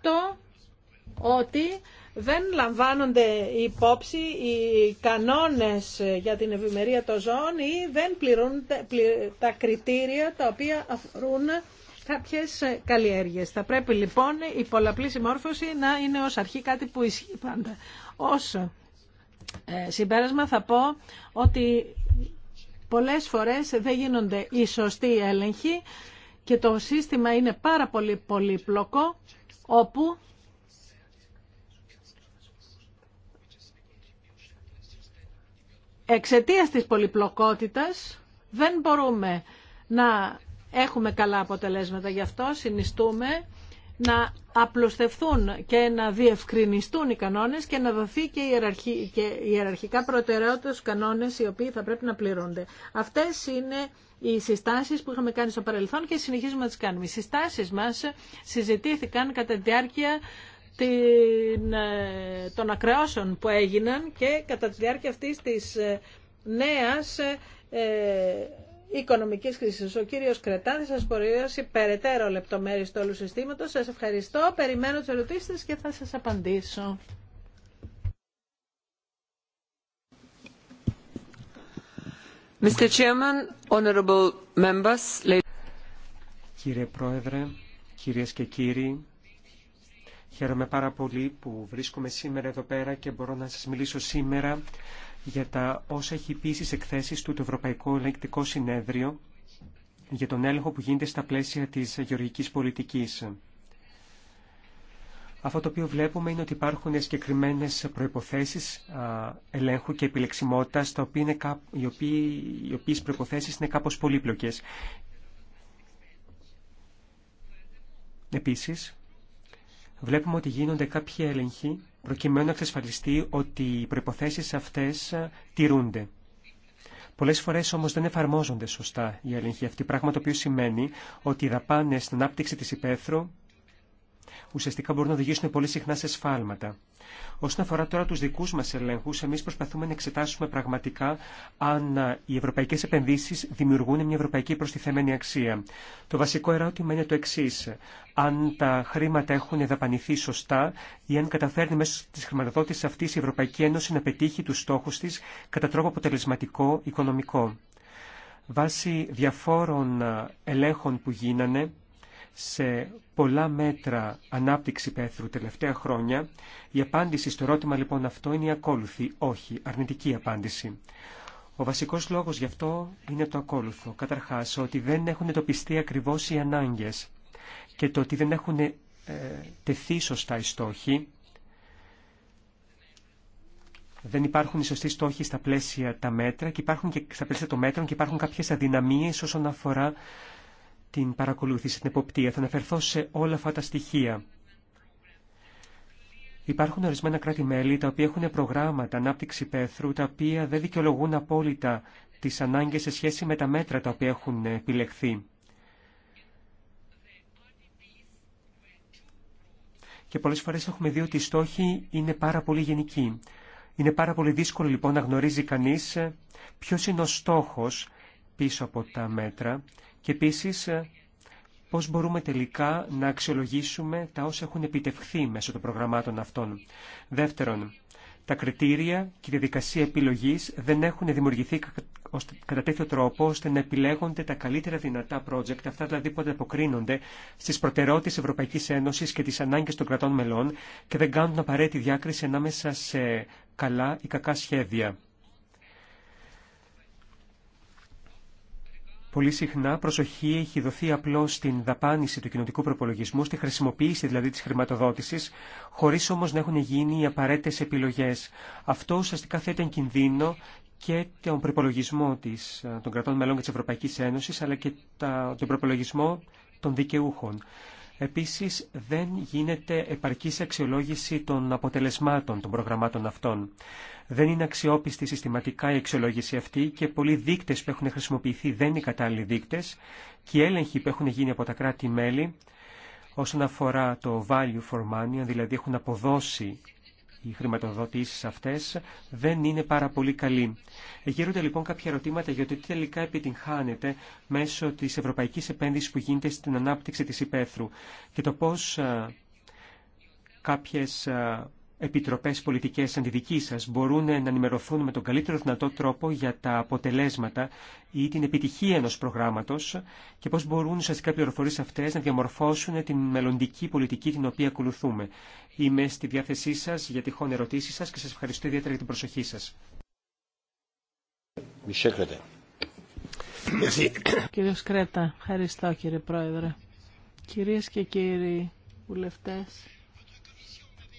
το ότι δεν λαμβάνονται υπόψη οι κανόνες για την ευημερία των ζώων ή δεν πληρούν τα κριτήρια τα οποία αφορούν κάποιες καλλιέργειες. Θα πρέπει λοιπόν η πολλαπλή συμμόρφωση να είναι ως αρχή κάτι που ισχύει πάντα. Ως ε, συμπέρασμα θα πω ότι πολλές φορές δεν γίνονται οι σωστοί έλεγχοι και το σύστημα είναι πάρα πολύ πολύπλοκο όπου εξαιτίας της πολυπλοκότητας δεν μπορούμε να έχουμε καλά αποτελέσματα. Γι' αυτό συνιστούμε να απλοστευθούν και να διευκρινιστούν οι κανόνες και να δοθεί και, ιεραρχη, και ιεραρχικά προτεραιότητα στους κανόνες οι οποίοι θα πρέπει να πληρώνται. Αυτές είναι οι συστάσεις που είχαμε κάνει στο παρελθόν και συνεχίζουμε να τις κάνουμε. Οι συστάσεις μας συζητήθηκαν κατά τη διάρκεια την, ε, των ακρεώσεων που έγιναν και κατά τη διάρκεια αυτής της ε, νέας ε, οικονομικής κρίσης. Ο κύριος Κρετάνη θα σας προηγήσει περαιτέρω λεπτομέρειες του όλου συστήματος. Σας ευχαριστώ, περιμένω τις ερωτήσεις και θα σας απαντήσω. Mr. Chairman, honorable members, Κύριε Πρόεδρε, κυρίες και κύριοι, χαίρομαι πάρα πολύ που βρίσκομαι σήμερα εδώ πέρα και μπορώ να σας μιλήσω σήμερα για τα όσα έχει πει στις εκθέσεις του το Ευρωπαϊκό Ελεγκτικό Συνέδριο για τον έλεγχο που γίνεται στα πλαίσια της γεωργικής πολιτικής. Αυτό το οποίο βλέπουμε είναι ότι υπάρχουν συγκεκριμένε προποθέσει ελέγχου και επιλεξιμότητα, οι οποίε προποθέσει είναι κάπω πολύπλοκε. Επίση, βλέπουμε ότι γίνονται κάποιοι έλεγχοι προκειμένου να εξασφαλιστεί ότι οι προϋποθέσεις αυτές τηρούνται. Πολλέ φορέ όμω δεν εφαρμόζονται σωστά οι έλεγχοι αυτοί, πράγμα το οποίο σημαίνει ότι οι δαπάνε στην ανάπτυξη τη υπαίθρου ουσιαστικά μπορούν να οδηγήσουν πολύ συχνά σε σφάλματα. Όσον αφορά τώρα τους δικούς μας ελέγχου, εμείς προσπαθούμε να εξετάσουμε πραγματικά αν ε, οι ευρωπαϊκές επενδύσεις δημιουργούν μια ευρωπαϊκή προστιθέμενη αξία. Το βασικό ερώτημα είναι το εξή. Αν τα χρήματα έχουν δαπανηθεί σωστά ή αν καταφέρνει μέσω της χρηματοδότησης αυτής η Ευρωπαϊκή Ένωση να πετύχει τους στόχους της κατά τρόπο αποτελεσματικό οικονομικό. Βάσει διαφόρων ε, ελέγχων που γίνανε, σε πολλά μέτρα ανάπτυξη πέθρου τελευταία χρόνια, η απάντηση στο ερώτημα λοιπόν αυτό είναι η ακόλουθη, όχι, αρνητική απάντηση. Ο βασικός λόγος γι' αυτό είναι το ακόλουθο. Καταρχάς, ότι δεν έχουν εντοπιστεί ακριβώς οι ανάγκες και το ότι δεν έχουν ε, τεθεί σωστά οι στόχοι, δεν υπάρχουν οι σωστοί στόχοι στα πλαίσια τα μέτρα και υπάρχουν και στα πλαίσια των μέτρων και υπάρχουν κάποιες αδυναμίες όσον αφορά την παρακολούθηση, την εποπτεία. Θα αναφερθώ σε όλα αυτά τα στοιχεία. Υπάρχουν ορισμένα κράτη-μέλη τα οποία έχουν προγράμματα ανάπτυξη πέθρου, τα οποία δεν δικαιολογούν απόλυτα τις ανάγκες σε σχέση με τα μέτρα τα οποία έχουν επιλεχθεί. Και πολλές φορές έχουμε δει ότι οι στόχοι είναι πάρα πολύ γενικοί. Είναι πάρα πολύ δύσκολο λοιπόν να γνωρίζει κανείς ποιος είναι ο στόχος πίσω από τα μέτρα και επίσης ε, πώς μπορούμε τελικά να αξιολογήσουμε τα όσα έχουν επιτευχθεί μέσω των προγραμμάτων αυτών. Δεύτερον, τα κριτήρια και η διαδικασία επιλογής δεν έχουν δημιουργηθεί κατά τέτοιο τρόπο ώστε να επιλέγονται τα καλύτερα δυνατά project, αυτά δηλαδή που αποκρίνονται στις προτεραιότητες Ευρωπαϊκής Ένωσης και τις ανάγκες των κρατών μελών και δεν κάνουν απαραίτητη διάκριση ανάμεσα σε καλά ή κακά σχέδια. Πολύ συχνά προσοχή έχει δοθεί απλώ στην δαπάνηση του κοινοτικού προπολογισμού, στη χρησιμοποίηση δηλαδή τη χρηματοδότηση, χωρί όμω να έχουν γίνει οι απαραίτητε επιλογέ. Αυτό ουσιαστικά θέτει εν κινδύνο και τον προπολογισμό της, ε, των κρατών μελών και τη Ευρωπαϊκή Ένωση, αλλά και τα, τον προπολογισμό των δικαιούχων. Επίση, δεν γίνεται επαρκή αξιολόγηση των αποτελεσμάτων των προγραμμάτων αυτών. Δεν είναι αξιόπιστη συστηματικά η αξιολόγηση αυτή και πολλοί δείκτε που έχουν χρησιμοποιηθεί δεν είναι κατάλληλοι δείκτε και οι έλεγχοι που έχουν γίνει από τα κράτη-μέλη όσον αφορά το value for money, δηλαδή έχουν αποδώσει οι χρηματοδοτήσεις αυτές δεν είναι πάρα πολύ καλοί. Γύρονται λοιπόν κάποια ερωτήματα για το τι τελικά επιτυγχάνεται μέσω της ευρωπαϊκής επένδυσης που γίνεται στην ανάπτυξη της υπαίθρου και το πώς ε, κάποιες ε, επιτροπές πολιτικές σαν τη δική σας μπορούν να ενημερωθούν με τον καλύτερο δυνατό τρόπο για τα αποτελέσματα ή την επιτυχία ενός προγράμματος και πώς μπορούν ουσιαστικά πληροφορίες αυτές να διαμορφώσουν την μελλοντική πολιτική την οποία ακολουθούμε. Είμαι στη διάθεσή σας για τυχόν ερωτήσεις σας και σας ευχαριστώ ιδιαίτερα για την προσοχή σας. Κύριος Κρέτα, ευχαριστώ κύριε Πρόεδρε. Κυρίες και κύριοι βουλευτές,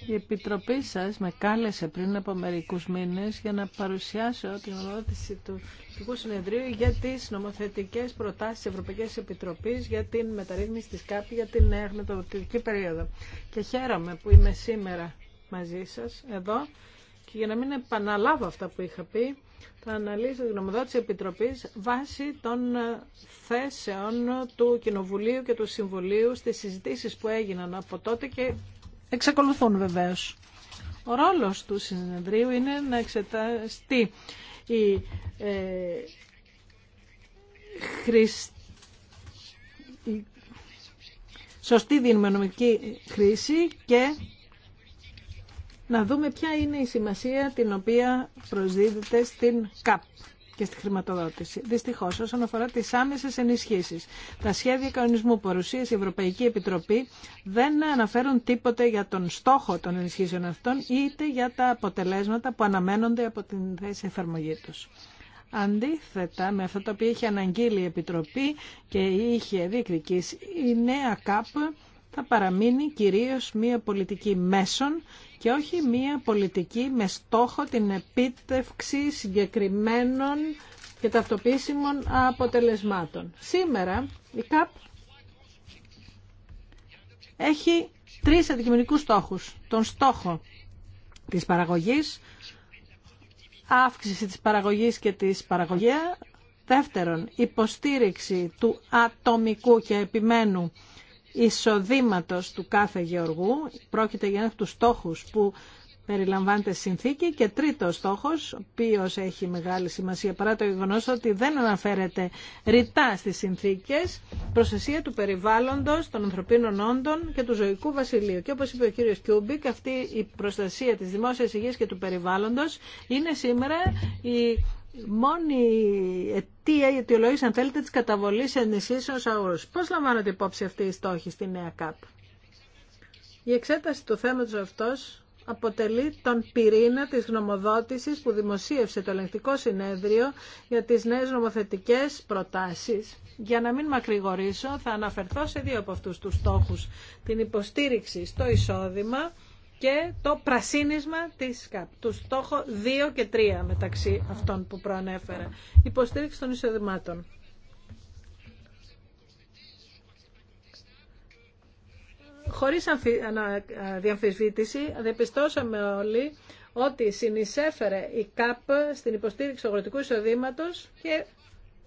η Επιτροπή σας με κάλεσε πριν από μερικούς μήνες για να παρουσιάσω την ονότηση του Υπουργού Συνεδρίου για τις νομοθετικές προτάσεις της Ευρωπαϊκής Επιτροπής για την μεταρρύθμιση της ΚΑΠ για την νέα χρηματοδοτική περίοδο. Και χαίρομαι που είμαι σήμερα μαζί σας εδώ και για να μην επαναλάβω αυτά που είχα πει, θα αναλύσω τη γνωμοδότηση Επιτροπής βάσει των θέσεων του Κοινοβουλίου και του Συμβουλίου στις συζητήσεις που έγιναν από τότε και εξακολουθούν βεβαίως. Ο ρόλος του συνεδρίου είναι να εξεταστεί η ε, σωστή δημονομική χρήση και να δούμε ποια είναι η σημασία την οποία προσδίδεται στην ΚΑΠ και στη χρηματοδότηση. Δυστυχώ, όσον αφορά τι άμεσε ενισχύσει, τα σχέδια κανονισμού που παρουσίασε η Ευρωπαϊκή Επιτροπή δεν αναφέρουν τίποτε για τον στόχο των ενισχύσεων αυτών, είτε για τα αποτελέσματα που αναμένονται από την θέση εφαρμογή του. Αντίθετα με αυτό το οποίο είχε αναγγείλει η Επιτροπή και είχε διεκδικήσει, η νέα ΚΑΠ θα παραμείνει κυρίως μια πολιτική μέσων και όχι μία πολιτική με στόχο την επίτευξη συγκεκριμένων και ταυτοπίσιμων αποτελεσμάτων. Σήμερα η ΚΑΠ έχει τρεις αντικειμενικούς στόχους. Τον στόχο της παραγωγής, αύξηση της παραγωγής και της παραγωγία. Δεύτερον, υποστήριξη του ατομικού και επιμένου εισοδήματος του κάθε γεωργού. Πρόκειται για ένα από τους στόχους που περιλαμβάνεται συνθήκη και τρίτος στόχος, ο οποίος έχει μεγάλη σημασία παρά το γεγονός ότι δεν αναφέρεται ρητά στις συνθήκες, προστασία του περιβάλλοντος, των ανθρωπίνων όντων και του ζωικού βασιλείου. Και όπως είπε ο κύριος Κιούμπικ, αυτή η προστασία της δημόσιας υγείας και του περιβάλλοντος είναι σήμερα η μόνη αιτία, η αιτιολόγηση αν θέλετε, της καταβολής ενισχύσεως αγορούς. Πώς λαμβάνονται υπόψη αυτοί οι στόχοι στη νέα ΚΑΠ. Η εξέταση του θέματος αυτός αποτελεί τον πυρήνα της γνωμοδότησης που δημοσίευσε το ελεγκτικό συνέδριο για τις νέες νομοθετικές προτάσεις. Για να μην μακρηγορήσω, θα αναφερθώ σε δύο από αυτούς τους στόχους. Την υποστήριξη στο εισόδημα και το πρασίνισμα της ΚΑΠ, του στόχο 2 και 3 μεταξύ αυτών που προανέφερα. Υποστήριξη των εισοδημάτων. Χωρίς διαμφισβήτηση, διαπιστώσαμε όλοι ότι συνεισέφερε η ΚΑΠ στην υποστήριξη αγροτικού εισοδήματος και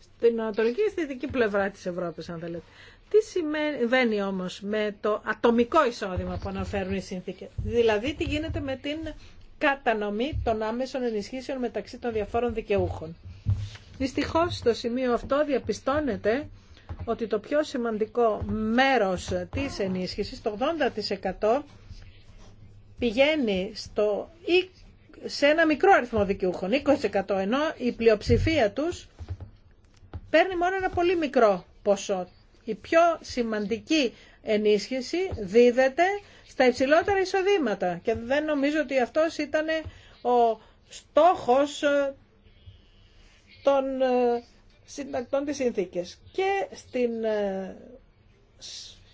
στην ανατολική αισθητική πλευρά της Ευρώπης, αν θέλετε. Τι συμβαίνει όμως με το ατομικό εισόδημα που αναφέρουν οι συνθήκε. Δηλαδή τι γίνεται με την κατανομή των άμεσων ενισχύσεων μεταξύ των διαφόρων δικαιούχων. Δυστυχώς στο σημείο αυτό διαπιστώνεται ότι το πιο σημαντικό μέρος της ενίσχυσης, το 80% πηγαίνει στο, σε ένα μικρό αριθμό δικαιούχων, 20% ενώ η πλειοψηφία τους παίρνει μόνο ένα πολύ μικρό ποσό η πιο σημαντική ενίσχυση δίδεται στα υψηλότερα εισοδήματα και δεν νομίζω ότι αυτός ήταν ο στόχος ε, των ε, συντακτών της συνθήκες. Και, στην, ε,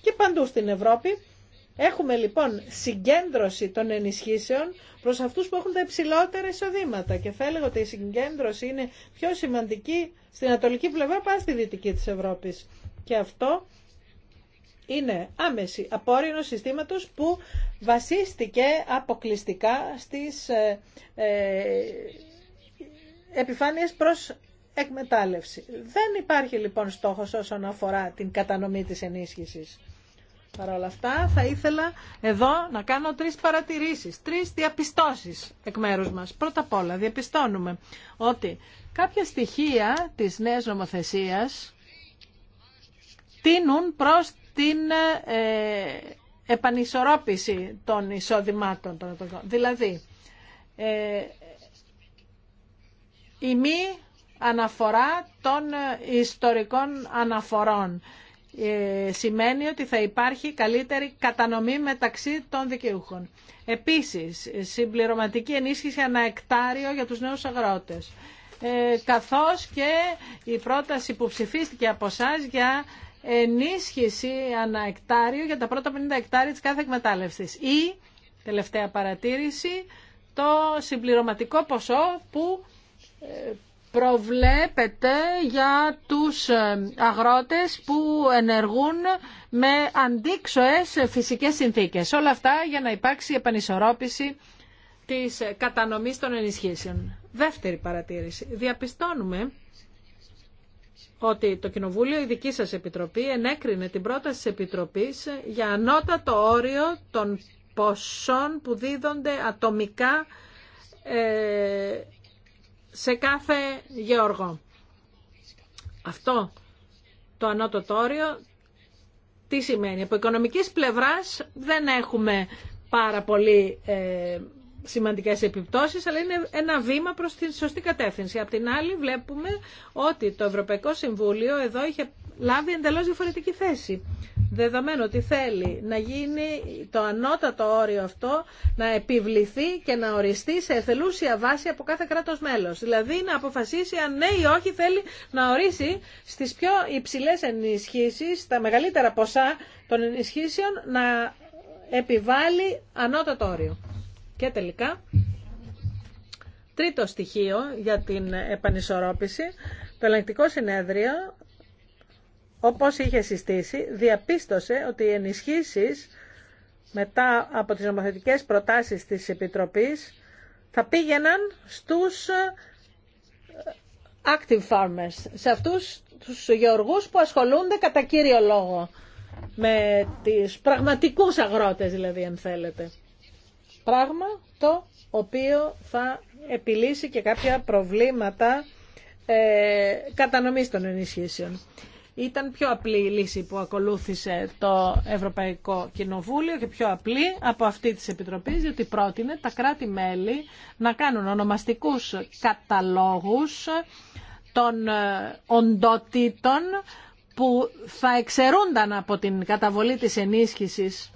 και παντού στην Ευρώπη έχουμε λοιπόν συγκέντρωση των ενισχύσεων προς αυτούς που έχουν τα υψηλότερα εισοδήματα και θα έλεγα ότι η συγκέντρωση είναι πιο σημαντική στην ανατολική πλευρά παρά στη δυτική της Ευρώπης. Και αυτό είναι άμεση απόρρινο συστήματος που βασίστηκε αποκλειστικά στις ε, ε, επιφάνειες προς εκμετάλλευση. Δεν υπάρχει λοιπόν στόχος όσον αφορά την κατανομή της ενίσχυσης. Παρ' όλα αυτά θα ήθελα εδώ να κάνω τρεις παρατηρήσεις, τρεις διαπιστώσεις εκ μέρους μας. Πρώτα απ' όλα διαπιστώνουμε ότι κάποια στοιχεία της νέας νομοθεσίας τίνουν προς την ε, ε, επανισορρόπηση των εισοδημάτων των Δηλαδή, ε, η μη αναφορά των ιστορικών αναφορών σημαίνει ότι θα υπάρχει καλύτερη κατανομή μεταξύ των δικαιούχων. Επίσης, συμπληρωματική ενίσχυση ένα εκτάριο για τους νέους αγρότες. καθώς και η πρόταση που ψηφίστηκε από εσά για ενίσχυση ανά εκτάριο για τα πρώτα 50 εκτάρια της κάθε εκμετάλλευσης. Ή, τελευταία παρατήρηση, το συμπληρωματικό ποσό που ε, προβλέπεται για τους ε, αγρότες που ενεργούν με αντίξωες φυσικές συνθήκες. Όλα αυτά για να υπάρξει επανισορρόπηση της κατανομής των ενισχύσεων. Δεύτερη παρατήρηση. Διαπιστώνουμε ότι το Κοινοβούλιο, η δική σας Επιτροπή, ενέκρινε την πρόταση της Επιτροπής για ανώτατο όριο των ποσών που δίδονται ατομικά ε, σε κάθε γεωργό. Αυτό το ανώτατο όριο τι σημαίνει. Από οικονομικής πλευράς δεν έχουμε πάρα πολύ ε, σημαντικές επιπτώσεις, αλλά είναι ένα βήμα προς τη σωστή κατεύθυνση. Απ' την άλλη βλέπουμε ότι το Ευρωπαϊκό Συμβούλιο εδώ είχε λάβει εντελώς διαφορετική θέση. Δεδομένου ότι θέλει να γίνει το ανώτατο όριο αυτό να επιβληθεί και να οριστεί σε εθελούσια βάση από κάθε κράτος μέλος. Δηλαδή να αποφασίσει αν ναι ή όχι θέλει να ορίσει στις πιο υψηλές ενισχύσεις, τα μεγαλύτερα ποσά των ενισχύσεων, να επιβάλλει ανώτατο όριο. Και τελικά, τρίτο στοιχείο για την επανισορρόπηση, το ελεγκτικό συνέδριο, όπως είχε συστήσει, διαπίστωσε ότι οι ενισχύσεις μετά από τις νομοθετικές προτάσεις της Επιτροπής θα πήγαιναν στους ε, active farmers, σε αυτούς τους γεωργούς που ασχολούνται κατά κύριο λόγο με τις πραγματικούς αγρότες δηλαδή αν θέλετε. Πράγμα το οποίο θα επιλύσει και κάποια προβλήματα ε, κατανομής των ενισχύσεων. Ήταν πιο απλή η λύση που ακολούθησε το Ευρωπαϊκό Κοινοβούλιο και πιο απλή από αυτή της Επιτροπής, διότι πρότεινε τα κράτη-μέλη να κάνουν ονομαστικούς καταλόγους των ε, οντοτήτων που θα εξαιρούνταν από την καταβολή της ενίσχυσης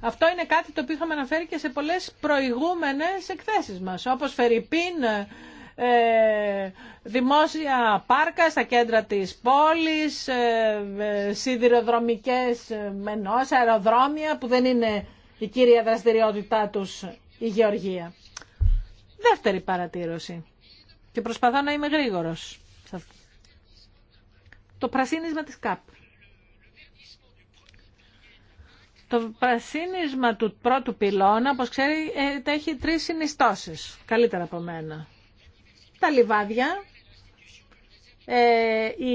αυτό είναι κάτι το οποίο είχαμε αναφέρει και σε πολλές προηγούμενες εκθέσεις μας, όπως Φερρυπίν, ε, δημόσια πάρκα στα κέντρα της πόλης, ε, ε, σιδηροδρομικές μενός, αεροδρόμια που δεν είναι η κύρια δραστηριότητά τους η γεωργία. Δεύτερη παρατήρωση και προσπαθώ να είμαι γρήγορος. Το πρασίνισμα της ΚΑΠ. Το πρασίνισμα του πρώτου πυλώνα, όπως ξέρει, ε, έχει τρεις συνιστώσεις, καλύτερα από μένα. Τα λιβάδια, ε, η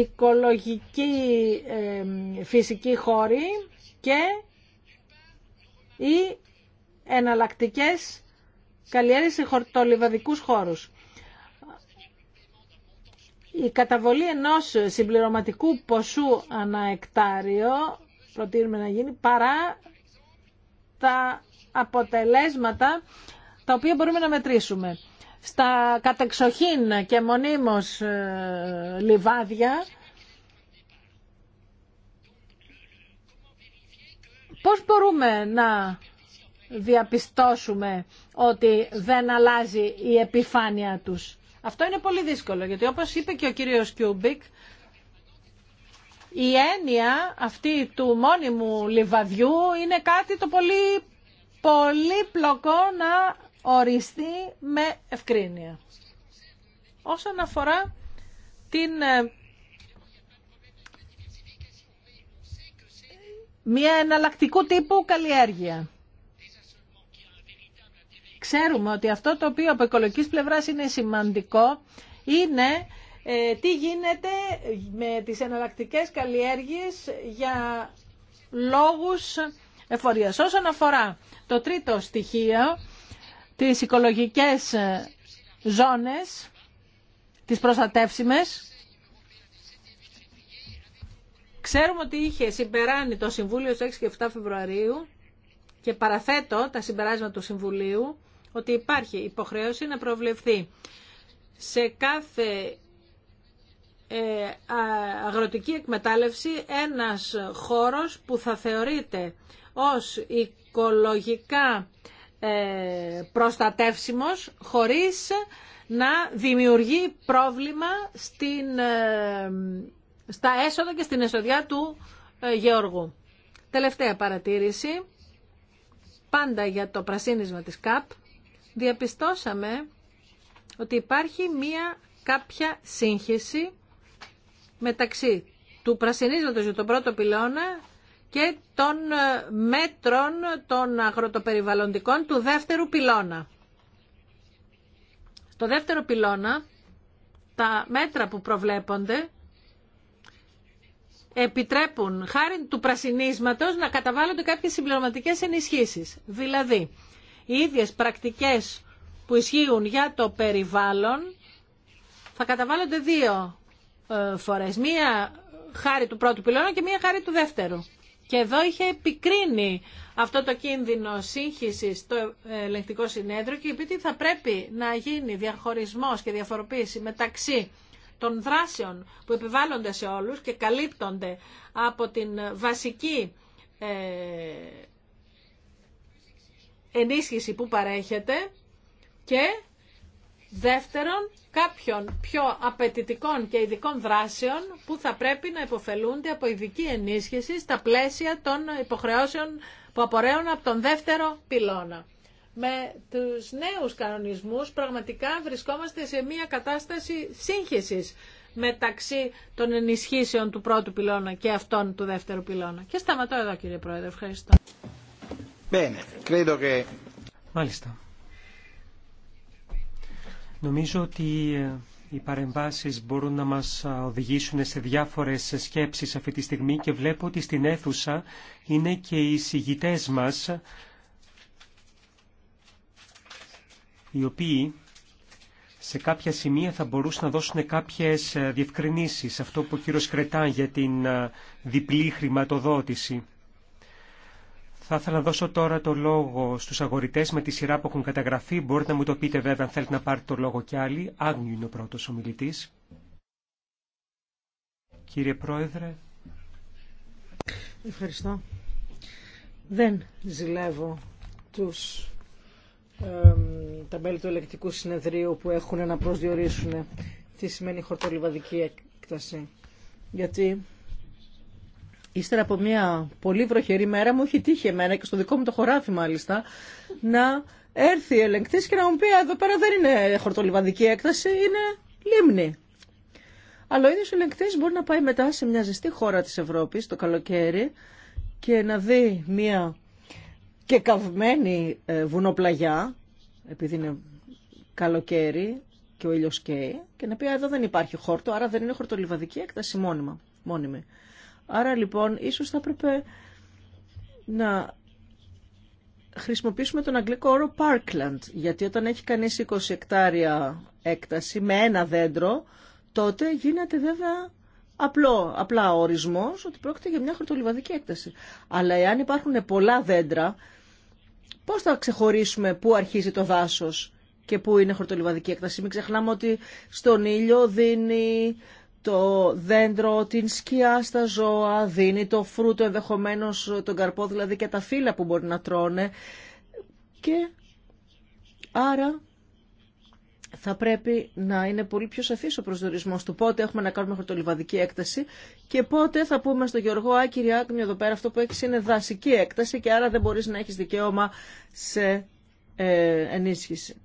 οικολογική ε, φυσική χώρη και οι εναλλακτικές καλλιέργειες σε χορτολιβαδικούς χώρους. Η καταβολή ενός συμπληρωματικού ποσού ανά εκτάριο προτείνουμε να γίνει παρά τα αποτελέσματα τα οποία μπορούμε να μετρήσουμε. Στα κατεξοχήν και μονίμως ε, λιβάδια πώς μπορούμε να διαπιστώσουμε ότι δεν αλλάζει η επιφάνεια τους. Αυτό είναι πολύ δύσκολο, γιατί όπως είπε και ο κύριος Κιούμπικ, η έννοια αυτή του μόνιμου λιβαδιού είναι κάτι το πολύ πλοκό να οριστεί με ευκρίνεια. Όσον αφορά την ε, μια εναλλακτικού τύπου καλλιέργεια. Ξέρουμε ότι αυτό το οποίο από οικολογικής πλευράς είναι σημαντικό είναι ε, τι γίνεται με τις εναλλακτικές καλλιέργειες για λόγους εφορίας. Όσον αφορά το τρίτο στοιχείο, τις οικολογικές ζώνες, τις προστατεύσιμες, ξέρουμε ότι είχε συμπεράνει το Συμβούλιο στις 6 και 7 Φεβρουαρίου και παραθέτω τα συμπεράσματα του Συμβουλίου ότι υπάρχει υποχρέωση να προβλεφθεί σε κάθε ε, αγροτική εκμετάλλευση ένας χώρος που θα θεωρείται ως οικολογικά ε, προστατεύσιμος χωρίς να δημιουργεί πρόβλημα στην, ε, στα έσοδα και στην εσοδιά του Γεωργού. Τελευταία παρατήρηση, πάντα για το πρασίνισμα της ΚΑΠ, διαπιστώσαμε ότι υπάρχει μία κάποια σύγχυση μεταξύ του πρασινίσματος για τον πρώτο πυλώνα και των ε, μέτρων των αγροτοπεριβαλλοντικών του δεύτερου πυλώνα. Στο δεύτερο πυλώνα, τα μέτρα που προβλέπονται επιτρέπουν χάρη του πρασινίσματος να καταβάλλονται κάποιες συμπληρωματικές ενισχύσεις. Δηλαδή, οι ίδιες πρακτικές που ισχύουν για το περιβάλλον θα καταβάλλονται δύο ε, φορές. Μία χάρη του πρώτου πυλώνα και μία χάρη του δεύτερου. Και εδώ είχε επικρίνει αυτό το κίνδυνο σύγχυση στο ελεγκτικό συνέδριο και επειδή θα πρέπει να γίνει διαχωρισμός και διαφοροποίηση μεταξύ των δράσεων που επιβάλλονται σε όλους και καλύπτονται από την βασική ε, ενίσχυση που παρέχεται και Δεύτερον, κάποιων πιο απαιτητικών και ειδικών δράσεων που θα πρέπει να υποφελούνται από ειδική ενίσχυση στα πλαίσια των υποχρεώσεων που απορρέουν από τον δεύτερο πυλώνα. Με τους νέους κανονισμούς πραγματικά βρισκόμαστε σε μια κατάσταση σύγχυσης μεταξύ των ενισχύσεων του πρώτου πυλώνα και αυτών του δεύτερου πυλώνα. Και σταματώ εδώ κύριε Πρόεδρε. Ευχαριστώ. Μάλιστα. Νομίζω ότι ε, οι παρεμβάσεις μπορούν να μας οδηγήσουν σε διάφορες σκέψεις αυτή τη στιγμή και βλέπω ότι στην αίθουσα είναι και οι συγητές μας οι οποίοι σε κάποια σημεία θα μπορούσαν να δώσουν κάποιες ε, διευκρινήσεις αυτό που ο κύριος κρετά για την ε, διπλή χρηματοδότηση. Θα ήθελα να δώσω τώρα το λόγο στους αγορητές με τη σειρά που έχουν καταγραφεί. Μπορείτε να μου το πείτε βέβαια αν θέλετε να πάρετε το λόγο κι άλλοι. Άγνιου είναι ο πρώτος ομιλητής. Κύριε Πρόεδρε. Ευχαριστώ. Δεν ζηλεύω τους, ε, τα μέλη του ελεκτικού συνεδρίου που έχουν να προσδιορίσουν τι σημαίνει χορτολιβαδική έκταση. Γιατί ύστερα από μια πολύ βροχερή μέρα μου έχει τύχει εμένα και στο δικό μου το χωράφι μάλιστα να έρθει η ελεγκτής και να μου πει εδώ πέρα δεν είναι χορτολιβαδική έκταση, είναι λίμνη. Αλλά ο ίδιος ελεγκτής μπορεί να πάει μετά σε μια ζεστή χώρα της Ευρώπης το καλοκαίρι και να δει μια και καυμένη ε, βουνοπλαγιά επειδή είναι καλοκαίρι και ο ήλιος καίει και να πει εδώ δεν υπάρχει χόρτο άρα δεν είναι χορτολιβαδική έκταση μόνιμα, μόνιμη. Άρα λοιπόν ίσως θα έπρεπε να χρησιμοποιήσουμε τον αγγλικό όρο parkland, γιατί όταν έχει κανείς 20 εκτάρια έκταση με ένα δέντρο, τότε γίνεται βέβαια απλό, απλά ορισμός ότι πρόκειται για μια χορτολιβαδική έκταση. Αλλά εάν υπάρχουν πολλά δέντρα, πώς θα ξεχωρίσουμε πού αρχίζει το δάσος και πού είναι χορτολιβαδική έκταση. Μην ξεχνάμε ότι στον ήλιο δίνει το δέντρο, την σκιά στα ζώα, δίνει το φρούτο, ενδεχομένως τον καρπό, δηλαδή και τα φύλλα που μπορεί να τρώνε. Και άρα θα πρέπει να είναι πολύ πιο σαφής ο προσδορισμός του πότε έχουμε να κάνουμε χρωτολιβαδική έκταση και πότε θα πούμε στον Γεωργό «Α, κύριε εδώ πέρα αυτό που έχεις είναι δασική έκταση και άρα δεν μπορείς να έχεις δικαίωμα σε ε, ενίσχυση».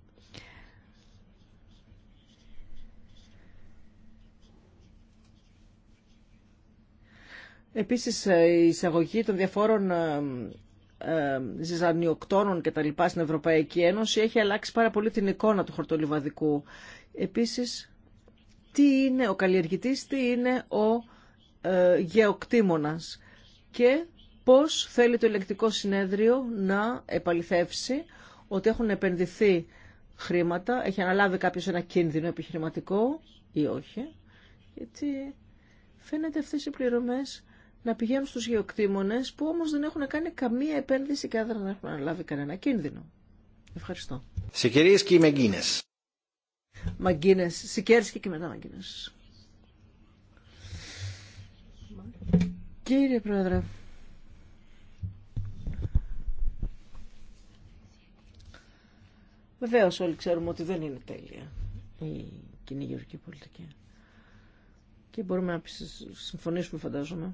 Επίσης ε, η εισαγωγή των διαφόρων ε, ε, ζυζανιοκτώνων και τα λοιπά στην Ευρωπαϊκή Ένωση έχει αλλάξει πάρα πολύ την εικόνα του χορτολιβαδικού. Επίσης, τι είναι ο καλλιεργητής, τι είναι ο ε, γεωκτήμονας και πώς θέλει το ελεκτικό συνέδριο να επαληθεύσει ότι έχουν επενδυθεί χρήματα, έχει αναλάβει κάποιος ένα κίνδυνο επιχειρηματικό ή όχι, γιατί φαίνεται αυτές οι πληρωμές να πηγαίνουν στους γεωκτήμονες που όμως δεν έχουν κάνει καμία επένδυση και να έχουν αναλάβει κανένα κίνδυνο. Ευχαριστώ. Σικερίες και Μαγκίνες. και μετά Μαγκίνες. Κύριε Πρόεδρε. Βεβαίω όλοι ξέρουμε ότι δεν είναι τέλεια η κοινή γεωργική πολιτική. Και μπορούμε να συμφωνήσουμε φαντάζομαι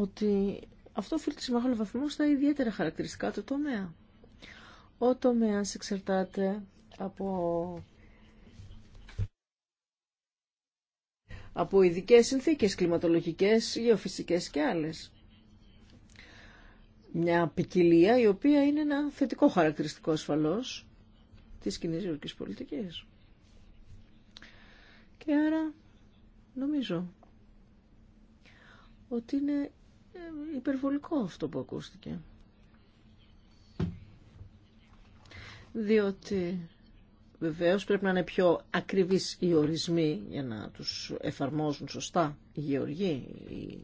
ότι αυτό οφείλεται σε μεγάλο βαθμό στα ιδιαίτερα χαρακτηριστικά του τομέα. Ο τομέας εξαρτάται από από ειδικέ συνθήκες κλιματολογικές, γεωφυσικές και άλλες. Μια ποικιλία η οποία είναι ένα θετικό χαρακτηριστικό ασφαλώς της κοινή γεωργικής πολιτικής. Και άρα νομίζω ότι είναι ε, υπερβολικό αυτό που ακούστηκε. Διότι βεβαίως πρέπει να είναι πιο ακριβείς οι ορισμοί για να τους εφαρμόζουν σωστά οι γεωργοί, οι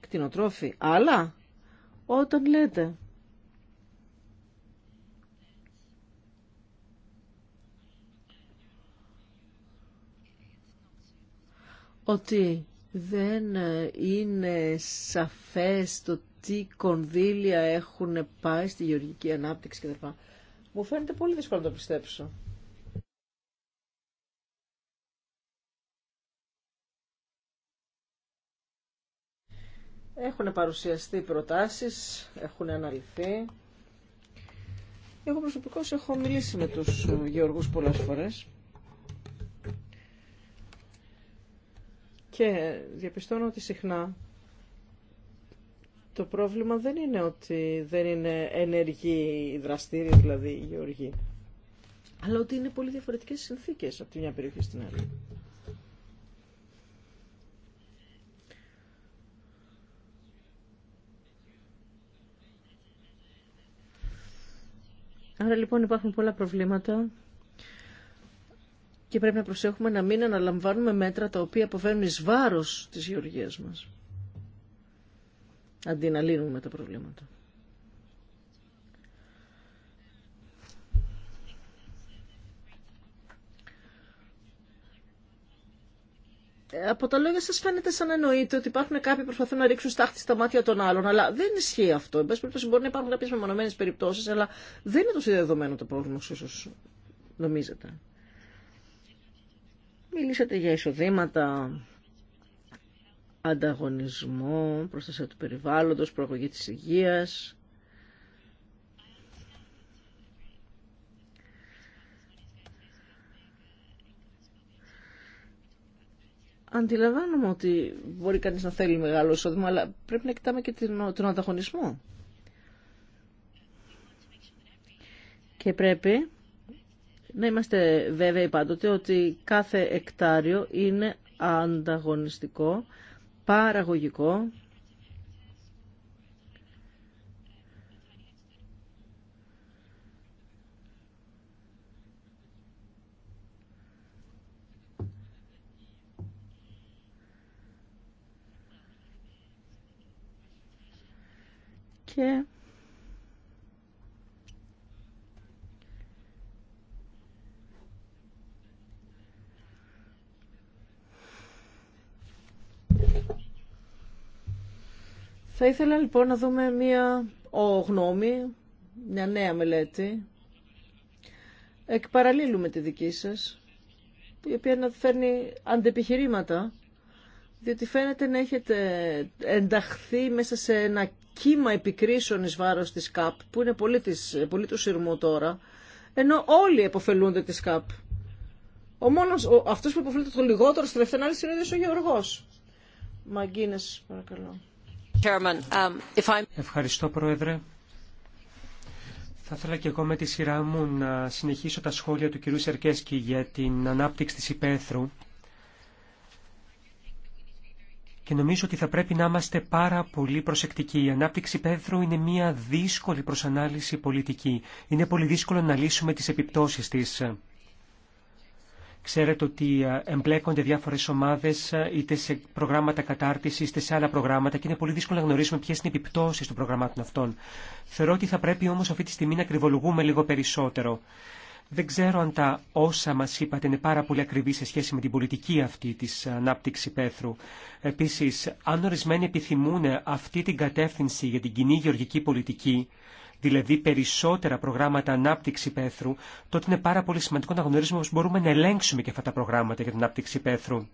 κτηνοτρόφοι. Αλλά όταν λέτε ότι δεν ε, είναι σαφές το τι κονδύλια έχουν πάει στη γεωργική ανάπτυξη κτλ. Μου φαίνεται πολύ δύσκολο να το πιστέψω. Έχουν παρουσιαστεί προτάσεις, έχουν αναλυθεί. Εγώ προσωπικώς έχω μιλήσει με τους γεωργούς πολλές φορές. Και διαπιστώνω ότι συχνά το πρόβλημα δεν είναι ότι δεν είναι ενεργοί, δραστήριοι δηλαδή οι γεωργοί, αλλά ότι είναι πολύ διαφορετικές συνθήκες από τη μια περιοχή στην άλλη. Άρα λοιπόν υπάρχουν πολλά προβλήματα και πρέπει να προσέχουμε να μην αναλαμβάνουμε μέτρα τα οποία αποβαίνουν εις βάρος της γεωργίας μας. Αντί να λύνουμε τα προβλήματα. Ε, από τα λόγια σας φαίνεται σαν εννοείται ότι υπάρχουν κάποιοι που προσπαθούν να ρίξουν στάχτη στα μάτια των άλλων, αλλά δεν ισχύει αυτό. Εν πάση περιπτώσει μπορεί να υπάρχουν κάποιε μεμονωμένες περιπτώσεις, αλλά δεν είναι τόσο δεδομένο το πρόβλημα όσο νομίζετε. Μιλήσατε για εισοδήματα, ανταγωνισμό, προστασία του περιβάλλοντος, προαγωγή της υγείας. Αντιλαμβάνομαι ότι μπορεί κανείς να θέλει μεγάλο εισόδημα, αλλά πρέπει να κοιτάμε και τον ανταγωνισμό. Και πρέπει να είμαστε βέβαιοι πάντοτε ότι κάθε εκτάριο είναι ανταγωνιστικό, παραγωγικό και Θα ήθελα λοιπόν να δούμε μία ο, γνώμη, μια νέα μελέτη. Εκ τη δική σας, η οποία να φέρνει αντεπιχειρήματα, διότι φαίνεται να έχετε ενταχθεί μέσα σε ένα κύμα επικρίσεων εις βάρος της ΚΑΠ, που είναι πολύ, της, πολύ του σειρμού τώρα, ενώ όλοι εποφελούνται της ΚΑΠ. Ο μόνος, ο, αυτός που υποφελείται το λιγότερο στην τελευταία είναι ο ο Γεωργός. Μαγκίνες, παρακαλώ. Um, Ευχαριστώ, Πρόεδρε. Θα ήθελα και εγώ με τη σειρά μου να συνεχίσω τα σχόλια του κυρίου Σερκέσκη για την ανάπτυξη της υπαίθρου και νομίζω ότι θα πρέπει να είμαστε πάρα πολύ προσεκτικοί. Η ανάπτυξη πέθρου είναι μια δύσκολη προσανάλυση πολιτική. Είναι πολύ δύσκολο να λύσουμε τις επιπτώσεις της. Ξέρετε ότι ε, εμπλέκονται διάφορες ομάδες ε, είτε σε προγράμματα κατάρτισης είτε σε άλλα προγράμματα και είναι πολύ δύσκολο να γνωρίσουμε ποιες είναι οι επιπτώσεις των προγραμμάτων αυτών. Θεωρώ ότι θα πρέπει όμως αυτή τη στιγμή να κρυβολογούμε λίγο περισσότερο. Δεν ξέρω αν τα όσα μας είπατε είναι πάρα πολύ ακριβή σε σχέση με την πολιτική αυτή της ανάπτυξη πέθρου. Επίσης, αν ορισμένοι επιθυμούν αυτή την κατεύθυνση για την κοινή γεωργική πολιτική, δηλαδή περισσότερα προγράμματα ανάπτυξη πέθρου, τότε είναι πάρα πολύ σημαντικό να γνωρίζουμε πώς μπορούμε να ελέγξουμε και αυτά τα προγράμματα για την ανάπτυξη πέθρου.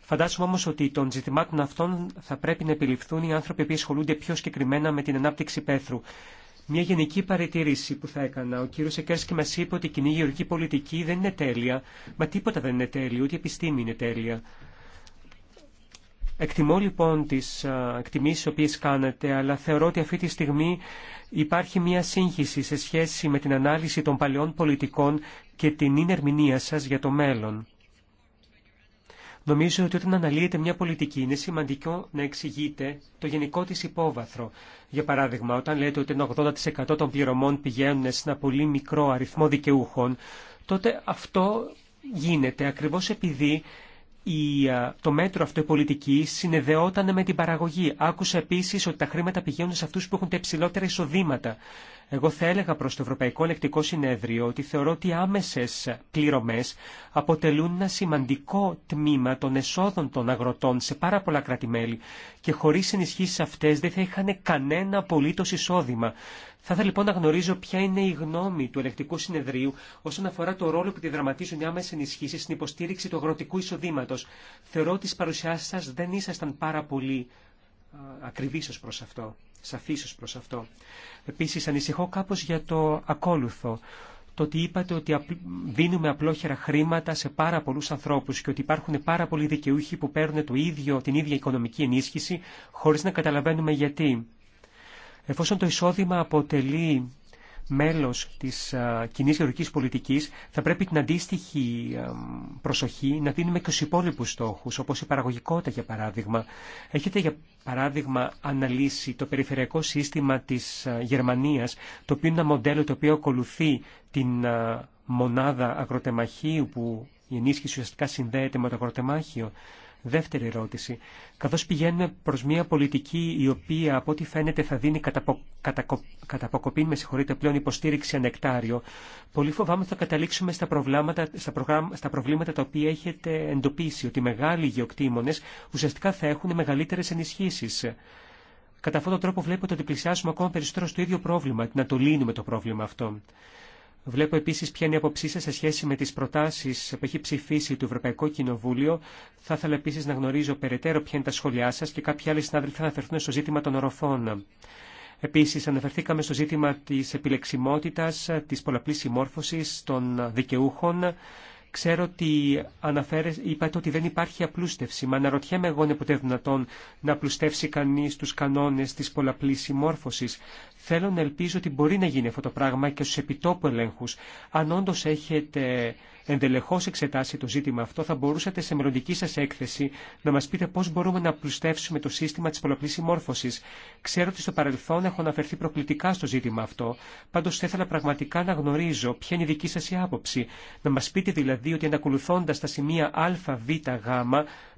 Φαντάζομαι όμω ότι των ζητημάτων αυτών θα πρέπει να επιληφθούν οι άνθρωποι που ασχολούνται πιο συγκεκριμένα με την ανάπτυξη πέθρου. Μια γενική παρατήρηση που θα έκανα. Ο κύριο Εκέρσκι μα είπε ότι η κοινή γεωργική πολιτική δεν είναι τέλεια. Μα τίποτα δεν είναι τέλειο, ούτε η επιστήμη είναι τέλεια. Εκτιμώ λοιπόν τις εκτιμήσεις οποίες κάνετε, αλλά θεωρώ ότι αυτή τη στιγμή υπάρχει μια σύγχυση σε σχέση με την ανάλυση των παλαιών πολιτικών και την ίνερμηνία σας για το μέλλον. Νομίζω ότι όταν αναλύεται μια πολιτική είναι σημαντικό να εξηγείτε το γενικό της υπόβαθρο. Για παράδειγμα, όταν λέτε ότι 80% των πληρωμών πηγαίνουν σε ένα πολύ μικρό αριθμό δικαιούχων, τότε αυτό γίνεται ακριβώς επειδή η, το μέτρο αυτό η πολιτική συνεδεόταν με την παραγωγή. Άκουσα επίση ότι τα χρήματα πηγαίνουν σε αυτού που έχουν τα υψηλότερα εισοδήματα. Εγώ θα έλεγα προς το Ευρωπαϊκό Ελεκτικό Συνέδριο ότι θεωρώ ότι άμεσες πληρωμές αποτελούν ένα σημαντικό τμήμα των εσόδων των αγροτών σε πάρα πολλά και χωρίς ενισχύσεις αυτές δεν θα είχαν κανένα απολύτως εισόδημα. Θα ήθελα λοιπόν να γνωρίζω ποια είναι η γνώμη του ελεκτικού συνεδρίου όσον αφορά το ρόλο που τη δραματίζουν οι άμεσε ενισχύσει στην υποστήριξη του αγροτικού εισοδήματο. Θεωρώ ότι στι παρουσιάσει σα δεν ήσασταν πάρα πολύ ακριβής προς αυτό, σαφής προς αυτό. Επίσης ανησυχώ κάπως για το ακόλουθο. Το ότι είπατε ότι δίνουμε απλόχερα χρήματα σε πάρα πολλούς ανθρώπους και ότι υπάρχουν πάρα πολλοί δικαιούχοι που παίρνουν το ίδιο, την ίδια οικονομική ενίσχυση χωρίς να καταλαβαίνουμε γιατί. Εφόσον το εισόδημα αποτελεί μέλος της ε, κοινή γεωργικής πολιτικής θα πρέπει την αντίστοιχη ε, προσοχή να δίνουμε και στους υπόλοιπους στόχους, όπως η παραγωγικότητα για παράδειγμα. Έχετε για παράδειγμα αναλύσει το περιφερειακό σύστημα της ε, Γερμανίας, το οποίο είναι ένα μοντέλο το οποίο ακολουθεί την μονάδα αγροτεμαχίου που η ενίσχυση ουσιαστικά συνδέεται με το αγροτεμάχιο. Δεύτερη ερώτηση. Καθώ πηγαίνουμε προ μια πολιτική η οποία από ό,τι φαίνεται θα δίνει καταπο... κατακο... με συγχωρείτε πλέον, υποστήριξη ανεκτάριο, πολύ φοβάμαι ότι θα καταλήξουμε στα, προβλήματα, στα, στα προβλήματα τα οποία έχετε εντοπίσει, ότι μεγάλοι γεωκτήμονες ουσιαστικά θα έχουν μεγαλύτερε ενισχύσει. Κατά αυτόν τον τρόπο βλέπετε ότι πλησιάζουμε ακόμα περισσότερο στο ίδιο πρόβλημα, να το λύνουμε το πρόβλημα αυτό. Βλέπω επίσης ποια είναι η αποψή σας σε σχέση με τις προτάσεις που έχει ψηφίσει το Ευρωπαϊκό Κοινοβούλιο. Θα ήθελα επίσης να γνωρίζω περαιτέρω ποια είναι τα σχόλιά σας και κάποιοι άλλοι συνάδελφοι θα αναφερθούν στο ζήτημα των οροφών. Επίσης, αναφερθήκαμε στο ζήτημα της επιλεξιμότητας, της πολλαπλής συμμόρφωσης των δικαιούχων Ξέρω ότι αναφέρες, είπατε ότι δεν υπάρχει απλούστευση. Μα αναρωτιέμαι εγώ είναι ποτέ δυνατόν να απλουστεύσει κανείς τους κανόνες της πολλαπλής συμμόρφωσης. Θέλω να ελπίζω ότι μπορεί να γίνει αυτό το πράγμα και στου επιτόπου ελέγχου. Αν όντω έχετε Εντελεχώ εξετάσει το ζήτημα αυτό, θα μπορούσατε σε μελλοντική σας έκθεση να μας πείτε πώς μπορούμε να πλουστεύσουμε το σύστημα της πολλαπλή συμμόρφωση. Ξέρω ότι στο παρελθόν έχω αναφερθεί προκλητικά στο ζήτημα αυτό, Πάντω θα ήθελα πραγματικά να γνωρίζω ποια είναι η δική σας άποψη. Να μας πείτε δηλαδή ότι ανακολουθώντα τα σημεία α, β, γ,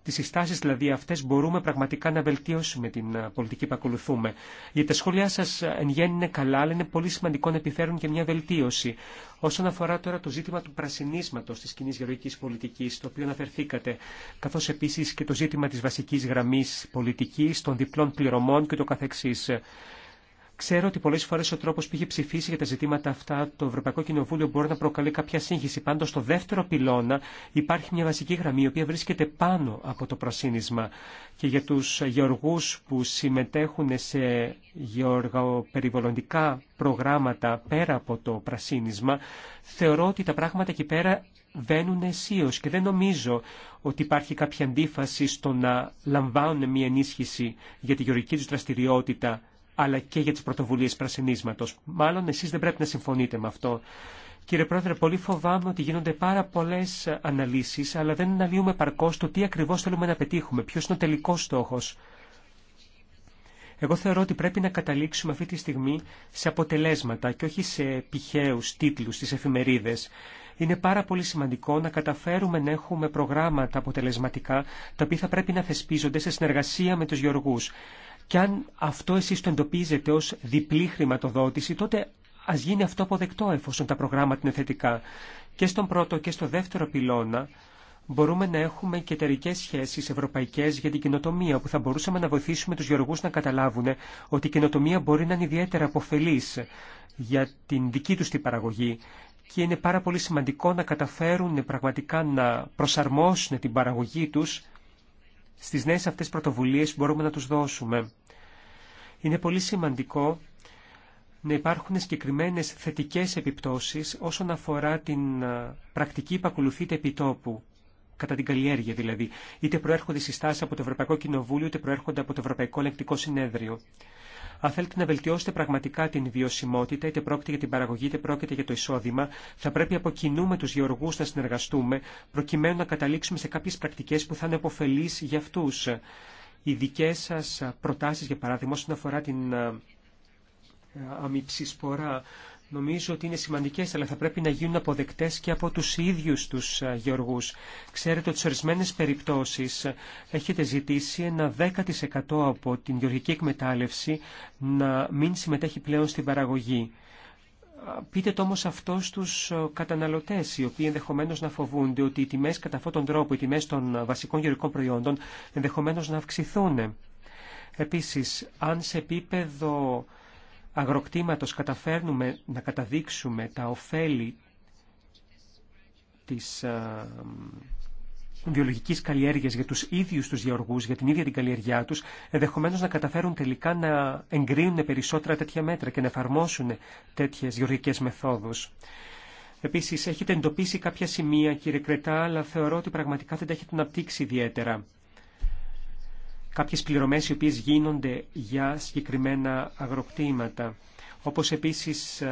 Τις συστάσεις δηλαδή αυτές μπορούμε πραγματικά να βελτιώσουμε την ε, πολιτική που ακολουθούμε. Γιατί τα σχόλιά σα ε, εν γέννη είναι καλά, αλλά είναι πολύ σημαντικό να επιφέρουν και μια βελτίωση. Όσον αφορά τώρα το ζήτημα του πρασινίσματο τη κοινή γεωργική πολιτική, το οποίο αναφερθήκατε, καθώς επίση και το ζήτημα τη βασική γραμμή πολιτική των διπλών πληρωμών και το καθεξής. Ξέρω ότι πολλέ φορέ ο τρόπο που είχε ψηφίσει για τα ζητήματα αυτά το Ευρωπαϊκό Κοινοβούλιο μπορεί να προκαλεί κάποια σύγχυση. Πάντω, στο δεύτερο πυλώνα υπάρχει μια βασική γραμμή η οποία βρίσκεται πάνω από το προσύνισμα. Και για του γεωργού που συμμετέχουν σε γεωργοπεριβολοντικά προγράμματα πέρα από το πρασίνισμα, θεωρώ ότι τα πράγματα εκεί πέρα βαίνουν αισίω και δεν νομίζω ότι υπάρχει κάποια αντίφαση στο να λαμβάνουν μια ενίσχυση για τη γεωργική του δραστηριότητα αλλά και για τις πρωτοβουλίες πρασινίσματος. Μάλλον εσείς δεν πρέπει να συμφωνείτε με αυτό. Κύριε Πρόεδρε, πολύ φοβάμαι ότι γίνονται πάρα πολλέ αναλύσει, αλλά δεν αναλύουμε παρκώ το τι ακριβώ θέλουμε να πετύχουμε, ποιο είναι ο τελικό στόχο. Εγώ θεωρώ ότι πρέπει να καταλήξουμε αυτή τη στιγμή σε αποτελέσματα και όχι σε πηχαίου τίτλους στις εφημερίδες. Είναι πάρα πολύ σημαντικό να καταφέρουμε να έχουμε προγράμματα αποτελεσματικά, τα οποία θα πρέπει να θεσπίζονται σε συνεργασία με του γεωργού. Και αν αυτό εσείς το εντοπίζετε ως διπλή χρηματοδότηση, τότε ας γίνει αυτό αποδεκτό εφόσον τα προγράμματα είναι θετικά. Και στον πρώτο και στο δεύτερο πυλώνα μπορούμε να έχουμε και εταιρικέ σχέσει ευρωπαϊκέ για την κοινοτομία, όπου θα μπορούσαμε να βοηθήσουμε του γεωργού να καταλάβουν ότι η κοινοτομία μπορεί να είναι ιδιαίτερα αποφελή για την δική του την παραγωγή και είναι πάρα πολύ σημαντικό να καταφέρουν πραγματικά να προσαρμόσουν την παραγωγή τους στις νέες αυτές πρωτοβουλίες που μπορούμε να τους δώσουμε. Είναι πολύ σημαντικό να υπάρχουν συγκεκριμένε θετικές επιπτώσεις όσον αφορά την πρακτική που ακολουθείται επί τόπου, κατά την καλλιέργεια δηλαδή, είτε προέρχονται συστάσεις από το Ευρωπαϊκό Κοινοβούλιο, είτε προέρχονται από το Ευρωπαϊκό Ελεκτικό Συνέδριο. Αν θέλετε να βελτιώσετε πραγματικά την βιωσιμότητα, είτε πρόκειται για την παραγωγή, είτε πρόκειται για το εισόδημα, θα πρέπει από κοινού με του γεωργού να συνεργαστούμε, προκειμένου να καταλήξουμε σε κάποιε πρακτικέ που θα είναι αποφελεί για αυτού. Οι δικέ σα προτάσει, για παράδειγμα, όσον αφορά την ε, αμυψισπορά, νομίζω ότι είναι σημαντικές, αλλά θα πρέπει να γίνουν αποδεκτές και από τους ίδιους τους ε, γεωργούς. Ξέρετε ότι σε ορισμένε περιπτώσεις ε, έχετε ζητήσει ένα 10% από την γεωργική εκμετάλλευση να μην συμμετέχει πλέον στην παραγωγή. Πείτε το όμως αυτό στους ε, καταναλωτές, οι οποίοι ενδεχομένως να φοβούνται ότι οι τιμές κατά αυτόν τον τρόπο, οι τιμές των βασικών γεωργικών προϊόντων, ενδεχομένως να αυξηθούν. Επίσης, αν σε επίπεδο αγροκτήματος καταφέρνουμε να καταδείξουμε τα ωφέλη της ε, βιολογικής καλλιέργειας για τους ίδιους τους γεωργούς, για την ίδια την καλλιεργιά τους, ενδεχομένως να καταφέρουν τελικά να εγκρίνουν περισσότερα τέτοια μέτρα και να εφαρμόσουν τέτοιες γεωργικές μεθόδους. Επίσης, έχετε εντοπίσει κάποια σημεία, κύριε Κρετά, αλλά θεωρώ ότι πραγματικά δεν τα έχετε αναπτύξει ιδιαίτερα κάποιες πληρωμές οι οποίες γίνονται για συγκεκριμένα αγροκτήματα, όπως επίσης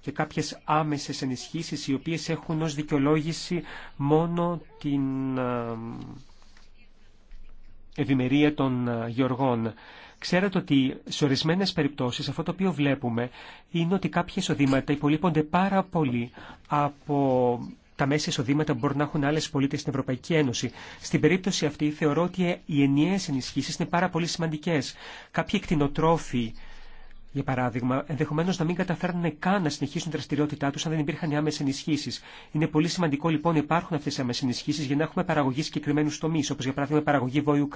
και κάποιες άμεσες ενισχύσεις οι οποίες έχουν ως δικαιολόγηση μόνο την ευημερία των γεωργών. Ξέρετε ότι σε ορισμένε περιπτώσεις αυτό το οποίο βλέπουμε είναι ότι κάποια εισοδήματα υπολείπονται πάρα πολύ από τα μέσα εισοδήματα που μπορούν να έχουν άλλε πολίτε στην Ευρωπαϊκή Ένωση. Στην περίπτωση αυτή θεωρώ ότι οι ενιαίε ενισχύσει είναι πάρα πολύ σημαντικέ. Κάποιοι εκτινοτρόφοι, για παράδειγμα, ενδεχομένω να μην καταφέρνουν καν να συνεχίσουν τη δραστηριότητά του αν δεν υπήρχαν οι άμεσε ενισχύσει. Είναι πολύ σημαντικό λοιπόν να υπάρχουν αυτέ οι άμεσε ενισχύσει για να έχουμε παραγωγή συγκεκριμένου τομεί, όπω για παράδειγμα παραγωγή βόλου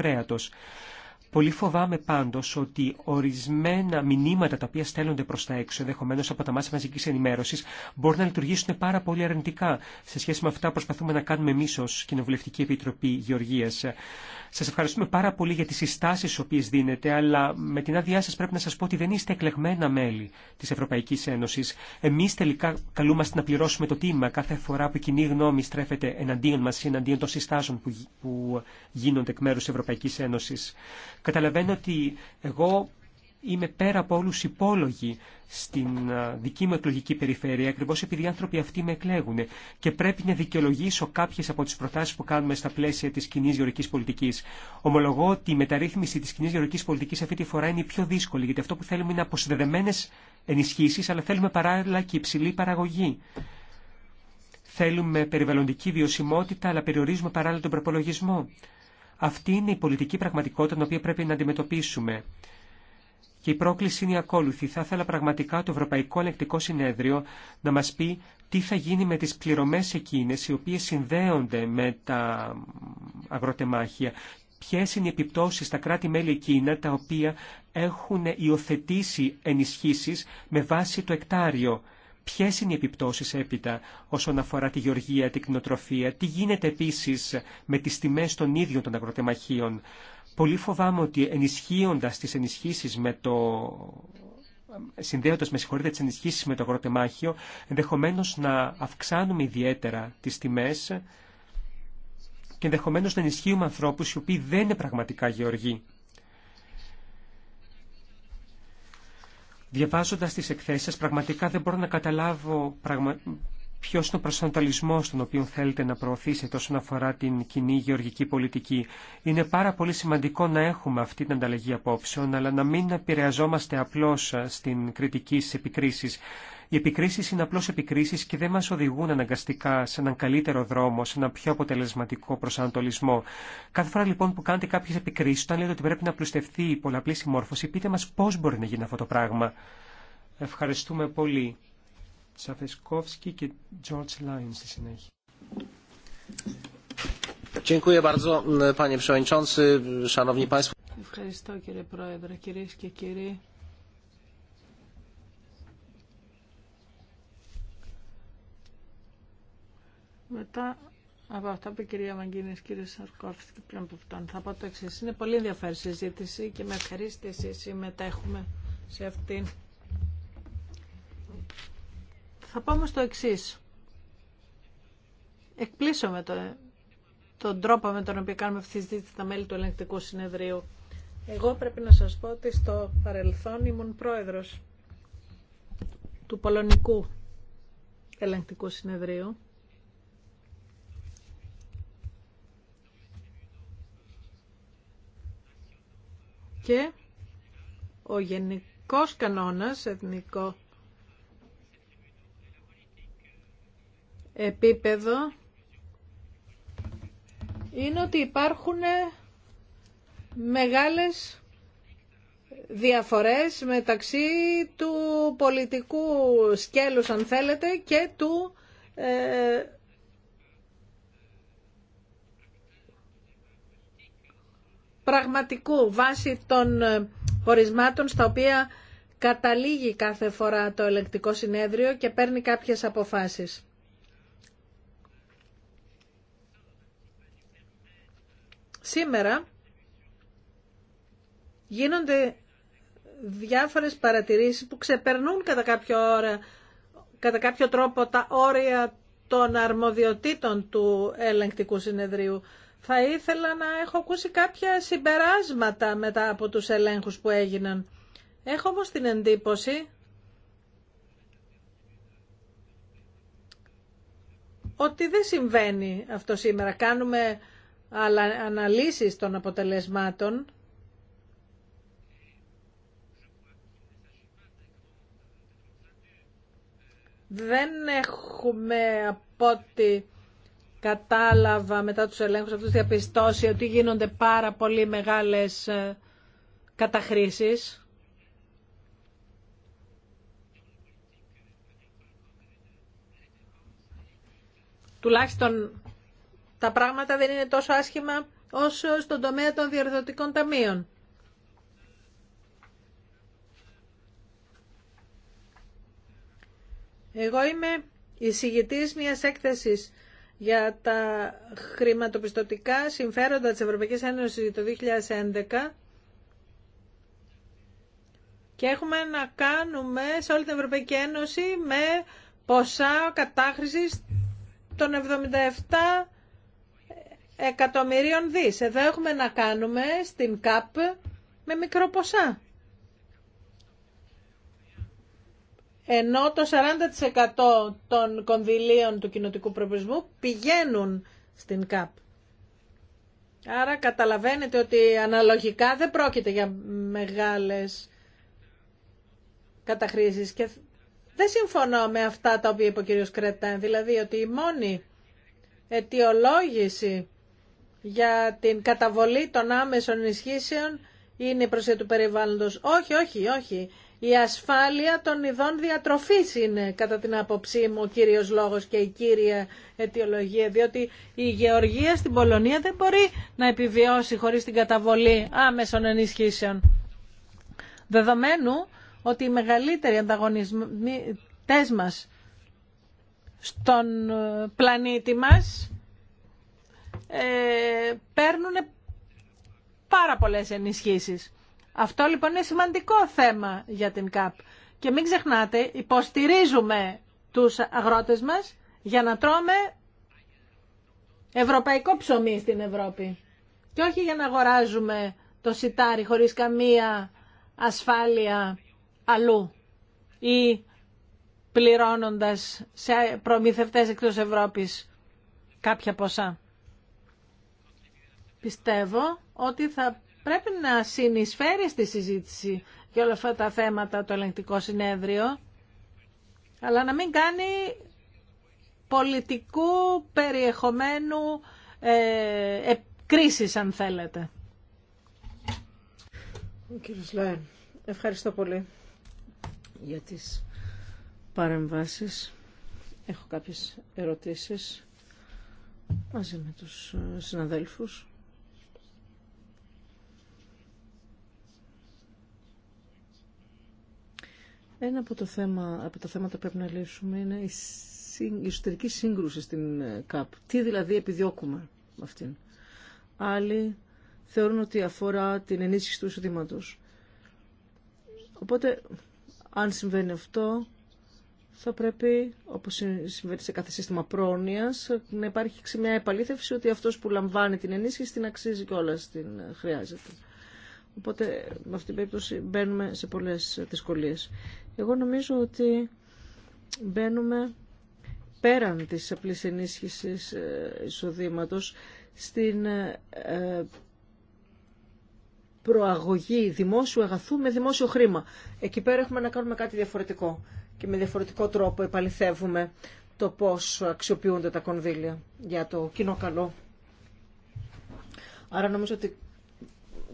Πολύ φοβάμαι πάντω ότι ορισμένα μηνύματα τα οποία στέλνονται προ τα έξω, ενδεχομένω από τα μάτια μαζική ενημέρωση, μπορούν να λειτουργήσουν πάρα πολύ αρνητικά σε σχέση με αυτά που προσπαθούμε να κάνουμε εμεί ω Κοινοβουλευτική Επιτροπή Γεωργία. Σα ευχαριστούμε πάρα πολύ για τι συστάσει τι οποίε δίνετε, αλλά με την άδειά σα πρέπει να σα πω ότι δεν είστε εκλεγμένα μέλη τη Ευρωπαϊκή Ένωση. Εμεί τελικά καλούμαστε να πληρώσουμε το τίμημα κάθε φορά που η κοινή γνώμη στρέφεται εναντίον μα ή εναντίον των συστάσεων που γίνονται εκ μέρου τη Ευρωπαϊκή Ένωση. Καταλαβαίνω ότι εγώ είμαι πέρα από όλους υπόλογοι στην δική μου εκλογική περιφέρεια, ακριβώ επειδή οι άνθρωποι αυτοί με εκλέγουν. Και πρέπει να δικαιολογήσω κάποιε από τι προτάσει που κάνουμε στα πλαίσια τη κοινή γεωρική πολιτική. Ομολογώ ότι η μεταρρύθμιση τη κοινή γεωρική πολιτική αυτή τη φορά είναι η πιο δύσκολη, γιατί αυτό που θέλουμε είναι αποσυνδεδεμένε ενισχύσει, αλλά θέλουμε παράλληλα και υψηλή παραγωγή. Θέλουμε περιβαλλοντική βιωσιμότητα, αλλά περιορίζουμε παράλληλα τον προπολογισμό. Αυτή είναι η πολιτική πραγματικότητα την οποία πρέπει να αντιμετωπίσουμε. Και η πρόκληση είναι η ακόλουθη. Θα ήθελα πραγματικά το Ευρωπαϊκό Ελεκτικό Συνέδριο να μας πει τι θα γίνει με τις πληρωμές εκείνες οι οποίες συνδέονται με τα αγροτεμάχια. Ποιες είναι οι επιπτώσεις στα κράτη-μέλη εκείνα τα οποία έχουν υιοθετήσει ενισχύσεις με βάση το εκτάριο. Ποιε είναι οι επιπτώσει έπειτα όσον αφορά τη γεωργία, την κτηνοτροφία. Τι γίνεται επίση με τι τιμέ των ίδιων των αγροτεμαχίων. Πολύ φοβάμαι ότι ενισχύοντα τι ενισχύσει, με το συνδέοντας με συγχωρείτε τι ενισχύσεις με το αγροτεμάχιο, ενδεχομένω να αυξάνουμε ιδιαίτερα τις τιμέ και ενδεχομένω να ενισχύουμε ανθρώπους οι οποίοι δεν είναι πραγματικά γεωργοί. Διαβάζοντας τις εκθέσεις, πραγματικά δεν μπορώ να καταλάβω πραγμα ποιο είναι ο προσανατολισμό τον οποίο θέλετε να προωθήσετε όσον αφορά την κοινή γεωργική πολιτική. Είναι πάρα πολύ σημαντικό να έχουμε αυτή την ανταλλαγή απόψεων, αλλά να μην επηρεαζόμαστε απλώ στην κριτική στι επικρίσει. Οι επικρίσει είναι απλώ επικρίσει και δεν μα οδηγούν αναγκαστικά σε έναν καλύτερο δρόμο, σε έναν πιο αποτελεσματικό προσανατολισμό. Κάθε φορά λοιπόν που κάνετε κάποιε επικρίσει, όταν λέτε ότι πρέπει να πλουστευτεί η πολλαπλή συμμόρφωση, πείτε μα πώ μπορεί να γίνει αυτό το πράγμα. Ευχαριστούμε πολύ. Τσαφεσκόφσκι και George Λάιν στη συνέχεια. Ευχαριστώ κύριε Πρόεδρε, κυρίες και κύριοι. Μετά από αυτά που η κυρία Μαγκίνη, κύριε Σαρκόφσκι, πριν από αυτόν, θα πω το εξή. Είναι πολύ ενδιαφέρουσα συζήτηση και με ευχαρίστηση συμμετέχουμε σε αυτήν. Θα πάμε στο το εξής. Εκπλήσω με το, τον τρόπο με τον οποίο κάνουμε αυτή τη τα μέλη του ελεγκτικού συνεδρίου. Εγώ πρέπει να σας πω ότι στο παρελθόν ήμουν πρόεδρος του Πολωνικού Ελεγκτικού Συνεδρίου. Και ο γενικός κανόνας εθνικό επίπεδο είναι ότι υπάρχουν μεγάλες διαφορές μεταξύ του πολιτικού σκέλους αν θέλετε και του ε, πραγματικού βάση των ορισμάτων στα οποία καταλήγει κάθε φορά το ελεκτικό συνέδριο και παίρνει κάποιες αποφάσεις. Σήμερα γίνονται διάφορες παρατηρήσεις που ξεπερνούν κατά κάποιο, ώρα, κατά κάποιο τρόπο τα όρια των αρμοδιοτήτων του ελεγκτικού συνεδρίου. Θα ήθελα να έχω ακούσει κάποια συμπεράσματα μετά από τους ελέγχους που έγιναν. Έχω όμως την εντύπωση ότι δεν συμβαίνει αυτό σήμερα. Κάνουμε αλλά αναλύσεις των αποτελεσμάτων δεν έχουμε από ό,τι κατάλαβα μετά τους ελέγχους αυτούς διαπιστώσει ότι γίνονται πάρα πολύ μεγάλες ε, καταχρήσεις. Τουλάχιστον τα πράγματα δεν είναι τόσο άσχημα όσο στον τομέα των διορθωτικών ταμείων. Εγώ είμαι εισηγητής μιας έκθεσης για τα χρηματοπιστωτικά συμφέροντα της Ευρωπαϊκής Ένωσης το 2011 και έχουμε να κάνουμε σε όλη την Ευρωπαϊκή Ένωση με ποσά κατάχρησης των 77 εκατομμυρίων δις. Εδώ έχουμε να κάνουμε στην ΚΑΠ με μικρό ποσά. Ενώ το 40% των κονδυλίων του κοινοτικού προβλησμού πηγαίνουν στην ΚΑΠ. Άρα καταλαβαίνετε ότι αναλογικά δεν πρόκειται για μεγάλες καταχρήσεις και δεν συμφωνώ με αυτά τα οποία είπε ο κ. Κρετάν, δηλαδή ότι η μόνη αιτιολόγηση για την καταβολή των άμεσων ενισχύσεων είναι η προστασία του περιβάλλοντος. Όχι, όχι, όχι. Η ασφάλεια των ειδών διατροφής είναι κατά την άποψή μου ο κύριος λόγος και η κύρια αιτιολογία, διότι η γεωργία στην Πολωνία δεν μπορεί να επιβιώσει χωρίς την καταβολή άμεσων ενισχύσεων. Δεδομένου ότι οι μεγαλύτεροι ανταγωνισμοί μας στον πλανήτη μας ε, παίρνουν πάρα πολλές ενισχύσεις. Αυτό λοιπόν είναι σημαντικό θέμα για την ΚΑΠ. Και μην ξεχνάτε, υποστηρίζουμε τους αγρότες μας για να τρώμε ευρωπαϊκό ψωμί στην Ευρώπη. Και όχι για να αγοράζουμε το σιτάρι χωρίς καμία ασφάλεια αλλού ή πληρώνοντας σε προμηθευτές εκτός Ευρώπης κάποια ποσά πιστεύω ότι θα πρέπει να συνεισφέρει στη συζήτηση για όλα αυτά τα θέματα το ελεγκτικό συνέδριο, αλλά να μην κάνει πολιτικού περιεχομένου ε, ε αν θέλετε. Κύριε Λάιν, ευχαριστώ πολύ για τις παρεμβάσεις. Έχω κάποιες ερωτήσεις μαζί με τους συναδέλφους. Ένα από, το θέμα, τα θέματα που πρέπει να λύσουμε είναι η, εσωτερική σύγκρουση στην ε, ΚΑΠ. Τι δηλαδή επιδιώκουμε με αυτήν. Άλλοι θεωρούν ότι αφορά την ενίσχυση του εισοδήματο. Οπότε, αν συμβαίνει αυτό, θα πρέπει, όπως συμβαίνει σε κάθε σύστημα πρόνοιας, να υπάρχει μια επαλήθευση ότι αυτός που λαμβάνει την ενίσχυση την αξίζει και όλα την ε, χρειάζεται. Οπότε με αυτή την περίπτωση μπαίνουμε σε πολλές δυσκολίες. Εγώ νομίζω ότι μπαίνουμε πέραν της απλής ενίσχυσης ε, εισοδήματος στην ε, προαγωγή δημόσιου αγαθού με δημόσιο χρήμα. Εκεί πέρα έχουμε να κάνουμε κάτι διαφορετικό και με διαφορετικό τρόπο επαληθεύουμε το πώς αξιοποιούνται τα κονδύλια για το κοινό καλό. Άρα νομίζω ότι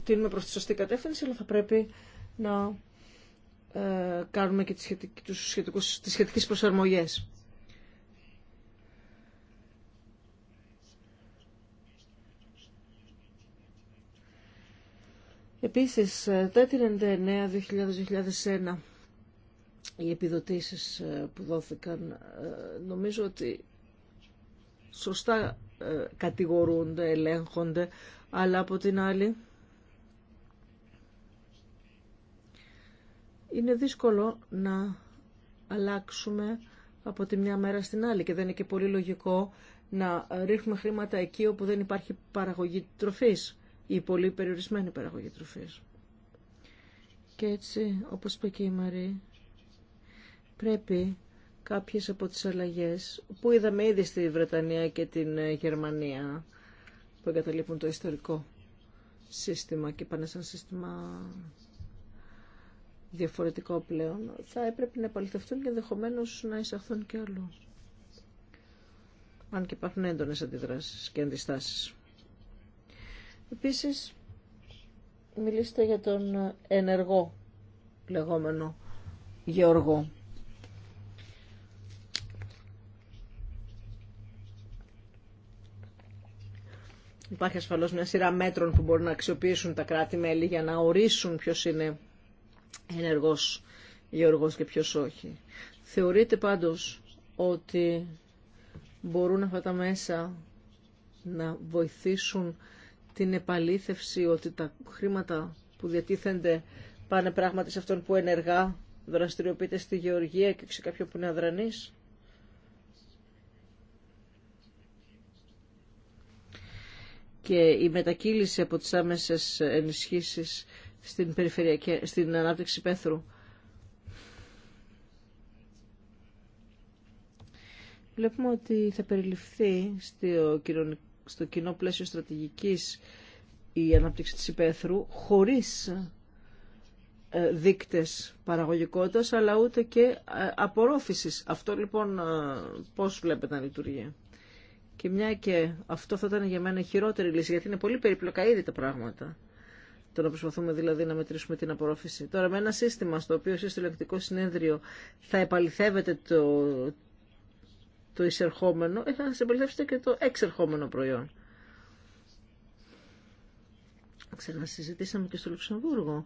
τίνουμε προς τη σωστή κατεύθυνση, αλλά θα πρέπει να ε, κάνουμε και τις, σχετικ, τους σχετικούς, τις σχετικές προσαρμογές. Επίσης, ε, τα 2001 οι επιδοτήσεις ε, που δόθηκαν, ε, νομίζω ότι σωστά κατηγορούνται, ελέγχονται, αλλά από την άλλη είναι δύσκολο να αλλάξουμε από τη μια μέρα στην άλλη και δεν είναι και πολύ λογικό να ρίχνουμε χρήματα εκεί όπου δεν υπάρχει παραγωγή τροφής ή πολύ περιορισμένη παραγωγή τροφής. Και έτσι, όπως είπε και η Μαρή, πρέπει κάποιες από τις αλλαγές που είδαμε ήδη στη Βρετανία και την Γερμανία που εγκαταλείπουν το ιστορικό σύστημα και πάνε σαν σύστημα διαφορετικό πλέον, θα έπρεπε να επαληθευτούν και ενδεχομένω να εισαχθούν και αλλού. Αν και υπάρχουν έντονες αντιδράσεις και αντιστάσει. Επίσης, μιλήστε για τον ενεργό λεγόμενο γεωργό. Υπάρχει ασφαλώς μια σειρά μέτρων που μπορούν να αξιοποιήσουν τα κράτη-μέλη για να ορίσουν ποιος είναι ενεργός γεωργός και ποιος όχι. Θεωρείται πάντως ότι μπορούν αυτά τα μέσα να βοηθήσουν την επαλήθευση ότι τα χρήματα που διατίθενται πάνε πράγματι σε αυτόν που ενεργά δραστηριοποιείται στη γεωργία και σε κάποιον που είναι αδρανής. Και η μετακύληση από τις άμεσες ενισχύσεις στην, περιφερειακή, στην ανάπτυξη πέθρου. Βλέπουμε ότι θα περιληφθεί στο κοινό πλαίσιο στρατηγικής η ανάπτυξη της υπαίθρου χωρίς ε, δίκτες παραγωγικότητας αλλά ούτε και ε, απορρόφησης. Αυτό λοιπόν ε, πώς βλέπετε να λειτουργεί. Και μια και αυτό θα ήταν για μένα χειρότερη λύση γιατί είναι πολύ περιπλοκά τα πράγματα το να προσπαθούμε δηλαδή να μετρήσουμε την απορρόφηση. Τώρα με ένα σύστημα στο οποίο εσείς στο ελεκτικό συνέδριο θα επαληθεύετε το, το εισερχόμενο, ε, θα σε επαληθεύσετε και το εξερχόμενο προϊόν. Ξανασυζητήσαμε και στο Λουξεμβούργο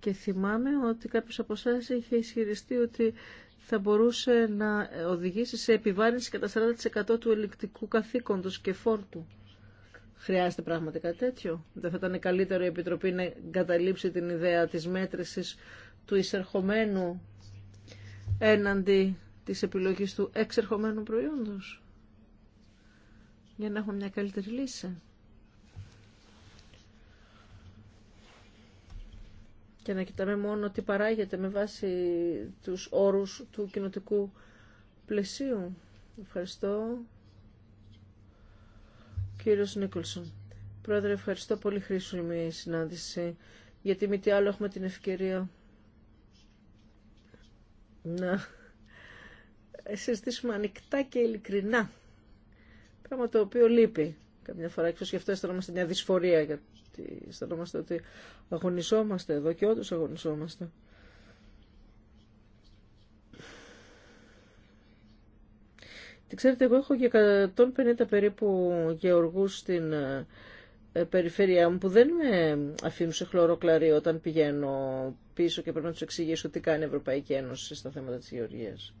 και θυμάμαι ότι κάποιος από εσά είχε ισχυριστεί ότι θα μπορούσε να οδηγήσει σε επιβάρυνση κατά 40% του ελεκτικού καθήκοντος και φόρτου. Χρειάζεται πραγματικά τέτοιο. Δεν θα ήταν καλύτερο η Επιτροπή να καταλήψει την ιδέα της μέτρησης του εισερχομένου έναντι της επιλογής του εξερχομένου προϊόντος για να έχουμε μια καλύτερη λύση. Και να κοιτάμε μόνο τι παράγεται με βάση τους όρους του κοινοτικού πλαισίου. Ευχαριστώ. Κύριος Νίκολσον, πρόεδρε, ευχαριστώ πολύ χρήσιμη συνάντηση, γιατί με τι άλλο έχουμε την ευκαιρία να συζητήσουμε ανοιχτά και ειλικρινά. Πράγμα το οποίο λείπει. Καμιά φορά, έξω γι' αυτό αισθανόμαστε μια δυσφορία, γιατί αισθανόμαστε ότι αγωνιζόμαστε εδώ και όντω αγωνιζόμαστε. ξέρετε, εγώ έχω και 150 περίπου γεωργού στην ε, ε, περιφέρειά μου που δεν με αφήνουν σε χλωροκλαρί όταν πηγαίνω πίσω και πρέπει να τους εξηγήσω τι κάνει η Ευρωπαϊκή Ένωση στα θέματα της γεωργίας.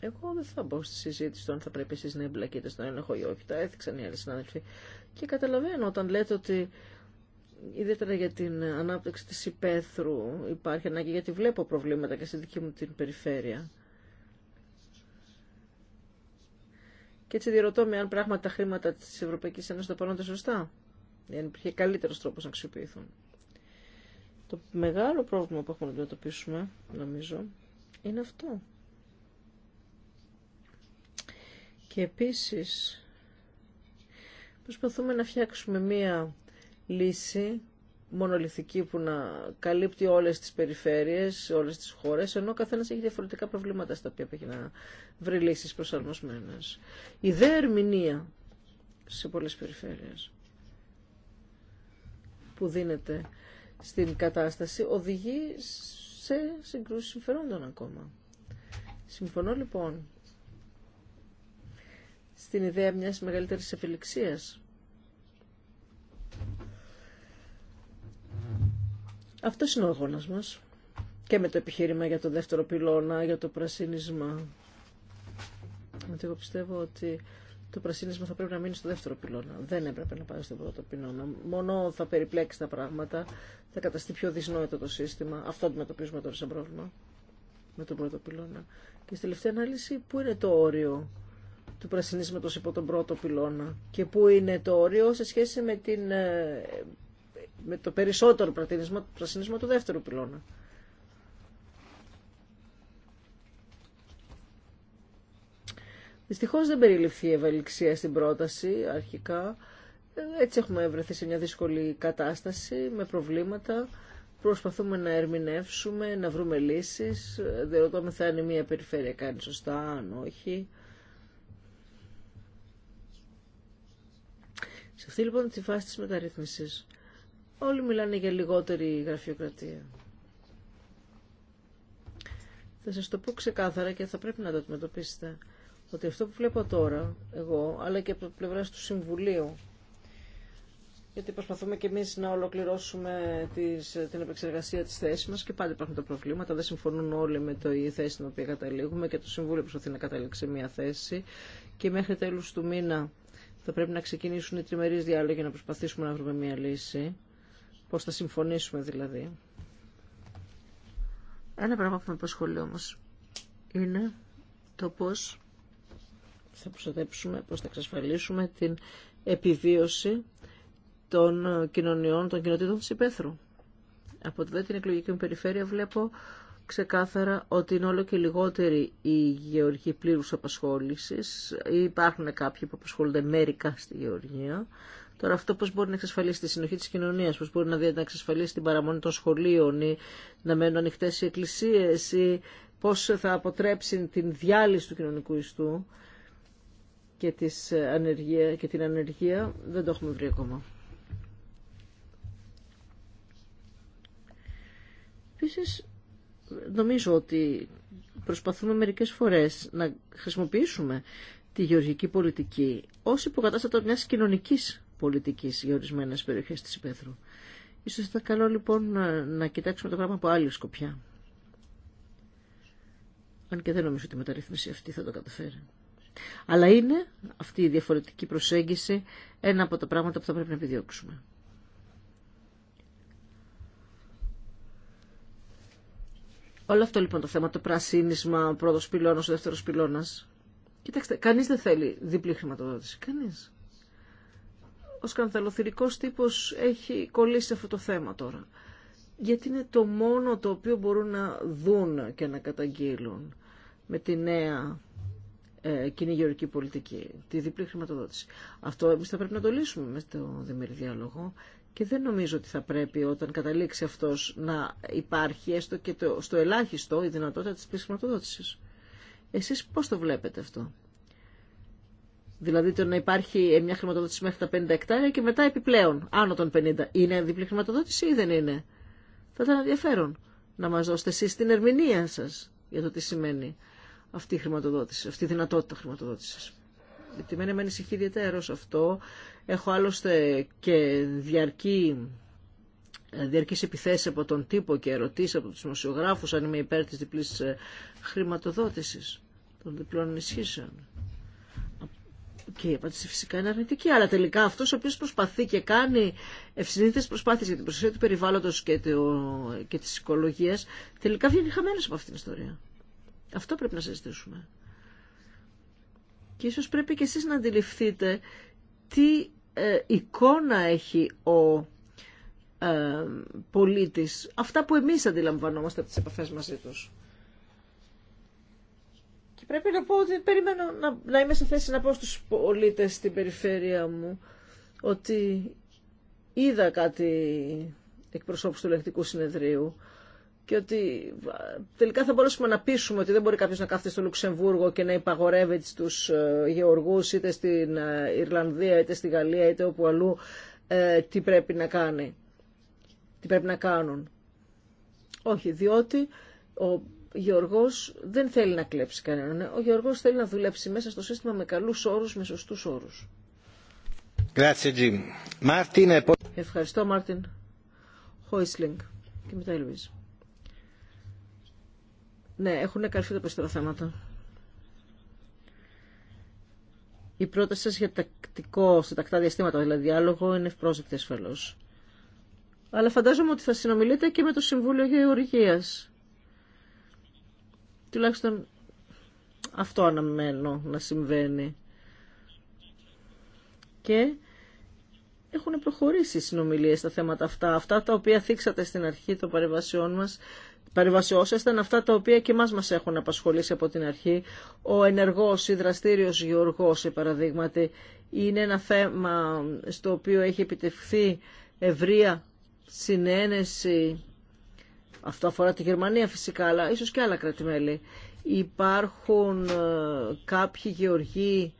Εγώ δεν θα μπω στη συζήτηση το αν θα πρέπει εσείς να εμπλακείτε στον έλεγχο ή όχι. Τα έθιξαν οι άλλοι συνάδελφοι. Και καταλαβαίνω όταν λέτε ότι ιδιαίτερα για την ανάπτυξη της υπαίθρου υπάρχει ανάγκη γιατί βλέπω προβλήματα και στη δική μου την περιφέρεια. Και έτσι διερωτώ με αν πράγματι τα χρήματα τη Ευρωπαϊκή Ένωση τα πάνε σωστά. Δεν υπήρχε καλύτερο τρόπο να αξιοποιηθούν. Το μεγάλο πρόβλημα που έχουμε να αντιμετωπίσουμε, νομίζω, είναι αυτό. Και επίσης προσπαθούμε να φτιάξουμε μία λύση μονολυθική που να καλύπτει όλες τις περιφέρειες, όλες τις χώρες, ενώ ο καθένας έχει διαφορετικά προβλήματα στα οποία πρέπει να βρει λύσεις προσαρμοσμένες. Η δε ερμηνεία σε πολλές περιφέρειες που δίνεται στην κατάσταση οδηγεί σε συγκρούσεις συμφερόντων ακόμα. Συμφωνώ λοιπόν στην ιδέα μιας μεγαλύτερης ευελιξίας Αυτό είναι ο αγώνα μα Και με το επιχείρημα για το δεύτερο πυλώνα, για το πρασίνισμα. Γιατί εγώ πιστεύω ότι το πρασίνισμα θα πρέπει να μείνει στο δεύτερο πυλώνα. Δεν έπρεπε να πάει στον πρώτο πυλώνα. Μόνο θα περιπλέξει τα πράγματα, θα καταστεί πιο δυσνόητο το σύστημα. Αυτό αντιμετωπίζουμε τώρα σαν πρόβλημα με τον πρώτο πυλώνα. Και στη τελευταία ανάλυση, πού είναι το όριο του πρασινίσματος υπό τον πρώτο πυλώνα και πού είναι το όριο σε σχέση με την ε, με το περισσότερο πρασινισμό του δεύτερου πυλώνα. Δυστυχώ δεν περιληφθεί η ευελιξία στην πρόταση αρχικά. Έτσι έχουμε βρεθεί σε μια δύσκολη κατάσταση με προβλήματα. Προσπαθούμε να ερμηνεύσουμε, να βρούμε λύσεις. Δεν ρωτάμε θα είναι μια περιφέρεια κάνει σωστά, αν όχι. Σε αυτή λοιπόν τη φάση της μεταρρύθμισης Όλοι μιλάνε για λιγότερη γραφειοκρατία. Θα σας το πω ξεκάθαρα και θα πρέπει να το αντιμετωπίσετε ότι αυτό που βλέπω τώρα εγώ, αλλά και από το πλευρά του Συμβουλίου, γιατί προσπαθούμε και εμείς να ολοκληρώσουμε τις, την επεξεργασία της θέσης μας και πάντα υπάρχουν τα προβλήματα, δεν συμφωνούν όλοι με το η θέση στην οποία καταλήγουμε και το Συμβούλιο προσπαθεί να καταλήξει μια θέση και μέχρι τέλους του μήνα θα πρέπει να ξεκινήσουν οι τριμερείς διάλογοι να προσπαθήσουμε να βρούμε μια λύση. Πώς θα συμφωνήσουμε δηλαδή. Ένα πράγμα που με απασχολεί όμω είναι το πώς θα προστατέψουμε, πώς θα εξασφαλίσουμε την επιβίωση των κοινωνιών, των κοινοτήτων της υπαίθρου. Από τη την εκλογική μου περιφέρεια βλέπω ξεκάθαρα ότι είναι όλο και λιγότεροι οι γεωργοί πλήρους απασχόλησης. Υπάρχουν κάποιοι που απασχολούνται μερικά στη γεωργία. Τώρα αυτό πώς μπορεί να εξασφαλίσει τη συνοχή της κοινωνίας, πώς μπορεί να εξασφαλίσει την παραμονή των σχολείων ή να μένουν ανοιχτέ οι εκκλησίες ή πώς θα αποτρέψει την διάλυση του κοινωνικού ιστού και, της ε, ανεργία, την ανεργία, δεν το έχουμε βρει ακόμα. Επίση, νομίζω ότι προσπαθούμε μερικές φορές να χρησιμοποιήσουμε τη γεωργική πολιτική ως υποκατάστατο μιας κοινωνικής πολιτικής για ορισμένες περιοχές της Υπέθρου. Ίσως θα καλό λοιπόν να κοιτάξουμε το πράγμα από άλλη σκοπιά. Αν και δεν νομίζω ότι η μεταρρύθμιση αυτή θα το καταφέρει. Αλλά είναι αυτή η διαφορετική προσέγγιση ένα από τα πράγματα που θα πρέπει να επιδιώξουμε. Όλο αυτό λοιπόν το θέμα, το πρασίνισμα, ο πρώτο πυλώνα, ο δεύτερο πυλώνα. Κοιτάξτε, κανεί δεν θέλει διπλή χρηματοδότηση. Κανεί ο σκανδαλοθυρικός τύπος έχει κολλήσει αυτό το θέμα τώρα. Γιατί είναι το μόνο το οποίο μπορούν να δουν και να καταγγείλουν με τη νέα ε, πολιτική, τη διπλή χρηματοδότηση. Αυτό εμείς θα πρέπει να το λύσουμε με το Δημήρη διάλογο και δεν νομίζω ότι θα πρέπει όταν καταλήξει αυτός να υπάρχει έστω και το, στο ελάχιστο η δυνατότητα της χρηματοδότησης. Εσείς πώς το βλέπετε αυτό. Δηλαδή το να υπάρχει μια χρηματοδότηση μέχρι τα 50 εκτάρια και μετά επιπλέον, άνω των 50. Είναι διπλή χρηματοδότηση ή δεν είναι. Θα ήταν ενδιαφέρον να μας δώσετε εσείς την ερμηνεία σας για το τι σημαίνει αυτή η χρηματοδότηση, αυτή η δυνατότητα χρηματοδότησης. Γιατί μένει με ανησυχεί αυτό. Έχω άλλωστε και διαρκή ε, διαρκείς επιθέσεις από τον τύπο και ερωτήσεις από τους δημοσιογράφους αν είμαι υπέρ της διπλής ε, χρηματοδότησης των διπλών ενισχύσεων. Και η απάντηση φυσικά είναι αρνητική. Αλλά τελικά αυτό ο οποίο προσπαθεί και κάνει ευσυνήθειε προσπάθειε για την προστασία του περιβάλλοντο και, το, και τη οικολογία, τελικά βγαίνει χαμένο από αυτήν την ιστορία. Αυτό πρέπει να συζητήσουμε. Και ίσως πρέπει και εσείς να αντιληφθείτε τι ε, εικόνα έχει ο ε, πολίτης. Αυτά που εμείς αντιλαμβανόμαστε από τις επαφές μαζί τους. Πρέπει να πω ότι περιμένω να, να είμαι σε θέση να πω στους πολίτες στην περιφέρεια μου ότι είδα κάτι εκπροσώπους του ελεγκτικού συνεδρίου και ότι τελικά θα μπορούσαμε να πείσουμε ότι δεν μπορεί κάποιος να κάθεται στο Λουξεμβούργο και να υπαγορεύεται τους ε, γεωργούς είτε στην ε, Ιρλανδία είτε στη Γαλλία είτε όπου αλλού ε, τι πρέπει να κάνει, τι πρέπει να κάνουν. Όχι, διότι ο Γιώργος δεν θέλει να κλέψει κανέναν. Ο Γιώργος θέλει να δουλέψει μέσα στο σύστημα με καλούς όρους, με σωστούς όρους. E Ευχαριστώ, Μάρτιν. Χόισλινγκ και μετά η Λουίζ. Ναι, έχουν καρφεί τα περισσότερα θέματα. Η πρόταση σας για τακτικό, σε τακτά διαστήματα δηλαδή διάλογο, είναι ευπρόσδεκτη ασφαλώς. Αλλά φαντάζομαι ότι θα συνομιλείτε και με το Συμβούλιο Γεωργίας Τουλάχιστον αυτό αναμένω να συμβαίνει. Και έχουν προχωρήσει οι συνομιλίες στα θέματα αυτά. Αυτά τα οποία θίξατε στην αρχή των παρεμβασιών μας, παρεμβασιώσασταν ήταν αυτά τα οποία και μας μας έχουν απασχολήσει από την αρχή. Ο ενεργός ή δραστήριος γεωργός, σε παραδείγματι, είναι ένα θέμα στο οποίο έχει επιτευχθεί ευρεία συνένεση αυτό αφορά τη Γερμανία φυσικά, αλλά ίσως και άλλα κράτη-μέλη. Υπάρχουν ε, κάποιοι γεωργοί,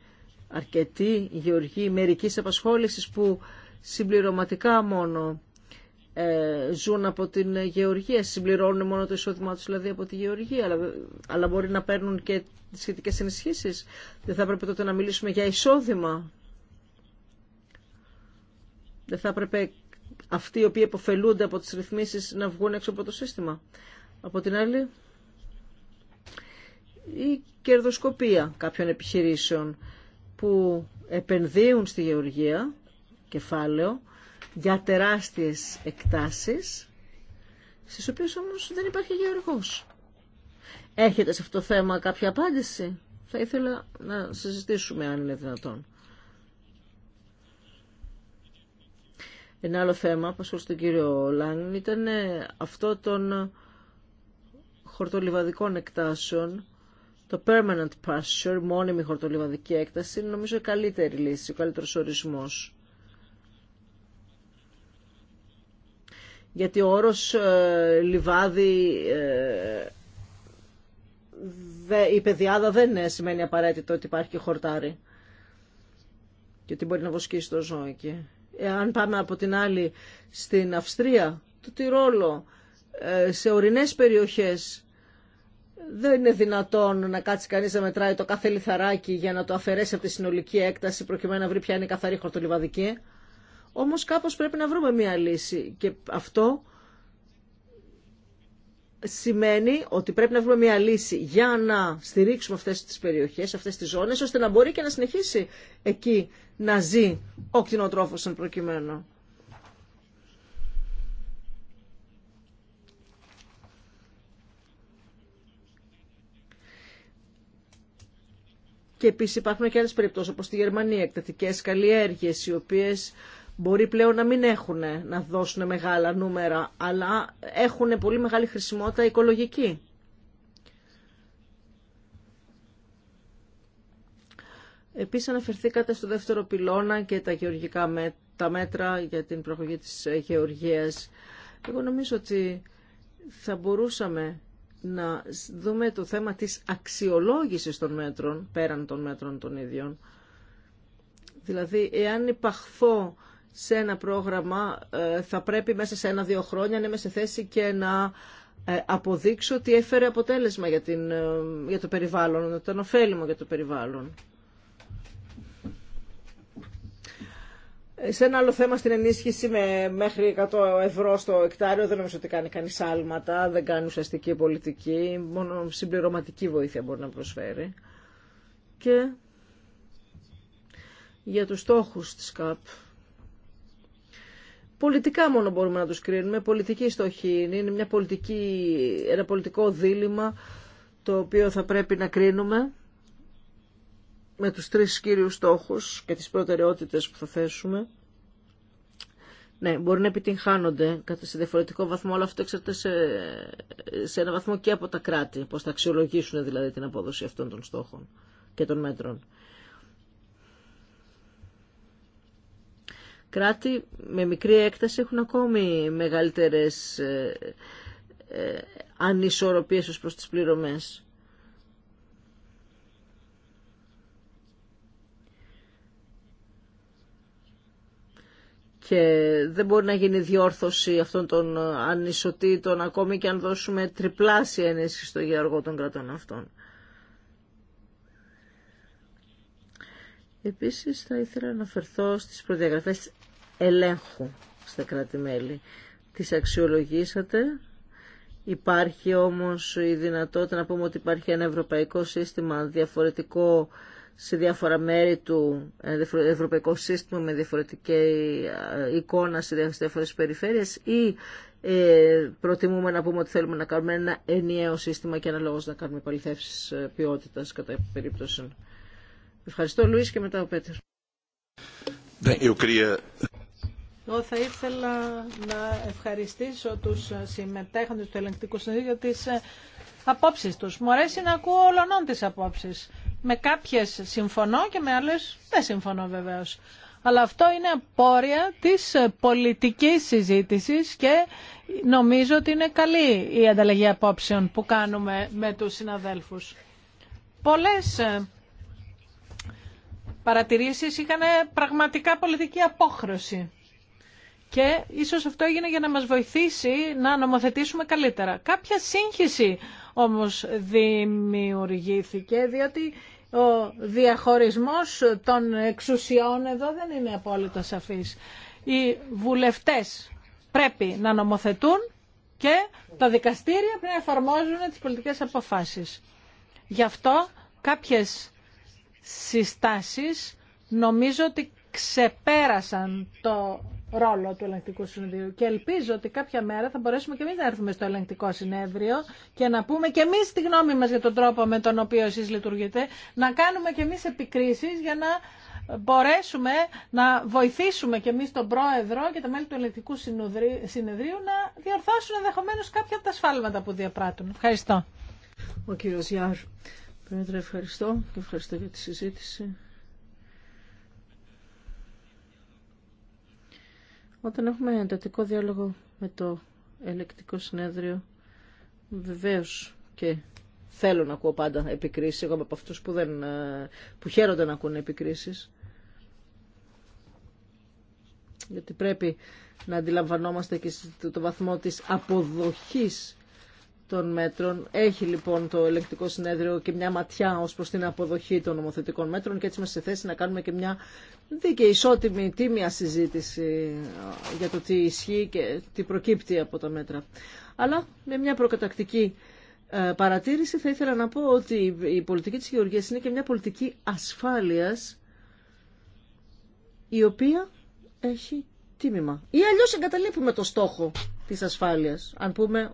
αρκετοί γεωργοί μερικής απασχόλησης που συμπληρωματικά μόνο ε, ζουν από την γεωργία, συμπληρώνουν μόνο το εισόδημά τους δηλαδή από τη γεωργία, αλλά, αλλά μπορεί να παίρνουν και τις σχετικές ενισχύσεις. Δεν θα έπρεπε τότε να μιλήσουμε για εισόδημα. Δεν θα έπρεπε αυτοί οι οποίοι αποφελούνται από τις ρυθμίσεις να βγουν έξω από το σύστημα. Από την άλλη, η κερδοσκοπία κάποιων επιχειρήσεων που επενδύουν στη γεωργία, κεφάλαιο, για τεράστιες εκτάσεις, στις οποίες όμως δεν υπάρχει γεωργός. Έχετε σε αυτό το θέμα κάποια απάντηση. Θα ήθελα να συζητήσουμε αν είναι δυνατόν. Ένα άλλο θέμα που ασχολούσε τον κύριο Λάνιν ήταν ε, αυτό των χορτολιβαδικών εκτάσεων. Το permanent pasture, μόνιμη χορτολιβαδική έκταση, είναι νομίζω η καλύτερη λύση, ο καλύτερος ορισμός. Γιατί ο όρος ε, λιβάδι, ε, η παιδιάδα δεν ε, σημαίνει απαραίτητο ότι υπάρχει χορτάρι. Και ότι μπορεί να βοσκήσει το ζώο εκεί αν πάμε από την άλλη στην Αυστρία, το Τυρόλο, ε, σε ορεινές περιοχές δεν είναι δυνατόν να κάτσει κανείς να μετράει το κάθε λιθαράκι για να το αφαιρέσει από τη συνολική έκταση προκειμένου να βρει ποια είναι η καθαρή χορτολιβαδική. Όμως κάπως πρέπει να βρούμε μια λύση και αυτό σημαίνει ότι πρέπει να βρούμε μια λύση για να στηρίξουμε αυτές τις περιοχές, αυτές τις ζώνες, ώστε να μπορεί και να συνεχίσει εκεί να ζει ο κτηνοτρόφος εν προκειμένου. Και επίσης υπάρχουν και άλλες περιπτώσεις, όπως στη Γερμανία, εκτατικές καλλιέργειες, οι οποίες μπορεί πλέον να μην έχουν να δώσουν μεγάλα νούμερα, αλλά έχουν πολύ μεγάλη χρησιμότητα οικολογική. Επίσης αναφερθήκατε στο δεύτερο πυλώνα και τα γεωργικά τα μέτρα για την προχωρή της γεωργίας. Εγώ νομίζω ότι θα μπορούσαμε να δούμε το θέμα της αξιολόγησης των μέτρων, πέραν των μέτρων των ίδιων. Δηλαδή, εάν υπαχθώ σε ένα πρόγραμμα ε, θα πρέπει μέσα σε ένα-δύο χρόνια να είμαι σε θέση και να ε, αποδείξω ότι έφερε αποτέλεσμα για, την, ε, για το περιβάλλον, ότι ήταν ωφέλιμο για το περιβάλλον. Σε ένα άλλο θέμα στην ενίσχυση με μέχρι 100 ευρώ στο εκτάριο δεν νομίζω ότι κάνει κανείς άλματα, δεν κάνει ουσιαστική πολιτική, μόνο συμπληρωματική βοήθεια μπορεί να προσφέρει. Και για τους στόχους της ΚΑΠ πολιτικά μόνο μπορούμε να τους κρίνουμε, πολιτική στοχή είναι, είναι μια πολιτική, ένα πολιτικό δίλημα το οποίο θα πρέπει να κρίνουμε με τους τρεις κύριους στόχους και τις προτεραιότητες που θα θέσουμε. Ναι, μπορεί να επιτυγχάνονται κατά σε διαφορετικό βαθμό, αλλά αυτό εξαρτάται σε, ένα βαθμό και από τα κράτη, πώς θα αξιολογήσουν δηλαδή την απόδοση αυτών των στόχων και των μέτρων. κράτη με μικρή έκταση έχουν ακόμη μεγαλύτερες ε, ε, ανισορροπίες ως προς τις πληρωμές. και δεν μπορεί να γίνει διόρθωση αυτών των ανισοτήτων ακόμη και αν δώσουμε τριπλάσια ενίσχυση στο γεωργό των κρατών αυτών. Επίσης θα ήθελα να αναφερθώ στις προδιαγραφές ελέγχου στα κράτη-μέλη. Τις αξιολογήσατε. Υπάρχει όμως η δυνατότητα να πούμε ότι υπάρχει ένα ευρωπαϊκό σύστημα διαφορετικό σε διάφορα μέρη του, ευρωπαϊκό σύστημα με διαφορετική ε, εικόνα σε διάφορες περιφέρειες ή ε, προτιμούμε να πούμε ότι θέλουμε να κάνουμε ένα ενιαίο σύστημα και αναλόγως να κάνουμε παληθεύσεις ε, ποιότητας κατά περίπτωση. Ευχαριστώ Λουίς και μετά ο Πέτερ. Εγώ θα ήθελα να ευχαριστήσω τους συμμετέχοντες του ελεγκτικού συνεδρίου για τις ε, απόψεις τους. Μου αρέσει να ακούω όλων τις απόψεις. Με κάποιες συμφωνώ και με άλλες δεν συμφωνώ βεβαίως. Αλλά αυτό είναι απόρρια της ε, πολιτικής συζήτησης και νομίζω ότι είναι καλή η ανταλλαγή απόψεων που κάνουμε με τους συναδέλφους. Πολλές ε, παρατηρήσεις είχαν πραγματικά πολιτική απόχρωση. Και ίσως αυτό έγινε για να μας βοηθήσει να νομοθετήσουμε καλύτερα. Κάποια σύγχυση όμως δημιουργήθηκε, διότι ο διαχωρισμός των εξουσιών εδώ δεν είναι απόλυτα σαφής. Οι βουλευτές πρέπει να νομοθετούν και τα δικαστήρια πρέπει να εφαρμόζουν τις πολιτικές αποφάσεις. Γι' αυτό κάποιες συστάσεις νομίζω ότι ξεπέρασαν το ρόλο του ελεγκτικού συνεδρίου και ελπίζω ότι κάποια μέρα θα μπορέσουμε και εμείς να έρθουμε στο ελεγκτικό συνέδριο και να πούμε και εμείς τη γνώμη μας για τον τρόπο με τον οποίο εσείς λειτουργείτε, να κάνουμε και εμείς επικρίσεις για να μπορέσουμε να βοηθήσουμε και εμείς τον πρόεδρο και τα μέλη του ελεγκτικού συνεδρίου να διορθώσουν ενδεχομένω κάποια από τα σφάλματα που διαπράττουν. Ευχαριστώ. Ο κύριος Πρόεδρε, ευχαριστώ και ευχαριστώ για τη συζήτηση. Όταν έχουμε εντατικό διάλογο με το ελεκτικό συνέδριο, Βεβαίω, και θέλω να ακούω πάντα επικρίσεις. Εγώ είμαι από αυτούς που, δεν, ε, που χαίρονται να ακούνε επικρίσεις. Γιατί πρέπει να αντιλαμβανόμαστε και το βαθμό της αποδοχής των μέτρων. Έχει λοιπόν το ελεκτικό συνέδριο και μια ματιά ως προς την αποδοχή των νομοθετικών μέτρων και έτσι είμαστε σε θέση να κάνουμε και μια δίκαιη, ισότιμη, τίμια συζήτηση ε, για το τι ισχύει και τι προκύπτει από τα μέτρα. Αλλά με μια προκατακτική ε, παρατήρηση θα ήθελα να πω ότι η πολιτική της Γεωργίας είναι και μια πολιτική ασφάλειας η οποία έχει τίμημα. Ή αλλιώς εγκαταλείπουμε το στόχο της ασφάλειας. Αν πούμε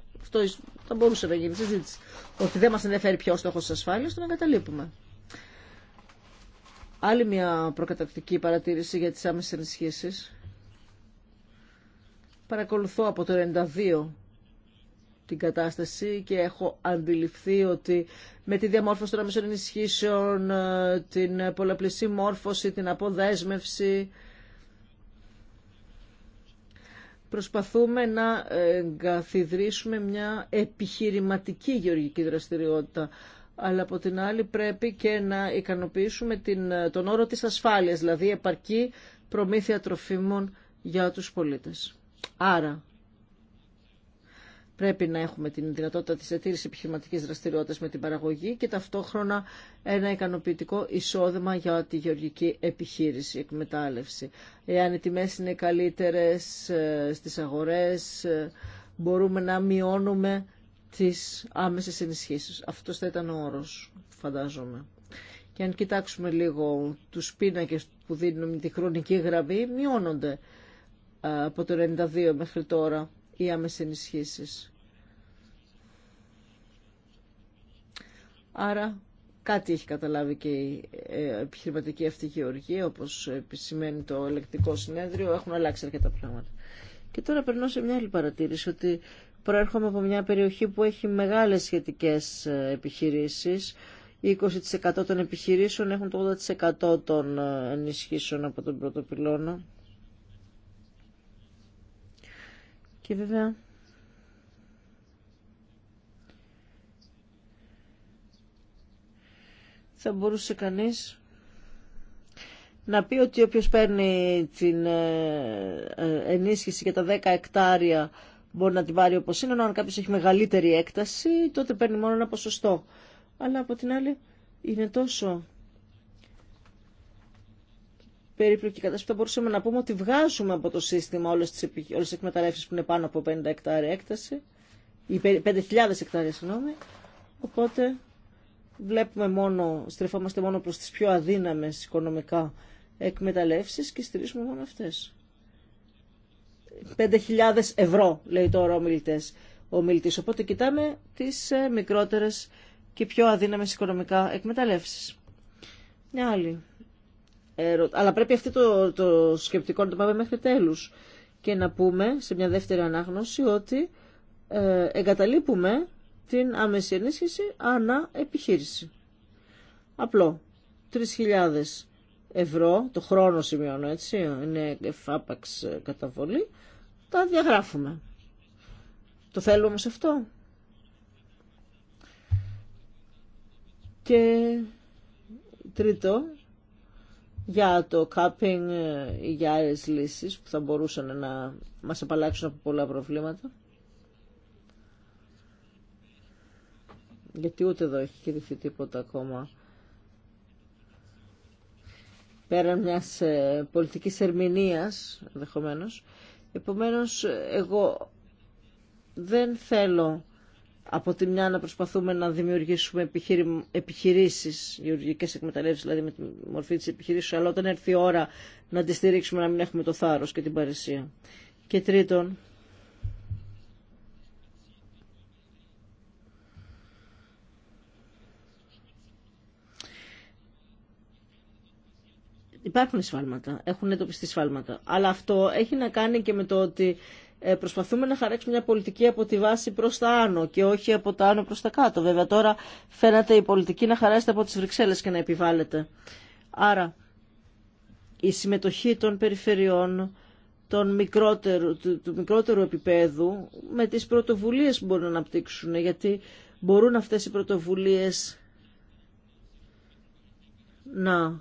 θα μπορούσε να γίνει συζήτηση. Ότι δεν μα ενδιαφέρει ποιο στόχο τη ασφάλεια, τον εγκαταλείπουμε. Άλλη μια προκατακτική παρατήρηση για τι άμεσε ενισχύσει. Παρακολουθώ από το 92 την κατάσταση και έχω αντιληφθεί ότι με τη διαμόρφωση των αμεσών ενισχύσεων, ε, την πολλαπλησή μόρφωση, την αποδέσμευση, προσπαθούμε να καθιδρήσουμε μια επιχειρηματική γεωργική δραστηριότητα. Αλλά από την άλλη πρέπει και να ικανοποιήσουμε την, τον όρο της ασφάλειας, δηλαδή επαρκή προμήθεια τροφίμων για τους πολίτες. Άρα Πρέπει να έχουμε την δυνατότητα της ετήρησης επιχειρηματικής δραστηριότητας με την παραγωγή και ταυτόχρονα ένα ικανοποιητικό εισόδημα για τη γεωργική επιχείρηση, εκμετάλλευση. Εάν οι τιμές είναι καλύτερες ε, στις αγορές, ε, μπορούμε να μειώνουμε τις άμεσες ενισχύσεις. Αυτό θα ήταν ο όρος, φαντάζομαι. Και αν κοιτάξουμε λίγο τους πίνακες που δίνουν τη χρονική γραμμή, μειώνονται ε, από το 92 μέχρι τώρα οι άμεσες ενισχύσει. Άρα κάτι έχει καταλάβει και η ε, επιχειρηματική αυτή γεωργία, όπως επισημαίνει το ελεκτικό συνέδριο, έχουν αλλάξει αρκετά πράγματα. Και τώρα περνώ σε μια άλλη παρατήρηση, ότι προέρχομαι από μια περιοχή που έχει μεγάλες σχετικές ε, επιχειρήσεις, 20% των επιχειρήσεων έχουν το 80% των ε, ενισχύσεων από τον πρώτο πυλώνα. Και βέβαια θα μπορούσε κανείς να πει ότι όποιος παίρνει την ε, ε, ενίσχυση για τα 10 εκτάρια μπορεί να την πάρει όπως είναι, αν κάποιος έχει μεγαλύτερη έκταση τότε παίρνει μόνο ένα ποσοστό. Αλλά από την άλλη είναι τόσο περίπλοκη κατάσταση θα μπορούσαμε να πούμε ότι βγάζουμε από το σύστημα όλες τις, όλες εκμεταλλεύσεις που είναι πάνω από 50 εκτάρια έκταση 5.000 εκτάρια οπότε βλέπουμε μόνο, στρεφόμαστε μόνο προς τις πιο αδύναμες οικονομικά εκμεταλλεύσεις και στηρίζουμε μόνο αυτές. 5.000 ευρώ λέει τώρα ο μιλητής. Ο μιλητής. Οπότε κοιτάμε τις ε, μικρότερες και πιο αδύναμες οικονομικά εκμεταλλεύσεις. Μια άλλη αλλά πρέπει αυτό το, το σκεπτικό να το πάμε μέχρι τέλους και να πούμε σε μια δεύτερη ανάγνωση ότι ε, εγκαταλείπουμε την άμεση ενίσχυση ανά επιχείρηση. Απλό. 3.000 ευρώ, το χρόνο σημειώνω έτσι, είναι εφάπαξ καταβολή, τα διαγράφουμε. Το θέλουμε όμως αυτό. Και τρίτο, για το κάπινγκ ή ε, για άλλε λύσεις που θα μπορούσαν να μας απαλλάξουν από πολλά προβλήματα. Γιατί ούτε εδώ έχει κηρυχθεί τίποτα ακόμα. Πέραν μιας ε, πολιτικής ερμηνείας, ενδεχομένω. Επομένως, ε, εγώ δεν θέλω από τη μια να προσπαθούμε να δημιουργήσουμε επιχειρήσεις, γεωργικές εκμεταλλεύσεις, δηλαδή με τη μορφή της επιχειρήσεως, αλλά όταν έρθει η ώρα να τη στηρίξουμε να μην έχουμε το θάρρος και την παρεσία. Και τρίτον, υπάρχουν σφάλματα, έχουν εντοπιστεί σφάλματα. Αλλά αυτό έχει να κάνει και με το ότι ε, προσπαθούμε να χαράξουμε μια πολιτική από τη βάση προς τα άνω και όχι από τα άνω προς τα κάτω. Βέβαια τώρα φαίνεται η πολιτική να χαράζεται από τις Βρυξέλλε και να επιβάλλεται. Άρα η συμμετοχή των περιφερειών των μικρότερου, του, του μικρότερου επίπεδου με τις πρωτοβουλίες που μπορούν να αναπτύξουν γιατί μπορούν αυτές οι πρωτοβουλίες να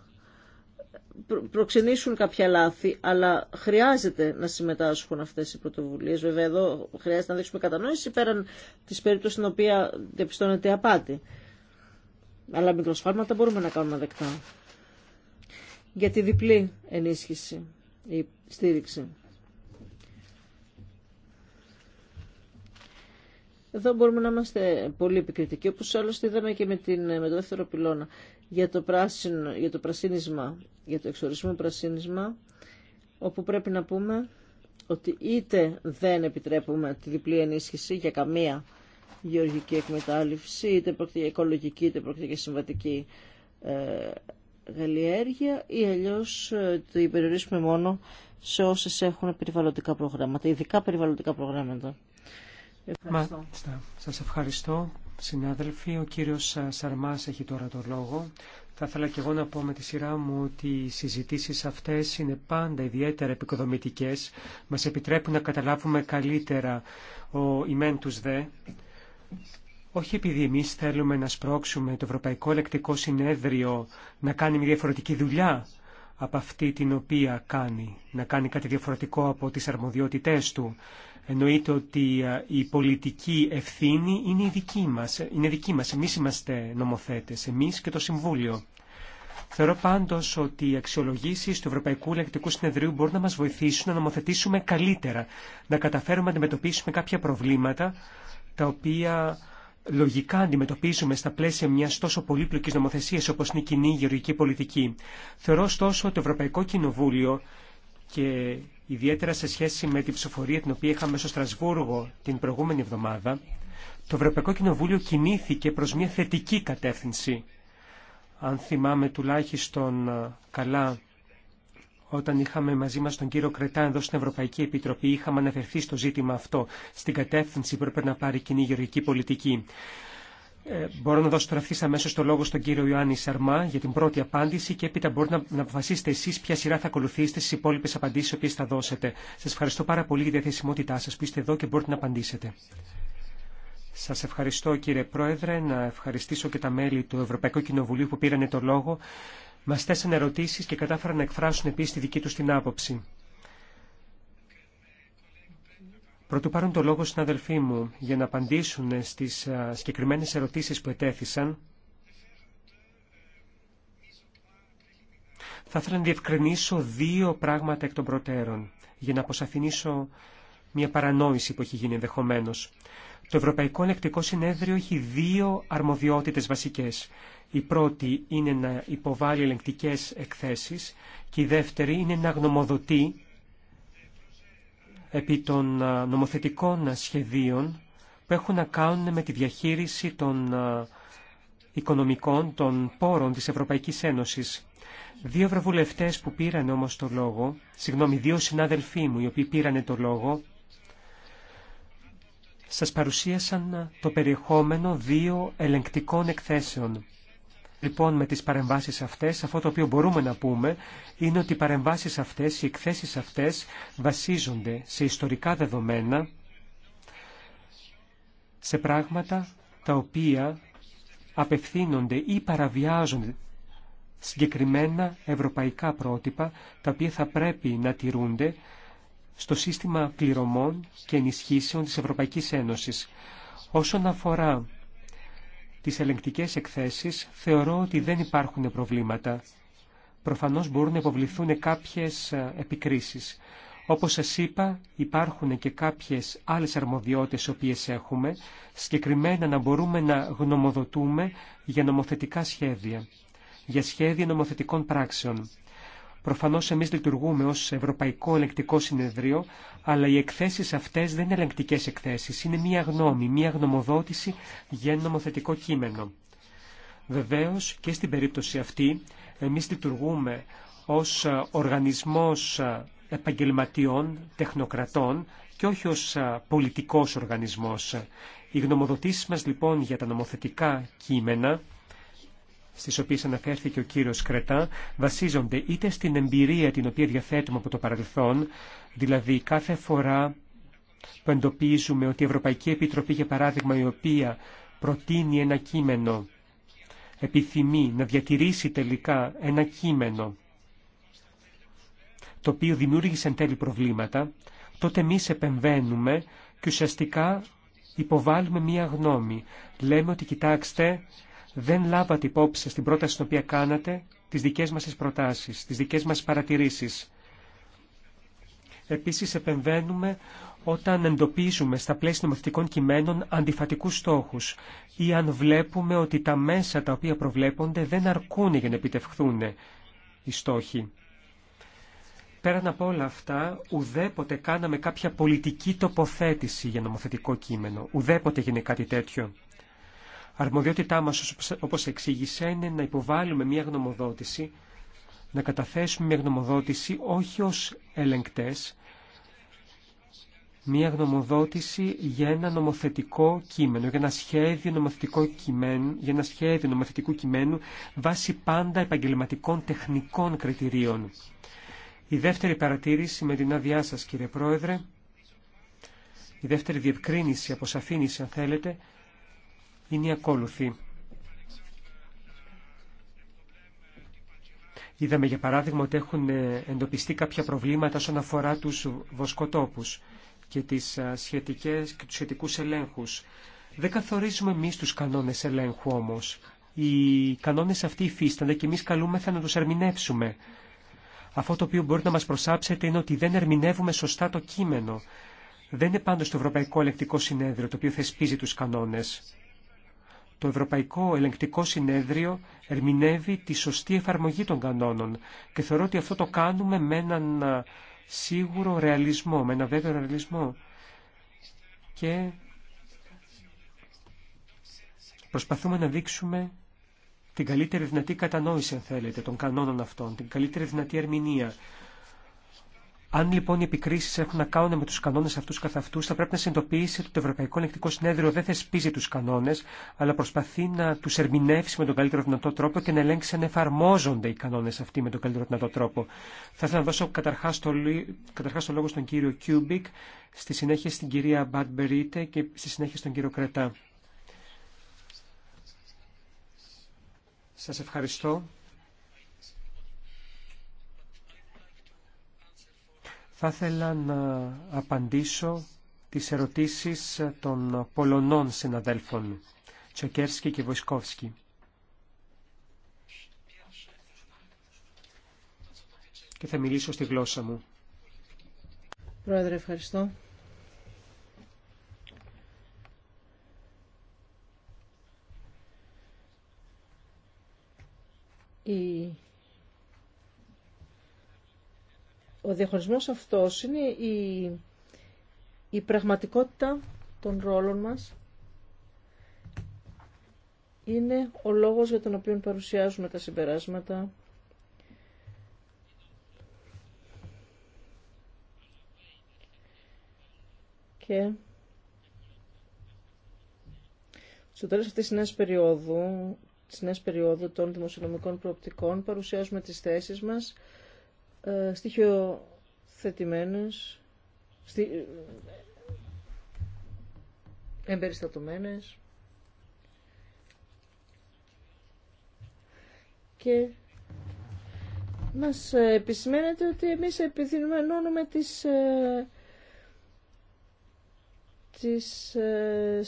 προξενήσουν κάποια λάθη, αλλά χρειάζεται να συμμετάσχουν αυτές οι πρωτοβουλίες. Βέβαια εδώ χρειάζεται να δείξουμε κατανόηση πέραν της περίπτωσης στην οποία διαπιστώνεται απάτη. Αλλά μικροσφάλματα μπορούμε να κάνουμε δεκτά. Για τη διπλή ενίσχυση, η στήριξη. Εδώ μπορούμε να είμαστε πολύ επικριτικοί, όπως άλλωστε είδαμε και με, την, με το δεύτερο πυλώνα για το, πράσινο, για το πρασίνισμα, για το εξορισμό πρασίνισμα, όπου πρέπει να πούμε ότι είτε δεν επιτρέπουμε τη διπλή ενίσχυση για καμία γεωργική εκμετάλλευση, είτε πρόκειται για οικολογική, είτε πρόκειται για συμβατική ε, γαλλιέργεια, ή αλλιώς ε, το υπεριορίσουμε μόνο σε όσες έχουν περιβαλλοντικά προγράμματα, ειδικά περιβαλλοντικά προγράμματα. Ευχαριστώ. σας ευχαριστώ. Συνάδελφοι, ο κύριος Σαρμάς έχει τώρα το λόγο. Θα ήθελα και εγώ να πω με τη σειρά μου ότι οι συζητήσεις αυτές είναι πάντα ιδιαίτερα επικοδομητικές. Μας επιτρέπουν να καταλάβουμε καλύτερα ο ημέν τους δε. Όχι επειδή εμεί θέλουμε να σπρώξουμε το Ευρωπαϊκό Ελεκτικό Συνέδριο να κάνει μια διαφορετική δουλειά από αυτή την οποία κάνει, να κάνει κάτι διαφορετικό από τις αρμοδιότητές του. Εννοείται ότι ε, η πολιτική ευθύνη είναι η δική μας. Ε, είναι δική μας. Εμείς είμαστε νομοθέτες, εμείς και το Συμβούλιο. Θεωρώ πάντως ότι οι αξιολογήσεις του Ευρωπαϊκού Λεκτικού Συνεδρίου μπορούν να μας βοηθήσουν να νομοθετήσουμε καλύτερα, να καταφέρουμε να αντιμετωπίσουμε κάποια προβλήματα τα οποία λογικά αντιμετωπίζουμε στα πλαίσια μιας τόσο πολύπλοκης νομοθεσίας όπως είναι η κοινή γεωργική πολιτική. Θεωρώ ωστόσο ότι το Ευρωπαϊκό Κοινοβούλιο και ιδιαίτερα σε σχέση με την ψηφοφορία την οποία είχαμε στο Στρασβούργο την προηγούμενη εβδομάδα, το Ευρωπαϊκό Κοινοβούλιο κινήθηκε προς μια θετική κατεύθυνση. Αν θυμάμαι τουλάχιστον ε, καλά, όταν είχαμε μαζί μας τον κύριο Κρετά εδώ στην Ευρωπαϊκή Επιτροπή, είχαμε αναφερθεί στο ζήτημα αυτό, στην κατεύθυνση που έπρεπε να πάρει κοινή γεωργική πολιτική. Ε, μπορώ να δώσω τώρα αυτή αμέσω το λόγο στον κύριο Ιωάννη Σαρμά για την πρώτη απάντηση και έπειτα μπορείτε να, να αποφασίσετε εσεί ποια σειρά θα ακολουθήσετε στι υπόλοιπε απαντήσει οποίε θα δώσετε. Σα ευχαριστώ πάρα πολύ για τη διαθεσιμότητά σα που είστε εδώ και μπορείτε να απαντήσετε. Σα ευχαριστώ κύριε Πρόεδρε, να ευχαριστήσω και τα μέλη του Ευρωπαϊκού Κοινοβουλίου που πήραν το λόγο. Μας θέσανε ερωτήσει και κατάφεραν να εκφράσουν επίση τη δική του την άποψη. Πρωτού πάρουν το λόγο συναδελφοί μου για να απαντήσουν στις συγκεκριμένες ερωτήσεις που ετέθησαν, θα ήθελα να διευκρινίσω δύο πράγματα εκ των προτέρων, για να αποσαφηνίσω μια παρανόηση που έχει γίνει ενδεχομένω. Το Ευρωπαϊκό Ελεκτικό Συνέδριο έχει δύο αρμοδιότητες βασικές. Η πρώτη είναι να υποβάλει ελεκτικές εκθέσεις και η δεύτερη είναι να γνωμοδοτεί επί των νομοθετικών σχεδίων που έχουν να κάνουν με τη διαχείριση των οικονομικών των πόρων της Ευρωπαϊκής Ένωσης. Δύο ευρωβουλευτές που πήραν όμως το λόγο, συγγνώμη, δύο συνάδελφοί μου οι οποίοι πήραν το λόγο, σας παρουσίασαν το περιεχόμενο δύο ελεγκτικών εκθέσεων λοιπόν με τις παρεμβάσεις αυτές, αυτό το οποίο μπορούμε να πούμε είναι ότι οι παρεμβάσεις αυτές, οι εκθέσεις αυτές βασίζονται σε ιστορικά δεδομένα, σε πράγματα τα οποία απευθύνονται ή παραβιάζονται συγκεκριμένα ευρωπαϊκά πρότυπα τα οποία θα πρέπει να τηρούνται στο σύστημα πληρωμών και ενισχύσεων της Ευρωπαϊκής Ένωσης. Όσον αφορά τις ελεγκτικές εκθέσεις θεωρώ ότι δεν υπάρχουν προβλήματα. Προφανώς μπορούν να υποβληθούν κάποιες ε, επικρίσεις. Όπως σας είπα, υπάρχουν και κάποιες άλλες αρμοδιότητες οποίες έχουμε, συγκεκριμένα να μπορούμε να γνωμοδοτούμε για νομοθετικά σχέδια, για σχέδια νομοθετικών πράξεων. Προφανώς εμείς λειτουργούμε ως Ευρωπαϊκό Ελεκτικό Συνεδρίο, αλλά οι εκθέσεις αυτές δεν είναι ελεκτικέ εκθέσει, εκθέσεις, είναι μία γνώμη, μία γνωμοδότηση για ένα νομοθετικό κείμενο. Βεβαίω και στην περίπτωση αυτή εμείς λειτουργούμε ως οργανισμός επαγγελματιών, τεχνοκρατών και όχι ως πολιτικός οργανισμός. Οι γνωμοδοτήσεις μας λοιπόν για τα νομοθετικά κείμενα στις οποίες αναφέρθηκε ο κύριος Κρετά βασίζονται είτε στην εμπειρία την οποία διαθέτουμε από το παρελθόν, δηλαδή κάθε φορά που εντοπίζουμε ότι η Ευρωπαϊκή Επιτροπή, για παράδειγμα, η οποία προτείνει ένα κείμενο, επιθυμεί να διατηρήσει τελικά ένα κείμενο το οποίο δημιούργησε εν τέλει προβλήματα, τότε εμεί επεμβαίνουμε και ουσιαστικά υποβάλλουμε μία γνώμη. Λέμε ότι κοιτάξτε, δεν λάβατε υπόψη στην πρόταση την οποία κάνατε τις δικές μας τις προτάσεις, τις δικές μας παρατηρήσεις. Επίσης επεμβαίνουμε όταν εντοπίζουμε στα πλαίσια νομοθετικών κειμένων αντιφατικούς στόχους ή αν βλέπουμε ότι τα μέσα τα οποία προβλέπονται δεν αρκούν για να επιτευχθούν οι στόχοι. Πέραν από όλα αυτά, ουδέποτε κάναμε κάποια πολιτική τοποθέτηση για νομοθετικό κείμενο. Ουδέποτε έγινε κάτι τέτοιο. Αρμοδιότητά μας, όπως εξήγησε, είναι να υποβάλουμε μια γνωμοδότηση, να καταθέσουμε μια γνωμοδότηση όχι ως ελεγκτές, μια γνωμοδότηση για ένα νομοθετικό κείμενο, για ένα σχέδιο, νομοθετικό κειμένου, για ένα σχέδιο νομοθετικού κειμένου βάσει πάντα επαγγελματικών τεχνικών κριτηρίων. Η δεύτερη παρατήρηση με την άδειά σα, κύριε Πρόεδρε, η δεύτερη διευκρίνηση, αποσαφήνιση αν θέλετε, είναι η ακόλουθη. Είδαμε για παράδειγμα ότι έχουν ε, εντοπιστεί κάποια προβλήματα όσον αφορά τους βοσκοτόπους και, τις ε, σχετικές, και τους σχετικούς ελέγχους. Δεν καθορίζουμε εμεί τους κανόνες ελέγχου όμως. Οι κανόνες αυτοί υφίστανται και εμείς καλούμεθα να τους ερμηνεύσουμε. Αυτό το οποίο μπορεί να μας προσάψετε είναι ότι δεν ερμηνεύουμε σωστά το κείμενο. Δεν είναι πάντως το Ευρωπαϊκό Ελεκτικό Συνέδριο το οποίο θεσπίζει τους κανόνες το Ευρωπαϊκό Ελεγκτικό Συνέδριο ερμηνεύει τη σωστή εφαρμογή των κανόνων και θεωρώ ότι αυτό το κάνουμε με έναν σίγουρο ρεαλισμό, με έναν βέβαιο ρεαλισμό. Και προσπαθούμε να δείξουμε την καλύτερη δυνατή κατανόηση, αν θέλετε, των κανόνων αυτών, την καλύτερη δυνατή ερμηνεία. Αν λοιπόν οι επικρίσει έχουν να κάνουν με του κανόνε αυτού καθ' αυτού, θα πρέπει να συνειδητοποιήσει ότι το Ευρωπαϊκό Ελεκτικό Συνέδριο δεν θεσπίζει του κανόνε, αλλά προσπαθεί να του ερμηνεύσει με τον καλύτερο δυνατό τρόπο και να ελέγξει αν εφαρμόζονται οι κανόνε αυτοί με τον καλύτερο δυνατό τρόπο. Θα ήθελα να δώσω καταρχά το, το λόγο στον κύριο Κιούμπικ, στη συνέχεια στην κυρία Μπαντμπερίτε και στη συνέχεια στον κύριο Κρετά. Σας ευχαριστώ. Θα ήθελα να απαντήσω τις ερωτήσεις των Πολωνών συναδέλφων, Τσοκέρσκι και Βοσκόφσκι. Και θα μιλήσω στη γλώσσα μου. Πρόεδρε, ευχαριστώ. Η Ο διαχωρισμός αυτός είναι η, η πραγματικότητα των ρόλων μας είναι ο λόγος για τον οποίο παρουσιάζουμε τα συμπεράσματα και στο τέλος αυτής της νέας περίοδου, της νέας περίοδου των δημοσιονομικών προοπτικών παρουσιάζουμε τις θέσεις μας ε, στοιχειοθετημένες, στι, ε, εμπεριστατωμένες και μας επισημαίνεται ότι εμείς επιδεινώνουμε τις, ε, τις ε,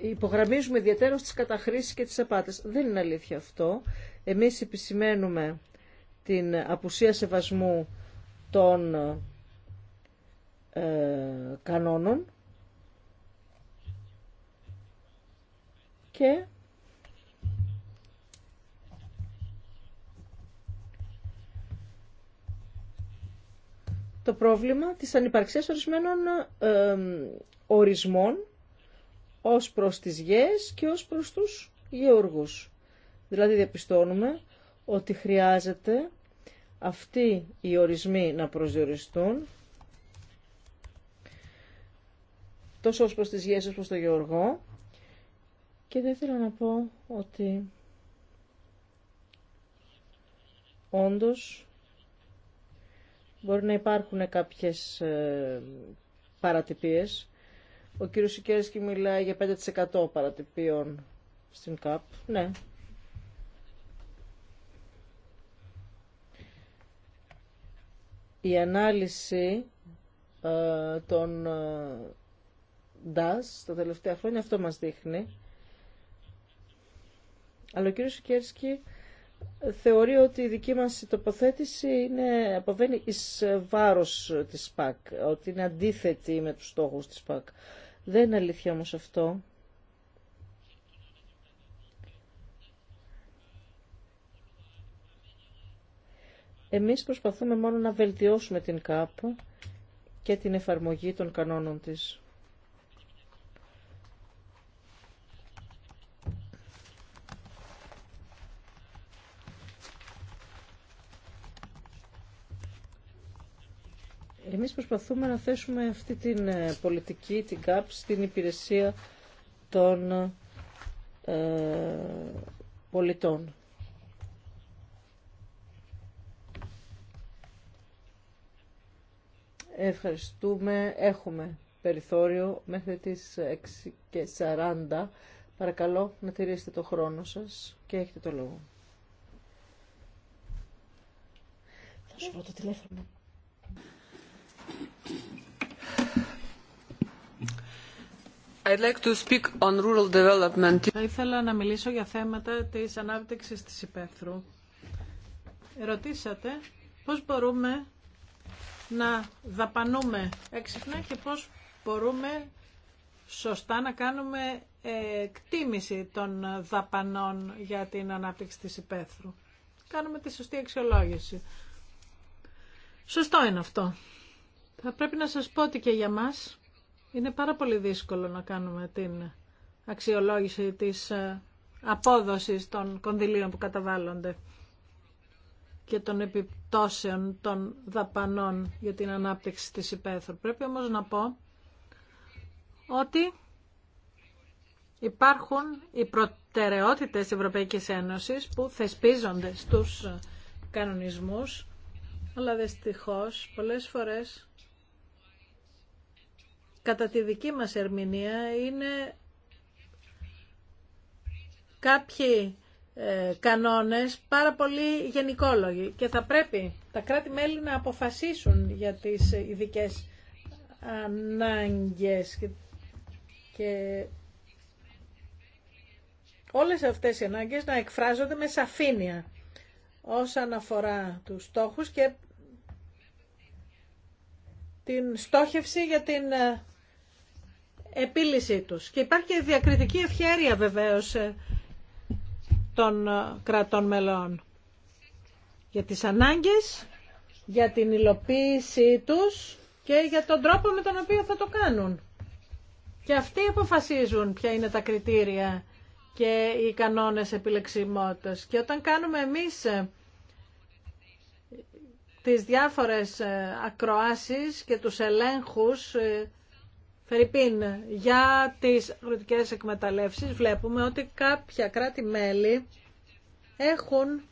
υπογραμμίζουμε ιδιαίτερα στις καταχρήσεις και τις απάτες. Δεν είναι αλήθεια αυτό. Εμείς επισημαίνουμε την απουσία σεβασμού των ε, κανόνων και το πρόβλημα της ανυπαρξίας ορισμένων ε, ορισμών ως προς τις γέες και ως προς τους γεωργούς. Δηλαδή διαπιστώνουμε ότι χρειάζεται αυτοί οι ορισμοί να προσδιοριστούν τόσο ως προς τις γέσεις ως προς το Γεωργό και δεν θέλω να πω ότι όντως μπορεί να υπάρχουν κάποιες ε, παρατυπίες. Ο κύριος Σικέρσκι μιλάει για 5% παρατυπίων στην ΚΑΠ. Ναι, η ανάλυση ε, των ε, DAS τα τελευταία χρόνια αυτό μας δείχνει. Αλλά ο κύριος Σικέρσκι θεωρεί ότι η δική μας τοποθέτηση είναι, αποβαίνει εις βάρος της ΠΑΚ, ότι είναι αντίθετη με τους στόχους της ΠΑΚ. Δεν είναι αλήθεια όμως αυτό. Εμείς προσπαθούμε μόνο να βελτιώσουμε την ΚΑΠ και την εφαρμογή των κανόνων της. Εμείς προσπαθούμε να θέσουμε αυτή την ε, πολιτική, την ΚΑΠ, στην υπηρεσία των ε, πολιτών. Ευχαριστούμε. Έχουμε περιθώριο μέχρι τις 6 και 40. Παρακαλώ να τηρήσετε το χρόνο σας και έχετε το λόγο. Θα σου το τηλέφωνο. I'd like to speak on rural development. Θα ήθελα να μιλήσω για θέματα της ανάπτυξης της υπαίθρου. Ρωτήσατε πώς μπορούμε να δαπανούμε έξυπνα και πώς μπορούμε σωστά να κάνουμε εκτίμηση των δαπανών για την ανάπτυξη της υπαίθρου. Κάνουμε τη σωστή αξιολόγηση. Σωστό είναι αυτό. Θα πρέπει να σας πω ότι και για μας είναι πάρα πολύ δύσκολο να κάνουμε την αξιολόγηση της ε, απόδοσης των κονδυλίων που καταβάλλονται και των επιπτώσεων των δαπανών για την ανάπτυξη της υπαίθρου. Πρέπει όμως να πω ότι υπάρχουν οι προτεραιότητες της Ευρωπαϊκής Ένωσης που θεσπίζονται στους κανονισμούς, αλλά δυστυχώς πολλές φορές κατά τη δική μας ερμηνεία είναι κάποιοι ε, κανόνες πάρα πολύ γενικόλογοι και θα πρέπει τα κράτη-μέλη να αποφασίσουν για τις ειδικέ ανάγκες και όλες αυτές οι ανάγκες να εκφράζονται με σαφήνεια όσον αφορά τους στόχους και την στόχευση για την ε, επίλυσή τους. Και υπάρχει και διακριτική ευχαίρεια βεβαίως ε, των ε, κρατών μελών για τις ανάγκες, για την υλοποίησή τους και για τον τρόπο με τον οποίο θα το κάνουν. Και αυτοί αποφασίζουν ποια είναι τα κριτήρια και οι κανόνες επιλεξιμότητας. Και όταν κάνουμε εμείς ε, τις διάφορες ε, ακροάσεις και τους ελέγχους Φερρυπίν, για τις αγροτικές εκμεταλλεύσεις βλέπουμε ότι κάποια κράτη-μέλη έχουν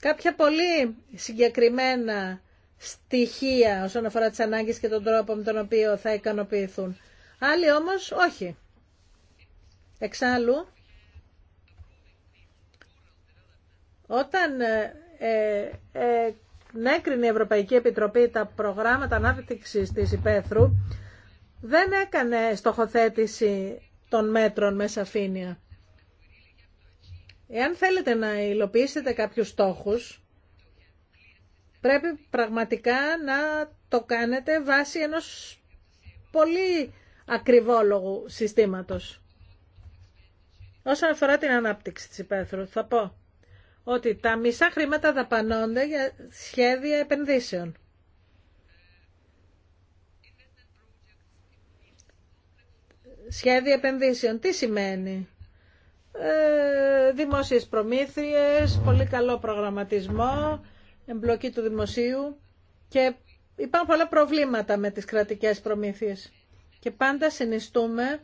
κάποια πολύ συγκεκριμένα στοιχεία όσον αφορά τις ανάγκες και τον τρόπο με τον οποίο θα ικανοποιηθούν. Άλλοι όμως όχι. Εξάλλου, όταν ε, ε, έκρινε η Ευρωπαϊκή Επιτροπή τα προγράμματα ανάπτυξης της υπαίθρου, δεν έκανε στοχοθέτηση των μέτρων με σαφήνεια. Εάν θέλετε να υλοποιήσετε κάποιους στόχους, πρέπει πραγματικά να το κάνετε βάσει ενός πολύ ακριβόλογου συστήματος. Όσον αφορά την ανάπτυξη της υπαίθρου, θα πω ότι τα μισά χρήματα δαπανώνται για σχέδια επενδύσεων. Σχέδια επενδύσεων. Τι σημαίνει. Ε, δημόσιες προμήθειες, πολύ καλό προγραμματισμό, εμπλοκή του δημοσίου και υπάρχουν πολλά προβλήματα με τις κρατικές προμήθειες. Και πάντα συνιστούμε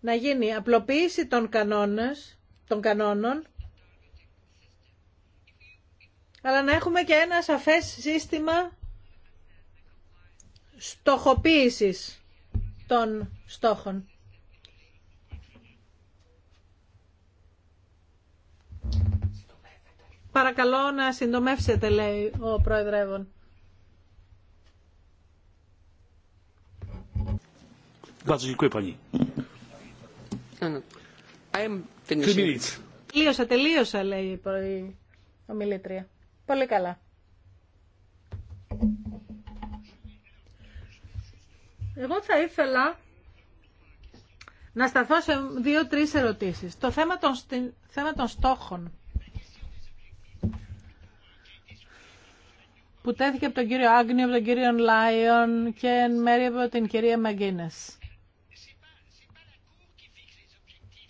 να γίνει απλοποίηση των, κανόνες, των κανόνων αλλά να έχουμε και ένα σαφές σύστημα στοχοποίησης των στόχων. Παρακαλώ να συντομεύσετε, λέει ο Προεδρεύων. Τελείωσα, τελείωσα, λέει η ομιλήτρια. Πολύ καλά. Εγώ θα ήθελα να σταθώ σε δύο-τρεις ερωτήσεις. Το θέμα των, θέμα των στόχων που τέθηκε από τον κύριο Άγνιο, από τον κύριο Λάιον και εν μέρει από την κυρία Μαγκίνες.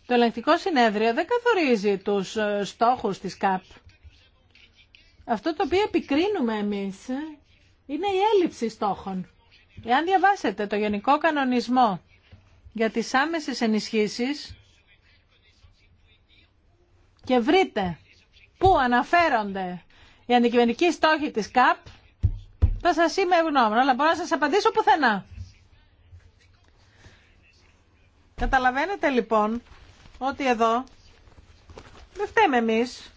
Το ελεγκτικό συνέδριο δεν καθορίζει τους ε, στόχους της ΚΑΠ. Αυτό το οποίο επικρίνουμε εμείς ε, είναι η έλλειψη στόχων. Εάν διαβάσετε το Γενικό Κανονισμό για τις άμεσες ενισχύσεις και βρείτε πού αναφέρονται οι αντικειμενικοί στόχοι της ΚΑΠ, θα σας είμαι ευγνώμων, αλλά μπορώ να σας απαντήσω πουθενά. Καταλαβαίνετε λοιπόν ότι εδώ δεν φταίμε εμείς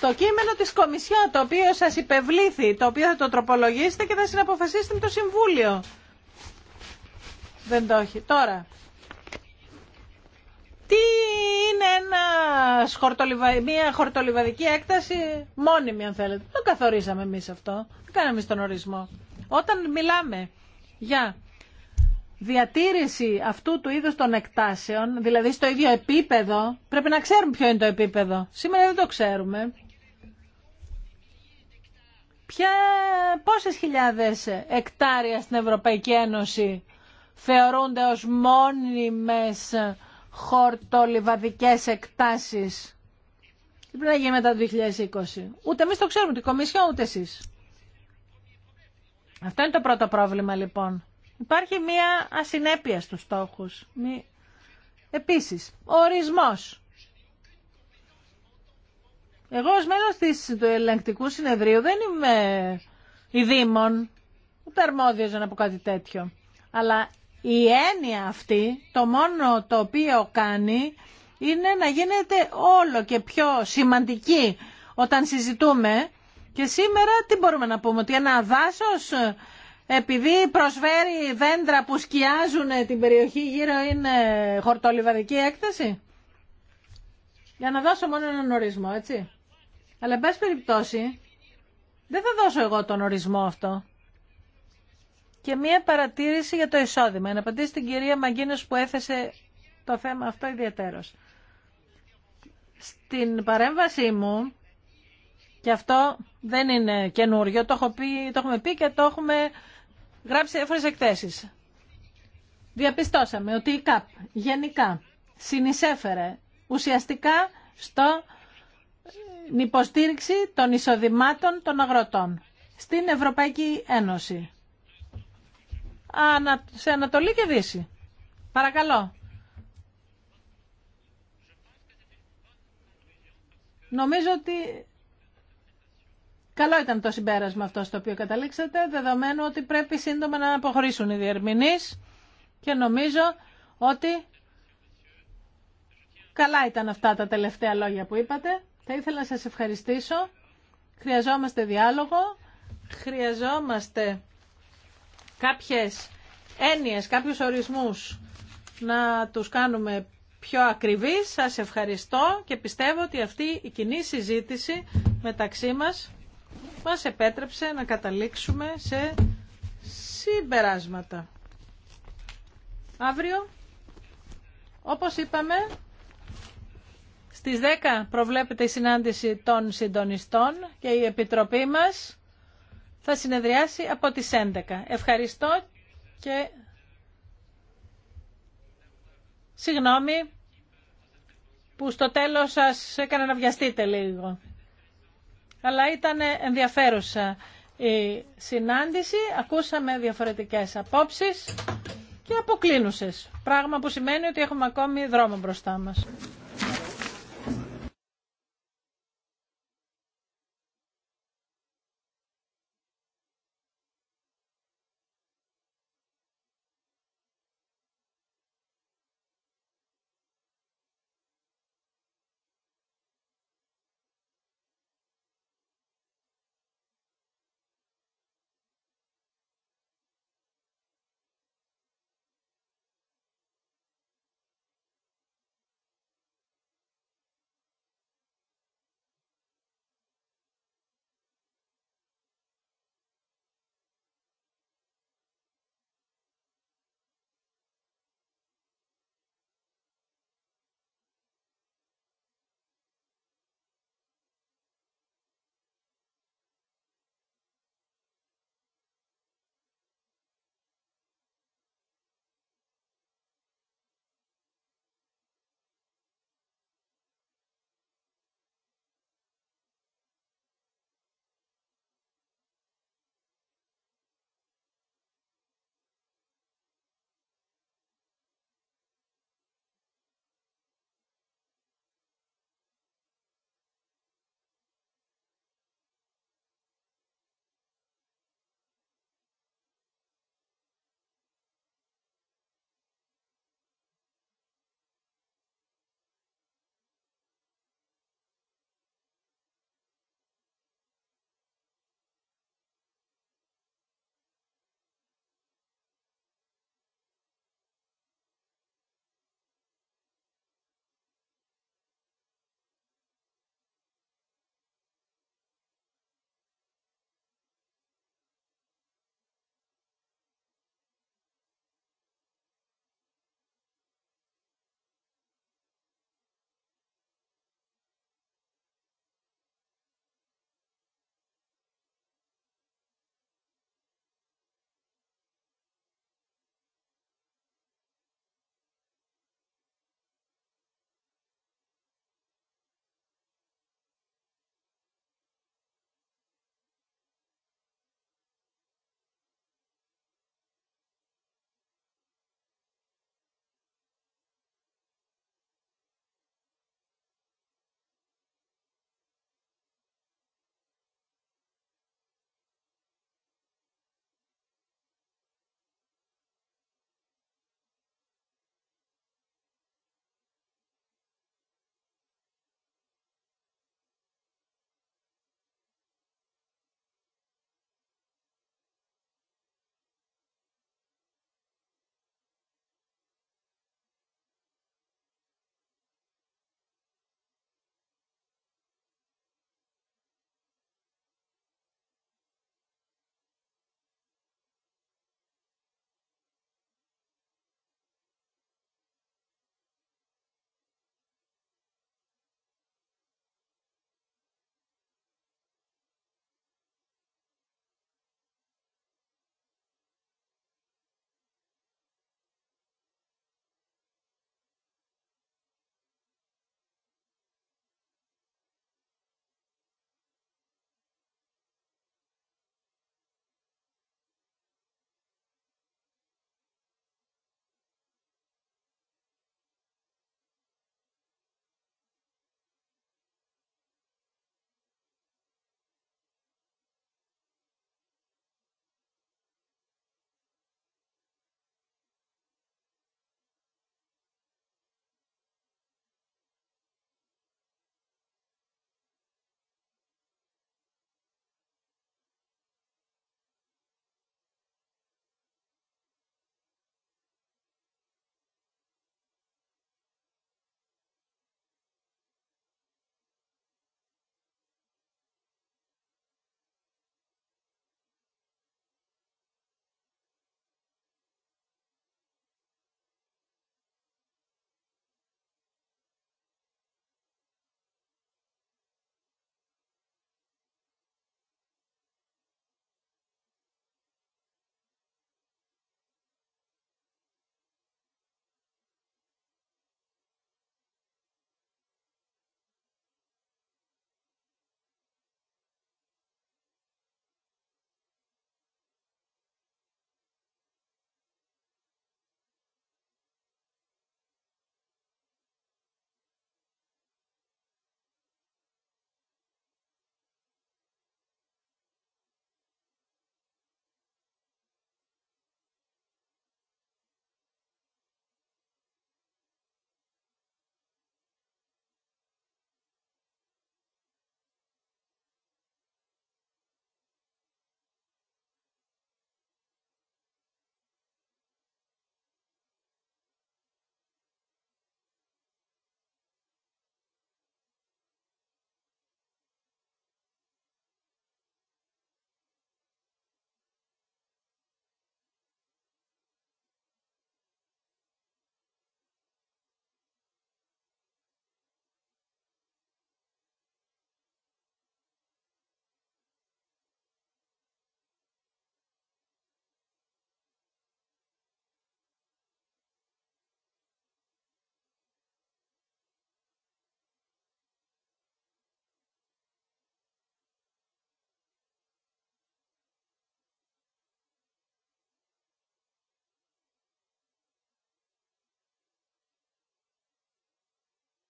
το κείμενο της Κομισιόν, το οποίο σας υπευλήθη, το οποίο θα το τροπολογήσετε και θα συναποφασίσετε με το Συμβούλιο. Δεν το έχει. Τώρα, τι είναι μια χορτολιβαδική έκταση μόνιμη, αν θέλετε. Το καθορίσαμε εμείς αυτό. Δεν κάναμε τον ορισμό. Όταν μιλάμε για διατήρηση αυτού του είδους των εκτάσεων, δηλαδή στο ίδιο επίπεδο, πρέπει να ξέρουμε ποιο είναι το επίπεδο. Σήμερα δεν το ξέρουμε. Ποια, πόσες χιλιάδες εκτάρια στην Ευρωπαϊκή Ένωση θεωρούνται ως μόνιμες χορτολιβαδικές εκτάσεις. Τι πρέπει να μετά το 2020. Ούτε εμείς το ξέρουμε, την Κομισιόν ούτε εσείς. Αυτό είναι το πρώτο πρόβλημα λοιπόν. Υπάρχει μία ασυνέπεια στους στόχους. Επίσης, ο ορισμός εγώ ως μέλος της, του ελεγκτικού συνεδρίου δεν είμαι η Δήμων, ούτε αρμόδιος να πω κάτι τέτοιο. Αλλά η έννοια αυτή, το μόνο το οποίο κάνει, είναι να γίνεται όλο και πιο σημαντική όταν συζητούμε. Και σήμερα τι μπορούμε να πούμε, ότι ένα δάσος επειδή προσφέρει δέντρα που σκιάζουν την περιοχή γύρω είναι χορτολιβαδική έκταση. Για να δώσω μόνο έναν ορισμό, έτσι. Αλλά, εν πάση περιπτώσει, δεν θα δώσω εγώ τον ορισμό αυτό. Και μία παρατήρηση για το εισόδημα. Να απαντήσει την κυρία Μαγκίνος που έθεσε το θέμα αυτό ιδιαίτερος. Στην παρέμβασή μου, και αυτό δεν είναι καινούριο, το, έχω πει, το έχουμε πει και το έχουμε γράψει διάφορες εκθέσεις. Διαπιστώσαμε ότι η ΚΑΠ γενικά συνεισέφερε ουσιαστικά στο υποστήριξη των εισοδημάτων των αγροτών στην Ευρωπαϊκή Ένωση. σε Ανατολή και Δύση. Παρακαλώ. Νομίζω ότι καλό ήταν το συμπέρασμα αυτό στο οποίο καταλήξατε, δεδομένου ότι πρέπει σύντομα να αποχωρήσουν οι διερμηνείς και νομίζω ότι καλά ήταν αυτά τα τελευταία λόγια που είπατε. Θα ήθελα να σας ευχαριστήσω. Χρειαζόμαστε διάλογο, χρειαζόμαστε κάποιες έννοιες, κάποιους ορισμούς να τους κάνουμε πιο ακριβείς. Σας ευχαριστώ και πιστεύω ότι αυτή η κοινή συζήτηση μεταξύ μας μας επέτρεψε να καταλήξουμε σε συμπεράσματα. Αύριο, όπως είπαμε, στις 10 προβλέπεται η συνάντηση των συντονιστών και η Επιτροπή μας θα συνεδριάσει από τις 11. Ευχαριστώ και συγγνώμη που στο τέλος σας έκανα να βιαστείτε λίγο. Αλλά ήταν ενδιαφέρουσα η συνάντηση, ακούσαμε διαφορετικές απόψεις και αποκλίνουσες. Πράγμα που σημαίνει ότι έχουμε ακόμη δρόμο μπροστά μας.